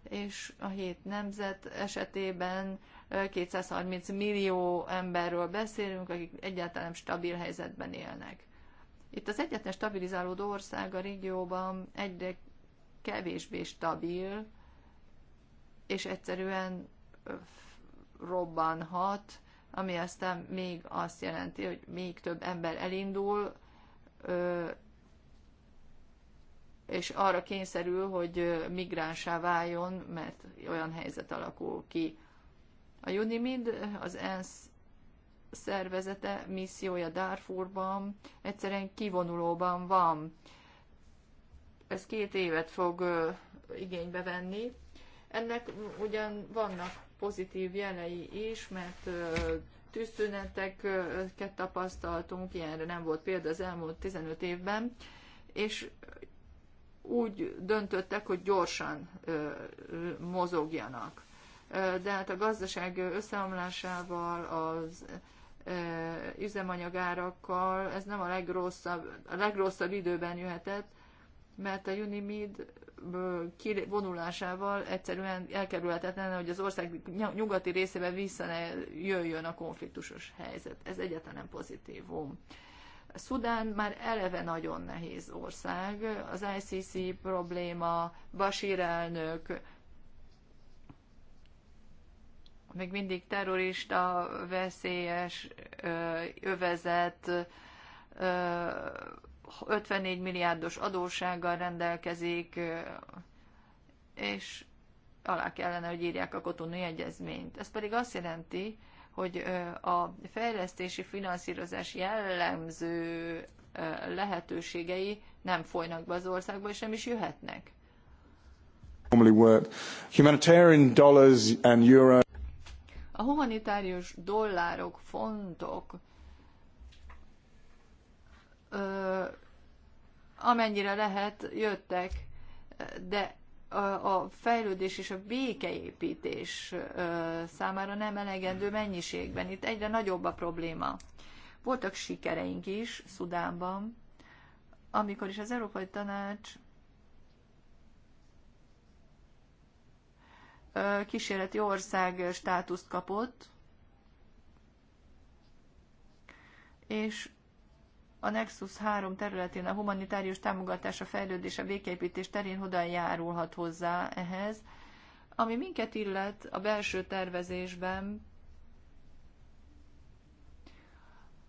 Speaker 4: és a hét nemzet esetében 230 millió emberről beszélünk, akik egyáltalán nem stabil helyzetben élnek. Itt az egyetlen stabilizálódó ország a régióban egyre kevésbé stabil, és egyszerűen robbanhat, ami aztán még azt jelenti, hogy még több ember elindul, és arra kényszerül, hogy migránsá váljon, mert olyan helyzet alakul ki. A UNIMID, az ENSZ szervezete missziója Darfurban egyszerűen kivonulóban van. Ez két évet fog igénybe venni. Ennek ugyan vannak pozitív jelei is, mert tűzszüneteket tapasztaltunk, ilyenre nem volt példa az elmúlt 15 évben, és úgy döntöttek, hogy gyorsan mozogjanak. De hát a gazdaság összeomlásával, az üzemanyagárakkal, ez nem a legrosszabb, a legrosszabb időben jöhetett, mert a Unimid vonulásával egyszerűen elkerülhetetlen, hogy az ország nyugati részébe vissza ne jöjjön a konfliktusos helyzet. Ez egyáltalán nem pozitívum. Szudán már eleve nagyon nehéz ország, az ICC probléma, basír elnök, még mindig terrorista, veszélyes övezet, 54 milliárdos adóssággal rendelkezik, és alá kellene, hogy írják a kotonai egyezményt. Ez pedig azt jelenti, hogy a fejlesztési finanszírozás jellemző lehetőségei nem folynak be az országba, és nem is jöhetnek. A humanitárius dollárok, fontok, amennyire lehet, jöttek, de a fejlődés és a békeépítés számára nem elegendő mennyiségben. Itt egyre nagyobb a probléma. Voltak sikereink is Szudánban, amikor is az Európai Tanács kísérleti ország státuszt kapott, és a Nexus 3 területén a humanitárius támogatás, a fejlődés, a békeépítés terén hogyan járulhat hozzá ehhez. Ami minket illet a belső tervezésben,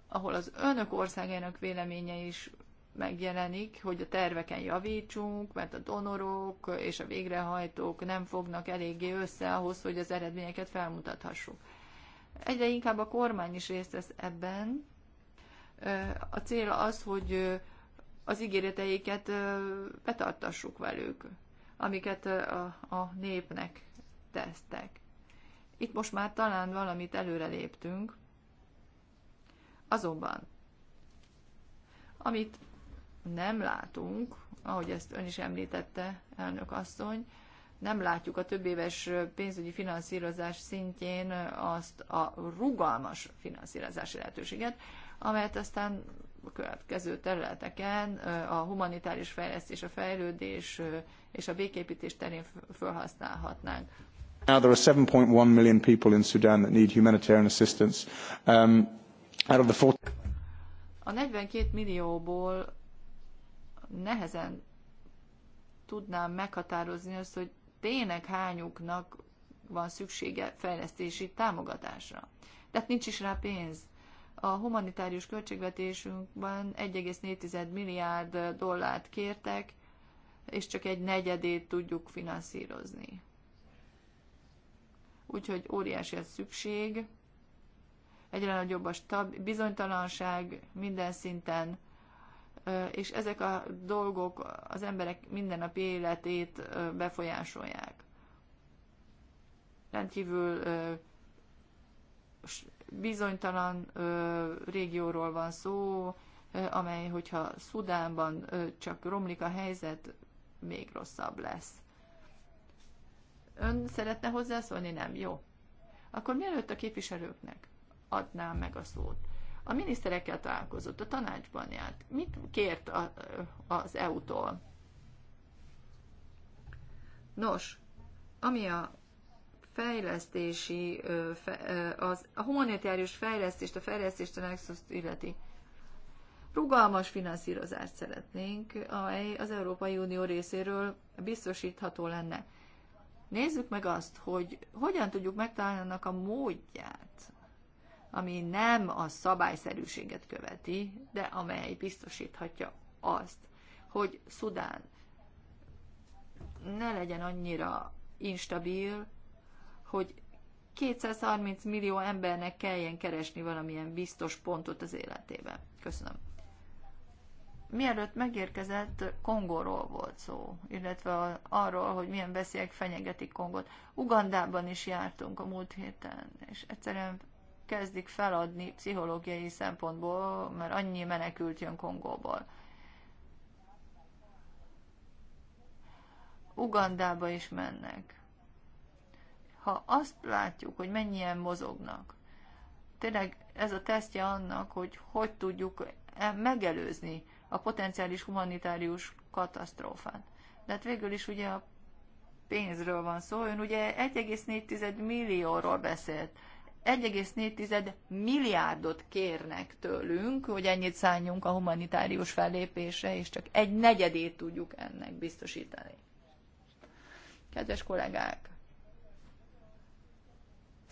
Speaker 4: ahol az önök országának véleménye is megjelenik, hogy a terveken javítsunk, mert a donorok és a végrehajtók nem fognak eléggé össze ahhoz, hogy az eredményeket felmutathassuk. Egyre inkább a kormány is részt vesz ebben, a cél az, hogy az ígéreteiket betartassuk velük, amiket a, a népnek tesztek. Itt most már talán valamit előre léptünk. Azonban, amit nem látunk, ahogy ezt ön is említette, elnök asszony, nem látjuk a több éves pénzügyi finanszírozás szintjén azt a rugalmas finanszírozási lehetőséget, amelyet aztán a következő területeken a humanitáris fejlesztés, a fejlődés és a béképítés terén felhasználhatnánk.
Speaker 1: Now there are 7.1 million people in Sudan that need humanitarian assistance. Um, out of the four...
Speaker 4: A 42 millióból nehezen tudnám meghatározni azt, hogy tényleg hányuknak van szüksége fejlesztési támogatásra. Tehát nincs is rá pénz a humanitárius költségvetésünkben 1,4 milliárd dollárt kértek, és csak egy negyedét tudjuk finanszírozni. Úgyhogy óriási a szükség, egyre nagyobb a stab- bizonytalanság minden szinten, és ezek a dolgok az emberek mindennapi életét befolyásolják. Rendkívül bizonytalan ö, régióról van szó, ö, amely, hogyha Szudánban ö, csak romlik a helyzet, még rosszabb lesz. Ön szeretne hozzászólni? Nem? Jó. Akkor mielőtt a képviselőknek adnám meg a szót. A miniszterekkel találkozott, a tanácsban járt. Mit kért a, az EU-tól? Nos, ami a fejlesztési, az, a humanitárius fejlesztést, a fejlesztést a nexus illeti. Rugalmas finanszírozást szeretnénk, amely az Európai Unió részéről biztosítható lenne. Nézzük meg azt, hogy hogyan tudjuk megtalálni annak a módját, ami nem a szabályszerűséget követi, de amely biztosíthatja azt, hogy Szudán ne legyen annyira instabil, hogy 230 millió embernek kelljen keresni valamilyen biztos pontot az életében. Köszönöm. Mielőtt megérkezett, Kongóról volt szó, illetve arról, hogy milyen veszélyek fenyegetik Kongot. Ugandában is jártunk a múlt héten, és egyszerűen kezdik feladni pszichológiai szempontból, mert annyi menekült jön Kongóból. Ugandába is mennek ha azt látjuk, hogy mennyien mozognak, tényleg ez a tesztje annak, hogy hogy tudjuk e- megelőzni a potenciális humanitárius katasztrófát. De hát végül is ugye a pénzről van szó, ön ugye 1,4 millióról beszélt. 1,4 milliárdot kérnek tőlünk, hogy ennyit szálljunk a humanitárius fellépésre, és csak egy negyedét tudjuk ennek biztosítani. Kedves kollégák,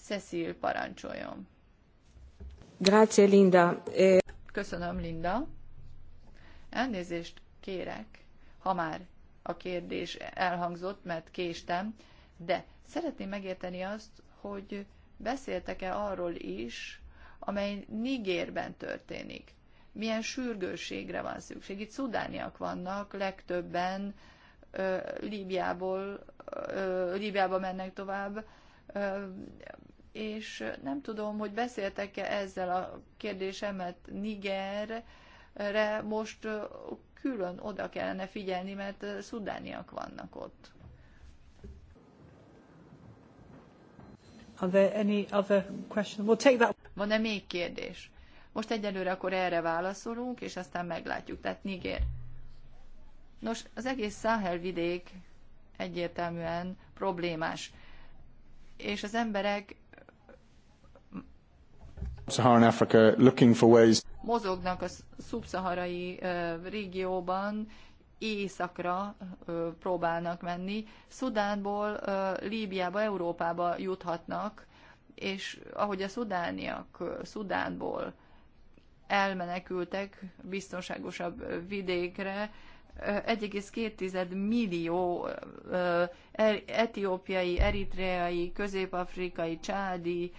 Speaker 4: Cecil parancsoljon.
Speaker 2: Grazie, Linda.
Speaker 4: E- Köszönöm, Linda. Elnézést kérek, ha már a kérdés elhangzott, mert késtem, de szeretném megérteni azt, hogy beszéltek-e arról is, amely Nigérben történik. Milyen sürgősségre van szükség. Itt szudániak vannak, legtöbben Líbiából, Líbiába mennek tovább, és nem tudom, hogy beszéltek-e ezzel a kérdésemet Nigerre, most külön oda kellene figyelni, mert szudániak vannak ott. Are there any other question? We'll take that. Van-e még kérdés? Most egyelőre akkor erre válaszolunk, és aztán meglátjuk. Tehát Niger. Nos, az egész Száhel vidék egyértelműen problémás, és az emberek
Speaker 1: Saharan Africa looking for ways.
Speaker 4: Mozognak a szubszaharai régióban, északra próbálnak menni. Szudánból Líbiába, Európába juthatnak, és ahogy a szudániak Szudánból elmenekültek biztonságosabb vidékre, 1,2 millió e-, etiópiai, eritreai, Középafrikai, csádi,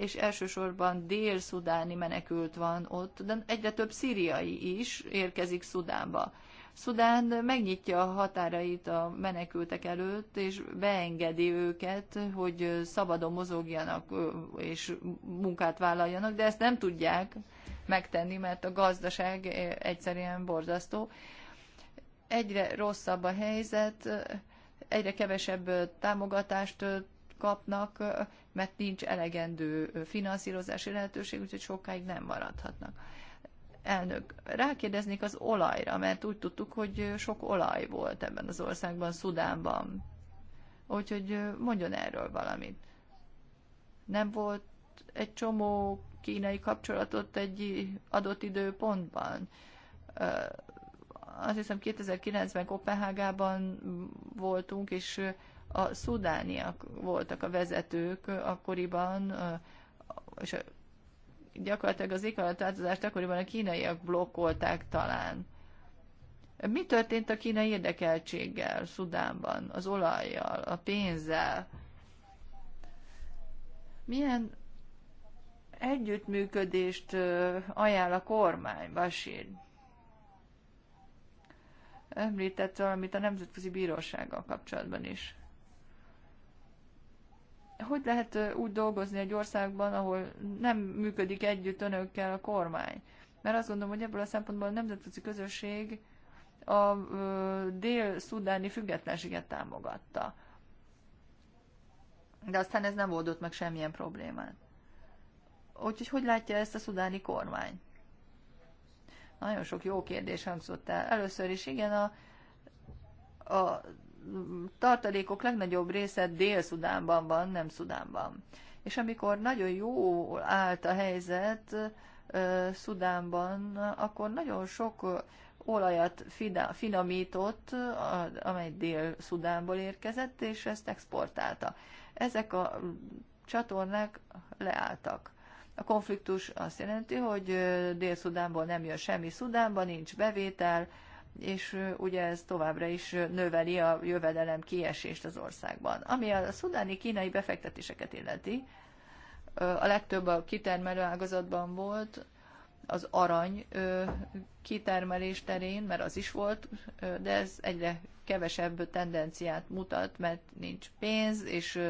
Speaker 4: és elsősorban dél-szudáni menekült van ott, de egyre több szíriai is érkezik Szudánba. Szudán megnyitja a határait a menekültek előtt, és beengedi őket, hogy szabadon mozogjanak és munkát vállaljanak, de ezt nem tudják megtenni, mert a gazdaság egyszerűen borzasztó. Egyre rosszabb a helyzet, egyre kevesebb támogatást kapnak, mert nincs elegendő finanszírozási lehetőség, úgyhogy sokáig nem maradhatnak. Elnök, rákérdeznék az olajra, mert úgy tudtuk, hogy sok olaj volt ebben az országban, Szudánban. Úgyhogy mondjon erről valamit. Nem volt egy csomó kínai kapcsolatot egy adott időpontban. Azt hiszem 2009-ben Kopenhágában voltunk, és a szudániak voltak a vezetők akkoriban, és gyakorlatilag az éghajlatváltozást akkoriban a kínaiak blokkolták talán. Mi történt a kínai érdekeltséggel Szudánban, az olajjal, a pénzzel? Milyen együttműködést ajánl a kormány, Basir? Említett valamit a Nemzetközi Bírósággal kapcsolatban is. Hogy lehet úgy dolgozni egy országban, ahol nem működik együtt önökkel a kormány? Mert azt gondolom, hogy ebből a szempontból a nemzetközi közösség a dél-szudáni függetlenséget támogatta. De aztán ez nem oldott meg semmilyen problémát. Úgyhogy hogy látja ezt a szudáni kormány? Nagyon sok jó kérdés hangzott el. Először is igen, a, a tartalékok legnagyobb része Dél-Szudánban van, nem Szudánban. És amikor nagyon jó állt a helyzet Szudánban, akkor nagyon sok olajat finomított, amely Dél-Szudánból érkezett, és ezt exportálta. Ezek a csatornák leálltak. A konfliktus azt jelenti, hogy Dél-Szudánból nem jön semmi Szudánban nincs bevétel, és ugye ez továbbra is növeli a jövedelem kiesést az országban. Ami a szudáni kínai befektetéseket illeti, a legtöbb a kitermelő ágazatban volt, az arany kitermelés terén, mert az is volt, de ez egyre kevesebb tendenciát mutat, mert nincs pénz, és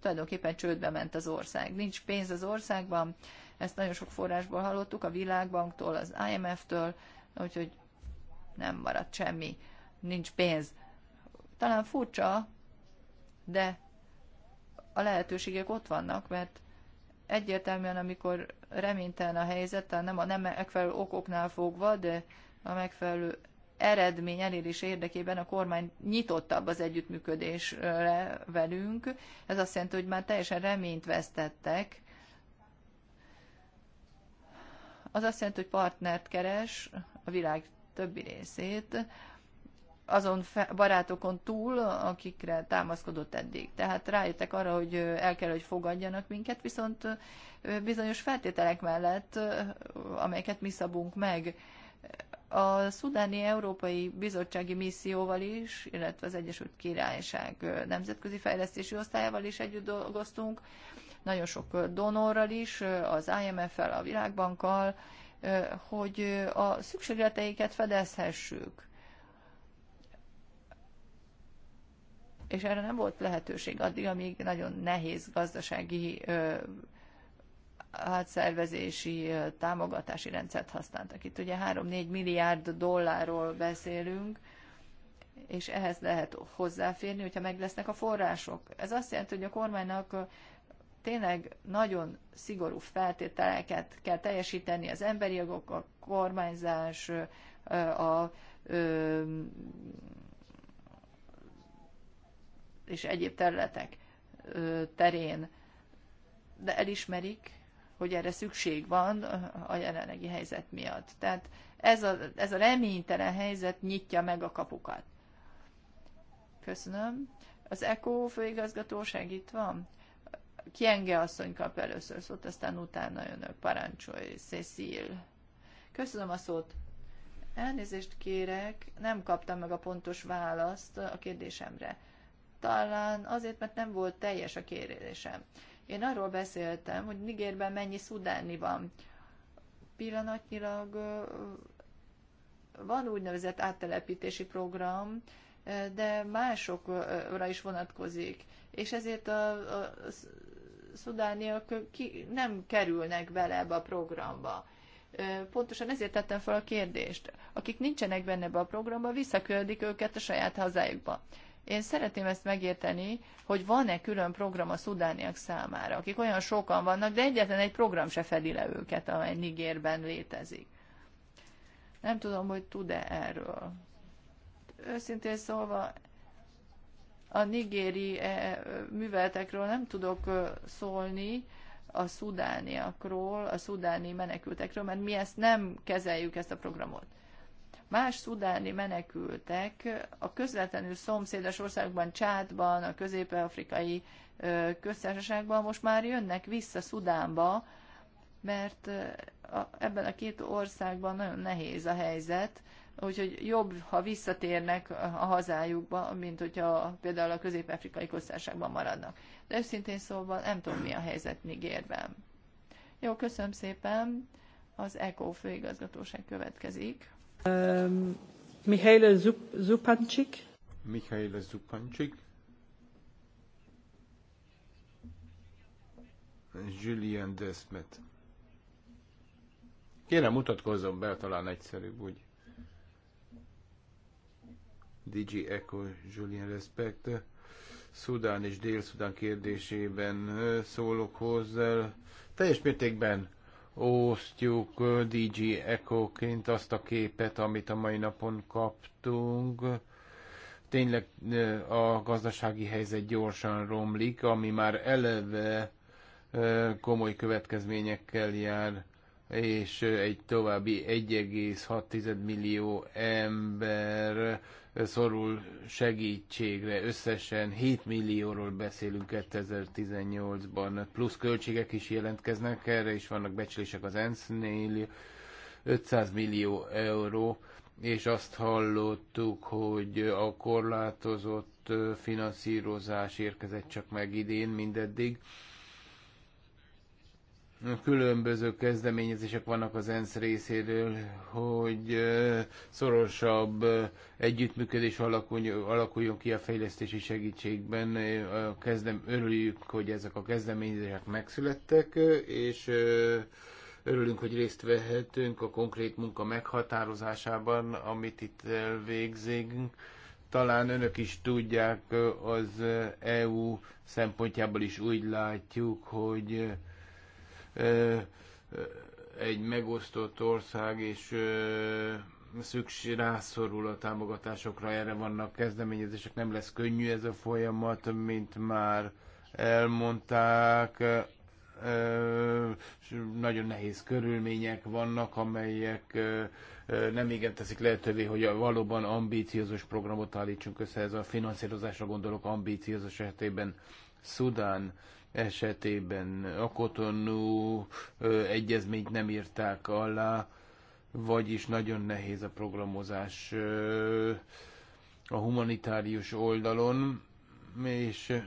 Speaker 4: tulajdonképpen csődbe ment az ország. Nincs pénz az országban, ezt nagyon sok forrásból hallottuk, a Világbanktól, az IMF-től, úgyhogy nem maradt semmi, nincs pénz. Talán furcsa, de a lehetőségek ott vannak, mert egyértelműen, amikor reménytelen a helyzet, talán nem a nem megfelelő okoknál fogva, de a megfelelő eredmény elérés érdekében a kormány nyitottabb az együttműködésre velünk. Ez azt jelenti, hogy már teljesen reményt vesztettek. Az azt jelenti, hogy partnert keres a világ többi részét azon barátokon túl, akikre támaszkodott eddig. Tehát rájöttek arra, hogy el kell, hogy fogadjanak minket, viszont bizonyos feltételek mellett, amelyeket mi szabunk meg, a szudáni Európai Bizottsági Misszióval is, illetve az Egyesült Királyság Nemzetközi Fejlesztési Osztályával is együtt dolgoztunk, nagyon sok donorral is, az IMF-fel, a Világbankkal, hogy a szükségleteiket fedezhessük. És erre nem volt lehetőség addig, amíg nagyon nehéz gazdasági átszervezési támogatási rendszert használtak. Itt ugye 3-4 milliárd dollárról beszélünk, és ehhez lehet hozzáférni, hogyha meg lesznek a források. Ez azt jelenti, hogy a kormánynak tényleg nagyon szigorú feltételeket kell teljesíteni az emberi jogok, a kormányzás, a, a és egyéb területek terén, de elismerik, hogy erre szükség van a jelenlegi helyzet miatt. Tehát ez a, ez a reménytelen helyzet nyitja meg a kapukat. Köszönöm. Az ECO főigazgatóság itt van? Kienge asszony kap először szót, aztán utána önök parancsolj, Cecil. Köszönöm a szót. Elnézést kérek, nem kaptam meg a pontos választ a kérdésemre. Talán azért, mert nem volt teljes a kérdésem. Én arról beszéltem, hogy Nigérben mennyi szudáni van. Pillanatnyilag van úgynevezett áttelepítési program, de másokra is vonatkozik, és ezért a, a szudániak ki, nem kerülnek bele ebbe a programba. Pontosan ezért tettem fel a kérdést. Akik nincsenek benne ebbe a programba, visszaküldik őket a saját hazájukba. Én szeretném ezt megérteni, hogy van-e külön program a szudániak számára, akik olyan sokan vannak, de egyetlen egy program se fedi le őket, amely Nigérben létezik. Nem tudom, hogy tud-e erről. Őszintén szólva, a nigéri e, e, műveletekről nem tudok szólni, a szudániakról, a szudáni menekültekről, mert mi ezt nem kezeljük, ezt a programot. Más szudáni menekültek a közvetlenül szomszédos országban, Csátban, a közép-afrikai köztársaságban most már jönnek vissza Szudánba, mert ebben a két országban nagyon nehéz a helyzet, úgyhogy jobb, ha visszatérnek a hazájukba, mint hogyha például a közép-afrikai köztársaságban maradnak. De őszintén szóval nem tudom, mi a helyzet Nigérben. Jó, köszönöm szépen. Az ECO főigazgatóság következik.
Speaker 1: Um, Mihály Zup
Speaker 3: Zupancsik.
Speaker 1: Mihály Zupancsik. Julian Desmet. Kérem, mutatkozzon be, talán egyszerűbb úgy. DJ Echo, Julien Respect Szudán és Dél-Szudán kérdésében szólok hozzá. Teljes mértékben osztjuk DJ Echo-ként azt a képet, amit a mai napon kaptunk. Tényleg a gazdasági helyzet gyorsan romlik, ami már eleve komoly következményekkel jár és egy további 1,6 millió ember szorul segítségre. Összesen 7 millióról beszélünk 2018-ban, plusz költségek is jelentkeznek erre, és vannak becslések az ENSZ-nél, 500 millió euró, és azt hallottuk, hogy a korlátozott finanszírozás érkezett csak meg idén mindeddig különböző kezdeményezések vannak az ENSZ részéről, hogy szorosabb együttműködés alakuljon ki a fejlesztési segítségben. Kezdem, örüljük, hogy ezek a kezdeményezések megszülettek, és örülünk, hogy részt vehetünk a konkrét munka meghatározásában, amit itt végzünk talán önök is tudják, az EU szempontjából is úgy látjuk, hogy egy megosztott ország, és szükség rászorul a támogatásokra, erre vannak kezdeményezések, nem lesz könnyű ez a folyamat, mint már elmondták, nagyon nehéz körülmények vannak, amelyek nem igen teszik lehetővé, hogy a valóban ambíciózus programot állítsunk össze, ez a finanszírozásra gondolok ambíciózus esetében Szudán esetében a kotonú egyezményt nem írták alá, vagyis nagyon nehéz a programozás a humanitárius oldalon, és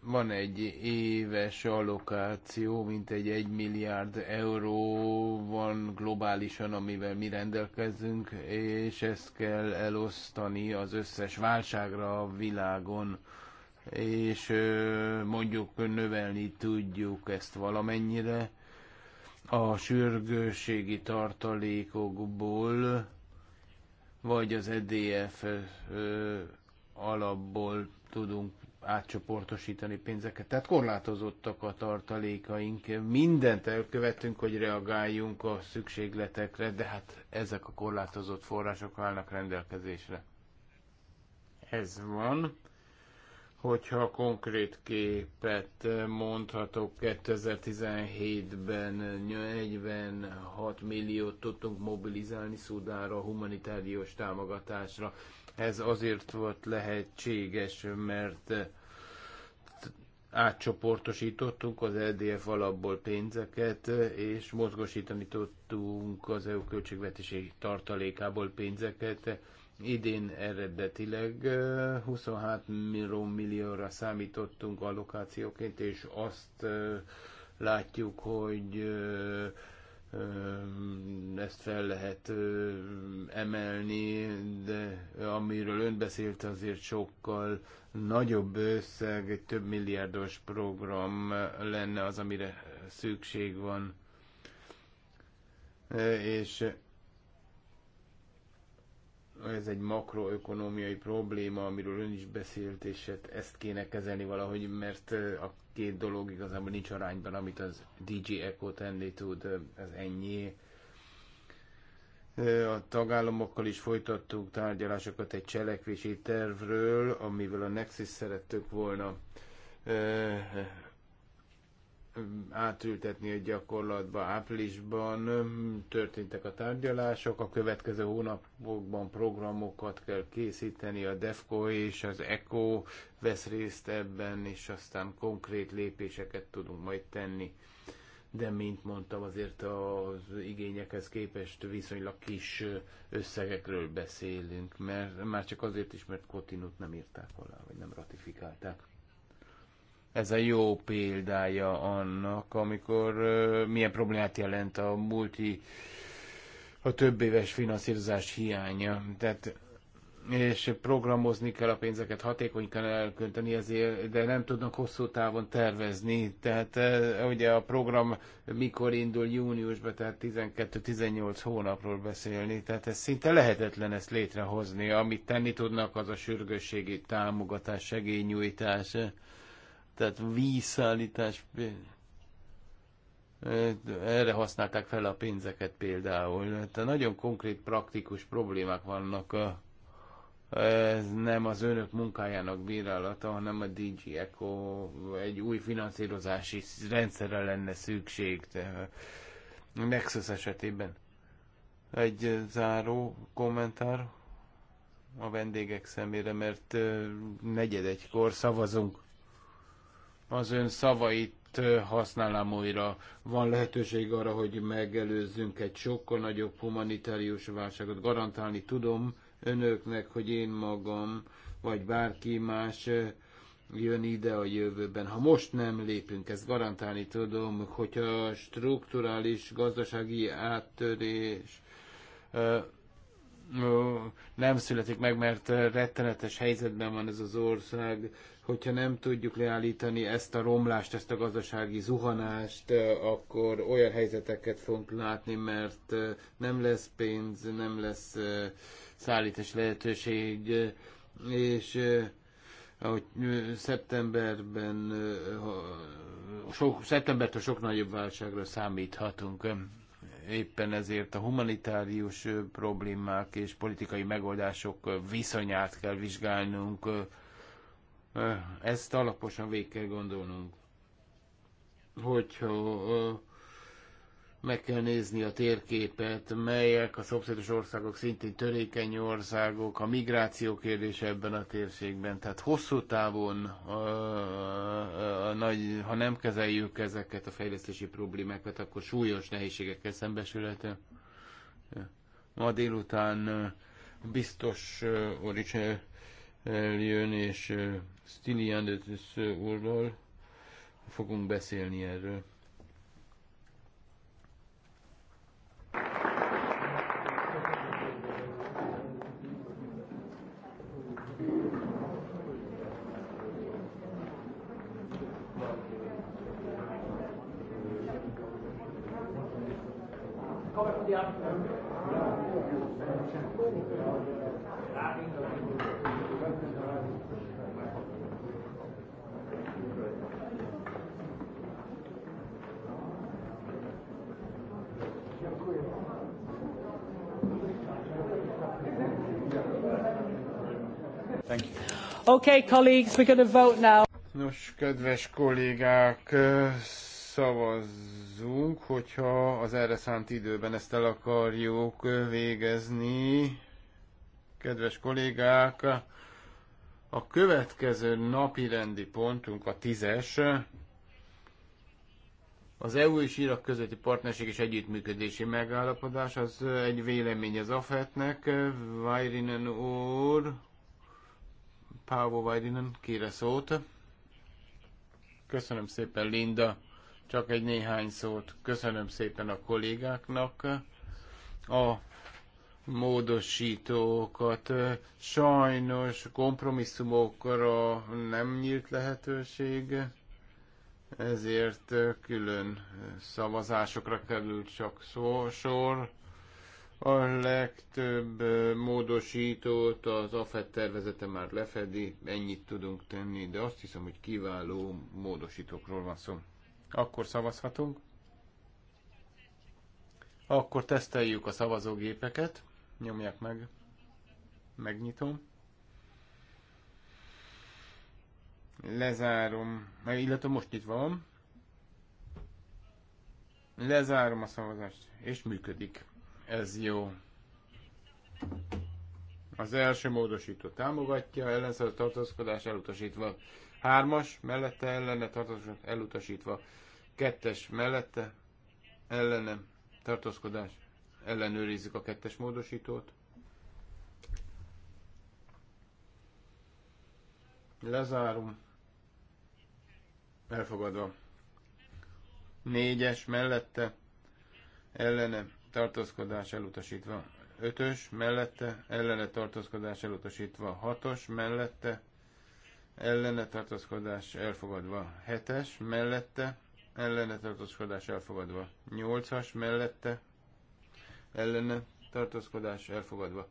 Speaker 1: van egy éves allokáció, mint egy 1 milliárd euró van globálisan, amivel mi rendelkezünk, és ezt kell elosztani az összes válságra a világon és mondjuk növelni tudjuk ezt valamennyire. A sürgőségi tartalékokból, vagy az EDF alapból tudunk átcsoportosítani pénzeket. Tehát korlátozottak a tartalékaink. Mindent elkövetünk, hogy reagáljunk a szükségletekre, de hát ezek a korlátozott források állnak rendelkezésre. Ez van. Hogyha konkrét képet mondhatok, 2017-ben 46 milliót tudtunk mobilizálni Szudára humanitárius támogatásra. Ez azért volt lehetséges, mert átcsoportosítottunk az LDF e alapból pénzeket, és mozgosítani tudtunk az EU költségvetési tartalékából pénzeket. Idén eredetileg 23 millióra számítottunk allokációként, és azt látjuk, hogy ezt fel lehet emelni, de amiről ön beszélt, azért sokkal nagyobb összeg, egy több milliárdos program lenne az, amire szükség van. És ez egy makroökonomiai probléma, amiről ön is beszélt, és hát ezt kéne kezelni valahogy, mert a két dolog igazából nincs arányban, amit az DJ Echo tenni tud, ez ennyi. A tagállamokkal is folytattuk tárgyalásokat egy cselekvési tervről, amivel a Nexus szerettük volna átültetni egy gyakorlatba. Áprilisban történtek a tárgyalások, a következő hónapokban programokat kell készíteni, a DEFCO és az ECO vesz részt ebben, és aztán konkrét lépéseket tudunk majd tenni. De, mint mondtam, azért az igényekhez képest viszonylag kis összegekről beszélünk, mert már csak azért is, mert Kotinut nem írták alá, vagy nem ratifikálták ez a jó példája annak, amikor milyen problémát jelent a multi, a több éves finanszírozás hiánya. Tehát és programozni kell a pénzeket, hatékony kell elkönteni ezért, de nem tudnak hosszú távon tervezni. Tehát ugye a program mikor indul júniusban, tehát 12-18 hónapról beszélni, tehát ez szinte lehetetlen ezt létrehozni. Amit tenni tudnak, az a sürgősségi támogatás, segélynyújtás tehát vízszállítás, erre használták fel a pénzeket például. Tehát nagyon konkrét, praktikus problémák vannak. Ez nem az önök munkájának bírálata, hanem a DG Eco egy új finanszírozási rendszerre lenne szükség. Nexus esetében. Egy záró kommentár a vendégek szemére, mert negyed egykor szavazunk az ön szavait használnám újra. Van lehetőség arra, hogy megelőzzünk egy sokkal nagyobb humanitárius válságot. Garantálni tudom önöknek, hogy én magam, vagy bárki más jön ide a jövőben. Ha most nem lépünk, ezt garantálni tudom, hogyha strukturális gazdasági áttörés nem születik meg, mert rettenetes helyzetben van ez az ország, hogyha nem tudjuk leállítani ezt a romlást, ezt a gazdasági zuhanást, akkor olyan helyzeteket fogunk látni, mert nem lesz pénz, nem lesz szállítás lehetőség, és ahogy szeptemberben, sok, szeptembertől sok nagyobb válságra számíthatunk éppen ezért a humanitárius problémák és politikai megoldások viszonyát kell vizsgálnunk. Ezt alaposan végig kell gondolnunk. Hogyha meg kell nézni a térképet, melyek a szomszédos országok szintén törékeny országok, a migráció kérdése ebben a térségben. Tehát hosszú távon, a, nagy, ha nem kezeljük ezeket a fejlesztési problémákat, akkor súlyos nehézségekkel szembesülhető. Ma délután biztos úr jön eljön, és Stilian úrról fogunk beszélni erről.
Speaker 3: Okay, colleagues, we're going to vote now.
Speaker 1: Nos, kedves kollégák, szavazzunk, hogyha az erre szánt időben ezt el akarjuk végezni. Kedves kollégák, a következő napi rendi pontunk a tízes, az EU és Irak közötti partnerség és együttműködési megállapodás, az egy vélemény az AFET-nek. Vajrinen úr, Pávo Vajdinen kére szót. Köszönöm szépen, Linda. Csak egy néhány szót. Köszönöm szépen a kollégáknak. A módosítókat. Sajnos kompromisszumokra nem nyílt lehetőség, ezért külön szavazásokra került csak szó, sor. A legtöbb módosítót az AFET tervezete már lefedi, ennyit tudunk tenni, de azt hiszem, hogy kiváló módosítókról van szó. Akkor szavazhatunk. Akkor teszteljük a szavazógépeket. Nyomják meg. Megnyitom. Lezárom. Illetve most itt van. Lezárom a szavazást, és működik. Ez jó. Az első módosító támogatja, ellenször tartózkodás elutasítva. Hármas, mellette ellene tartózkodás elutasítva. Kettes, mellette ellene tartózkodás. Ellenőrizzük a kettes módosítót. Lezárom. Elfogadva. Négyes mellette ellene tartózkodás elutasítva. 5-ös mellette, ellene tartózkodás elutasítva. 6-os mellette, ellene tartózkodás elfogadva. 7-es mellette, ellene tartózkodás elfogadva. 8-as mellette, ellene tartózkodás elfogadva.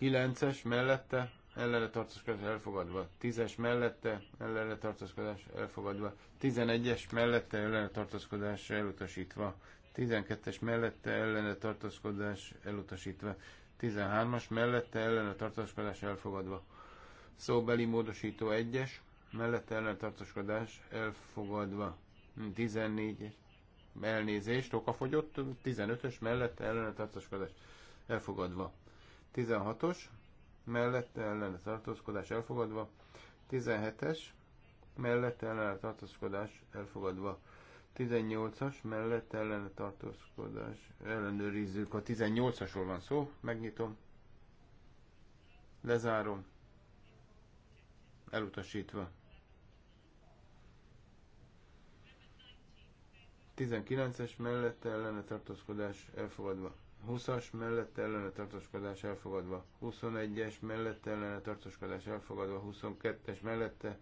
Speaker 1: 9-es mellette, ellene tartózkodás elfogadva. 10-es mellette ellene tartózkodás elfogadva. 11-es mellette ellene tartózkodás elutasítva. 12-es mellette ellene tartózkodás elutasítva. 13-as mellette ellene tartózkodás elfogadva. Szóbeli módosító 1-es mellette ellene tartózkodás elfogadva. 14-es elnézést, okafogyott, 15-ös mellette ellene tartózkodás elfogadva. 16-os mellette ellene tartózkodás elfogadva, 17-es mellette ellene tartózkodás elfogadva, 18-as mellette ellene tartózkodás ellenőrizzük, a 18-asról van szó, megnyitom, lezárom, elutasítva. 19-es mellette ellene tartózkodás elfogadva. 20-as mellette ellene tartózkodás elfogadva, 21-es mellette ellene tartózkodás elfogadva, 22-es mellette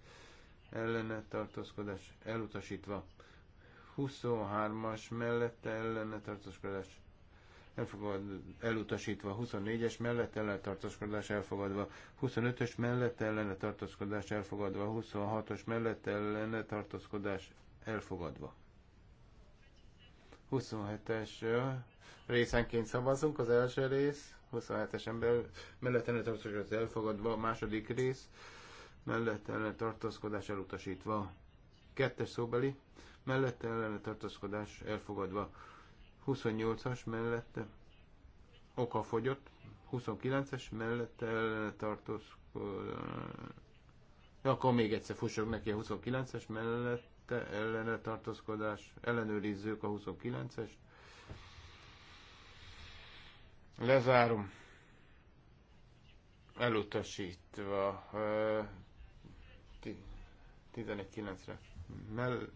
Speaker 1: ellene tartózkodás elutasítva, 23-as mellette ellene tartózkodás elfogad, elutasítva, 24-es mellett ellen tartózkodás elfogadva, 25-ös mellett ellen tartózkodás elfogadva, 26-os mellett ellen tartózkodás elfogadva. 27-es részenként szavazunk, az első rész, 27-es ember mellett tartózkodás elfogadva, a második rész mellett tartózkodás elutasítva, kettes szóbeli, mellette ellene tartózkodás elfogadva, 28-as mellette oka fogyott, 29-es mellette ellene tartózkodás, akkor még egyszer fussok neki a 29-es mellett te ellene tartózkodás, ellenőrizzük a 29-est. Lezárom. Elutasítva 11-9-re.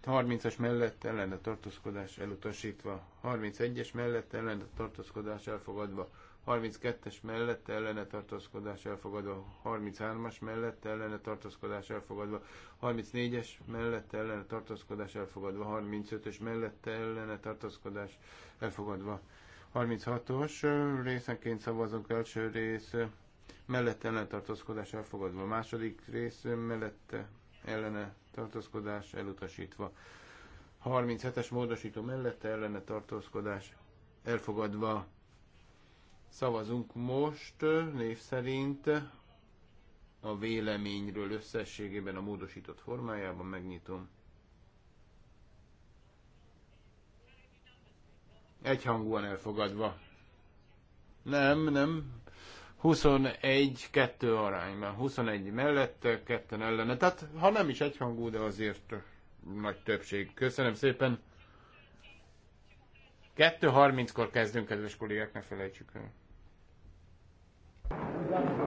Speaker 1: 30-as mellett ellen a tartózkodás elutasítva, 31-es mellett ellen a tartózkodás elfogadva, 32-es mellette ellene tartózkodás elfogadva, 33-as mellette ellene tartózkodás elfogadva, 34-es mellette ellene tartózkodás elfogadva, 35-ös mellette ellene tartózkodás elfogadva. 36-os részenként szavazunk első rész mellette ellene tartózkodás elfogadva, második rész mellette ellene tartózkodás elutasítva. 37-es módosító mellette ellene tartózkodás elfogadva. Szavazunk most név szerint a véleményről összességében a módosított formájában megnyitom. Egyhangúan elfogadva. Nem, nem. 21-2 arányban. 21 mellette, ketten ellene. Tehát, ha nem is egyhangú, de azért nagy többség. Köszönöm szépen. 2.30-kor kezdünk, kedves kollégák, ne felejtsük el.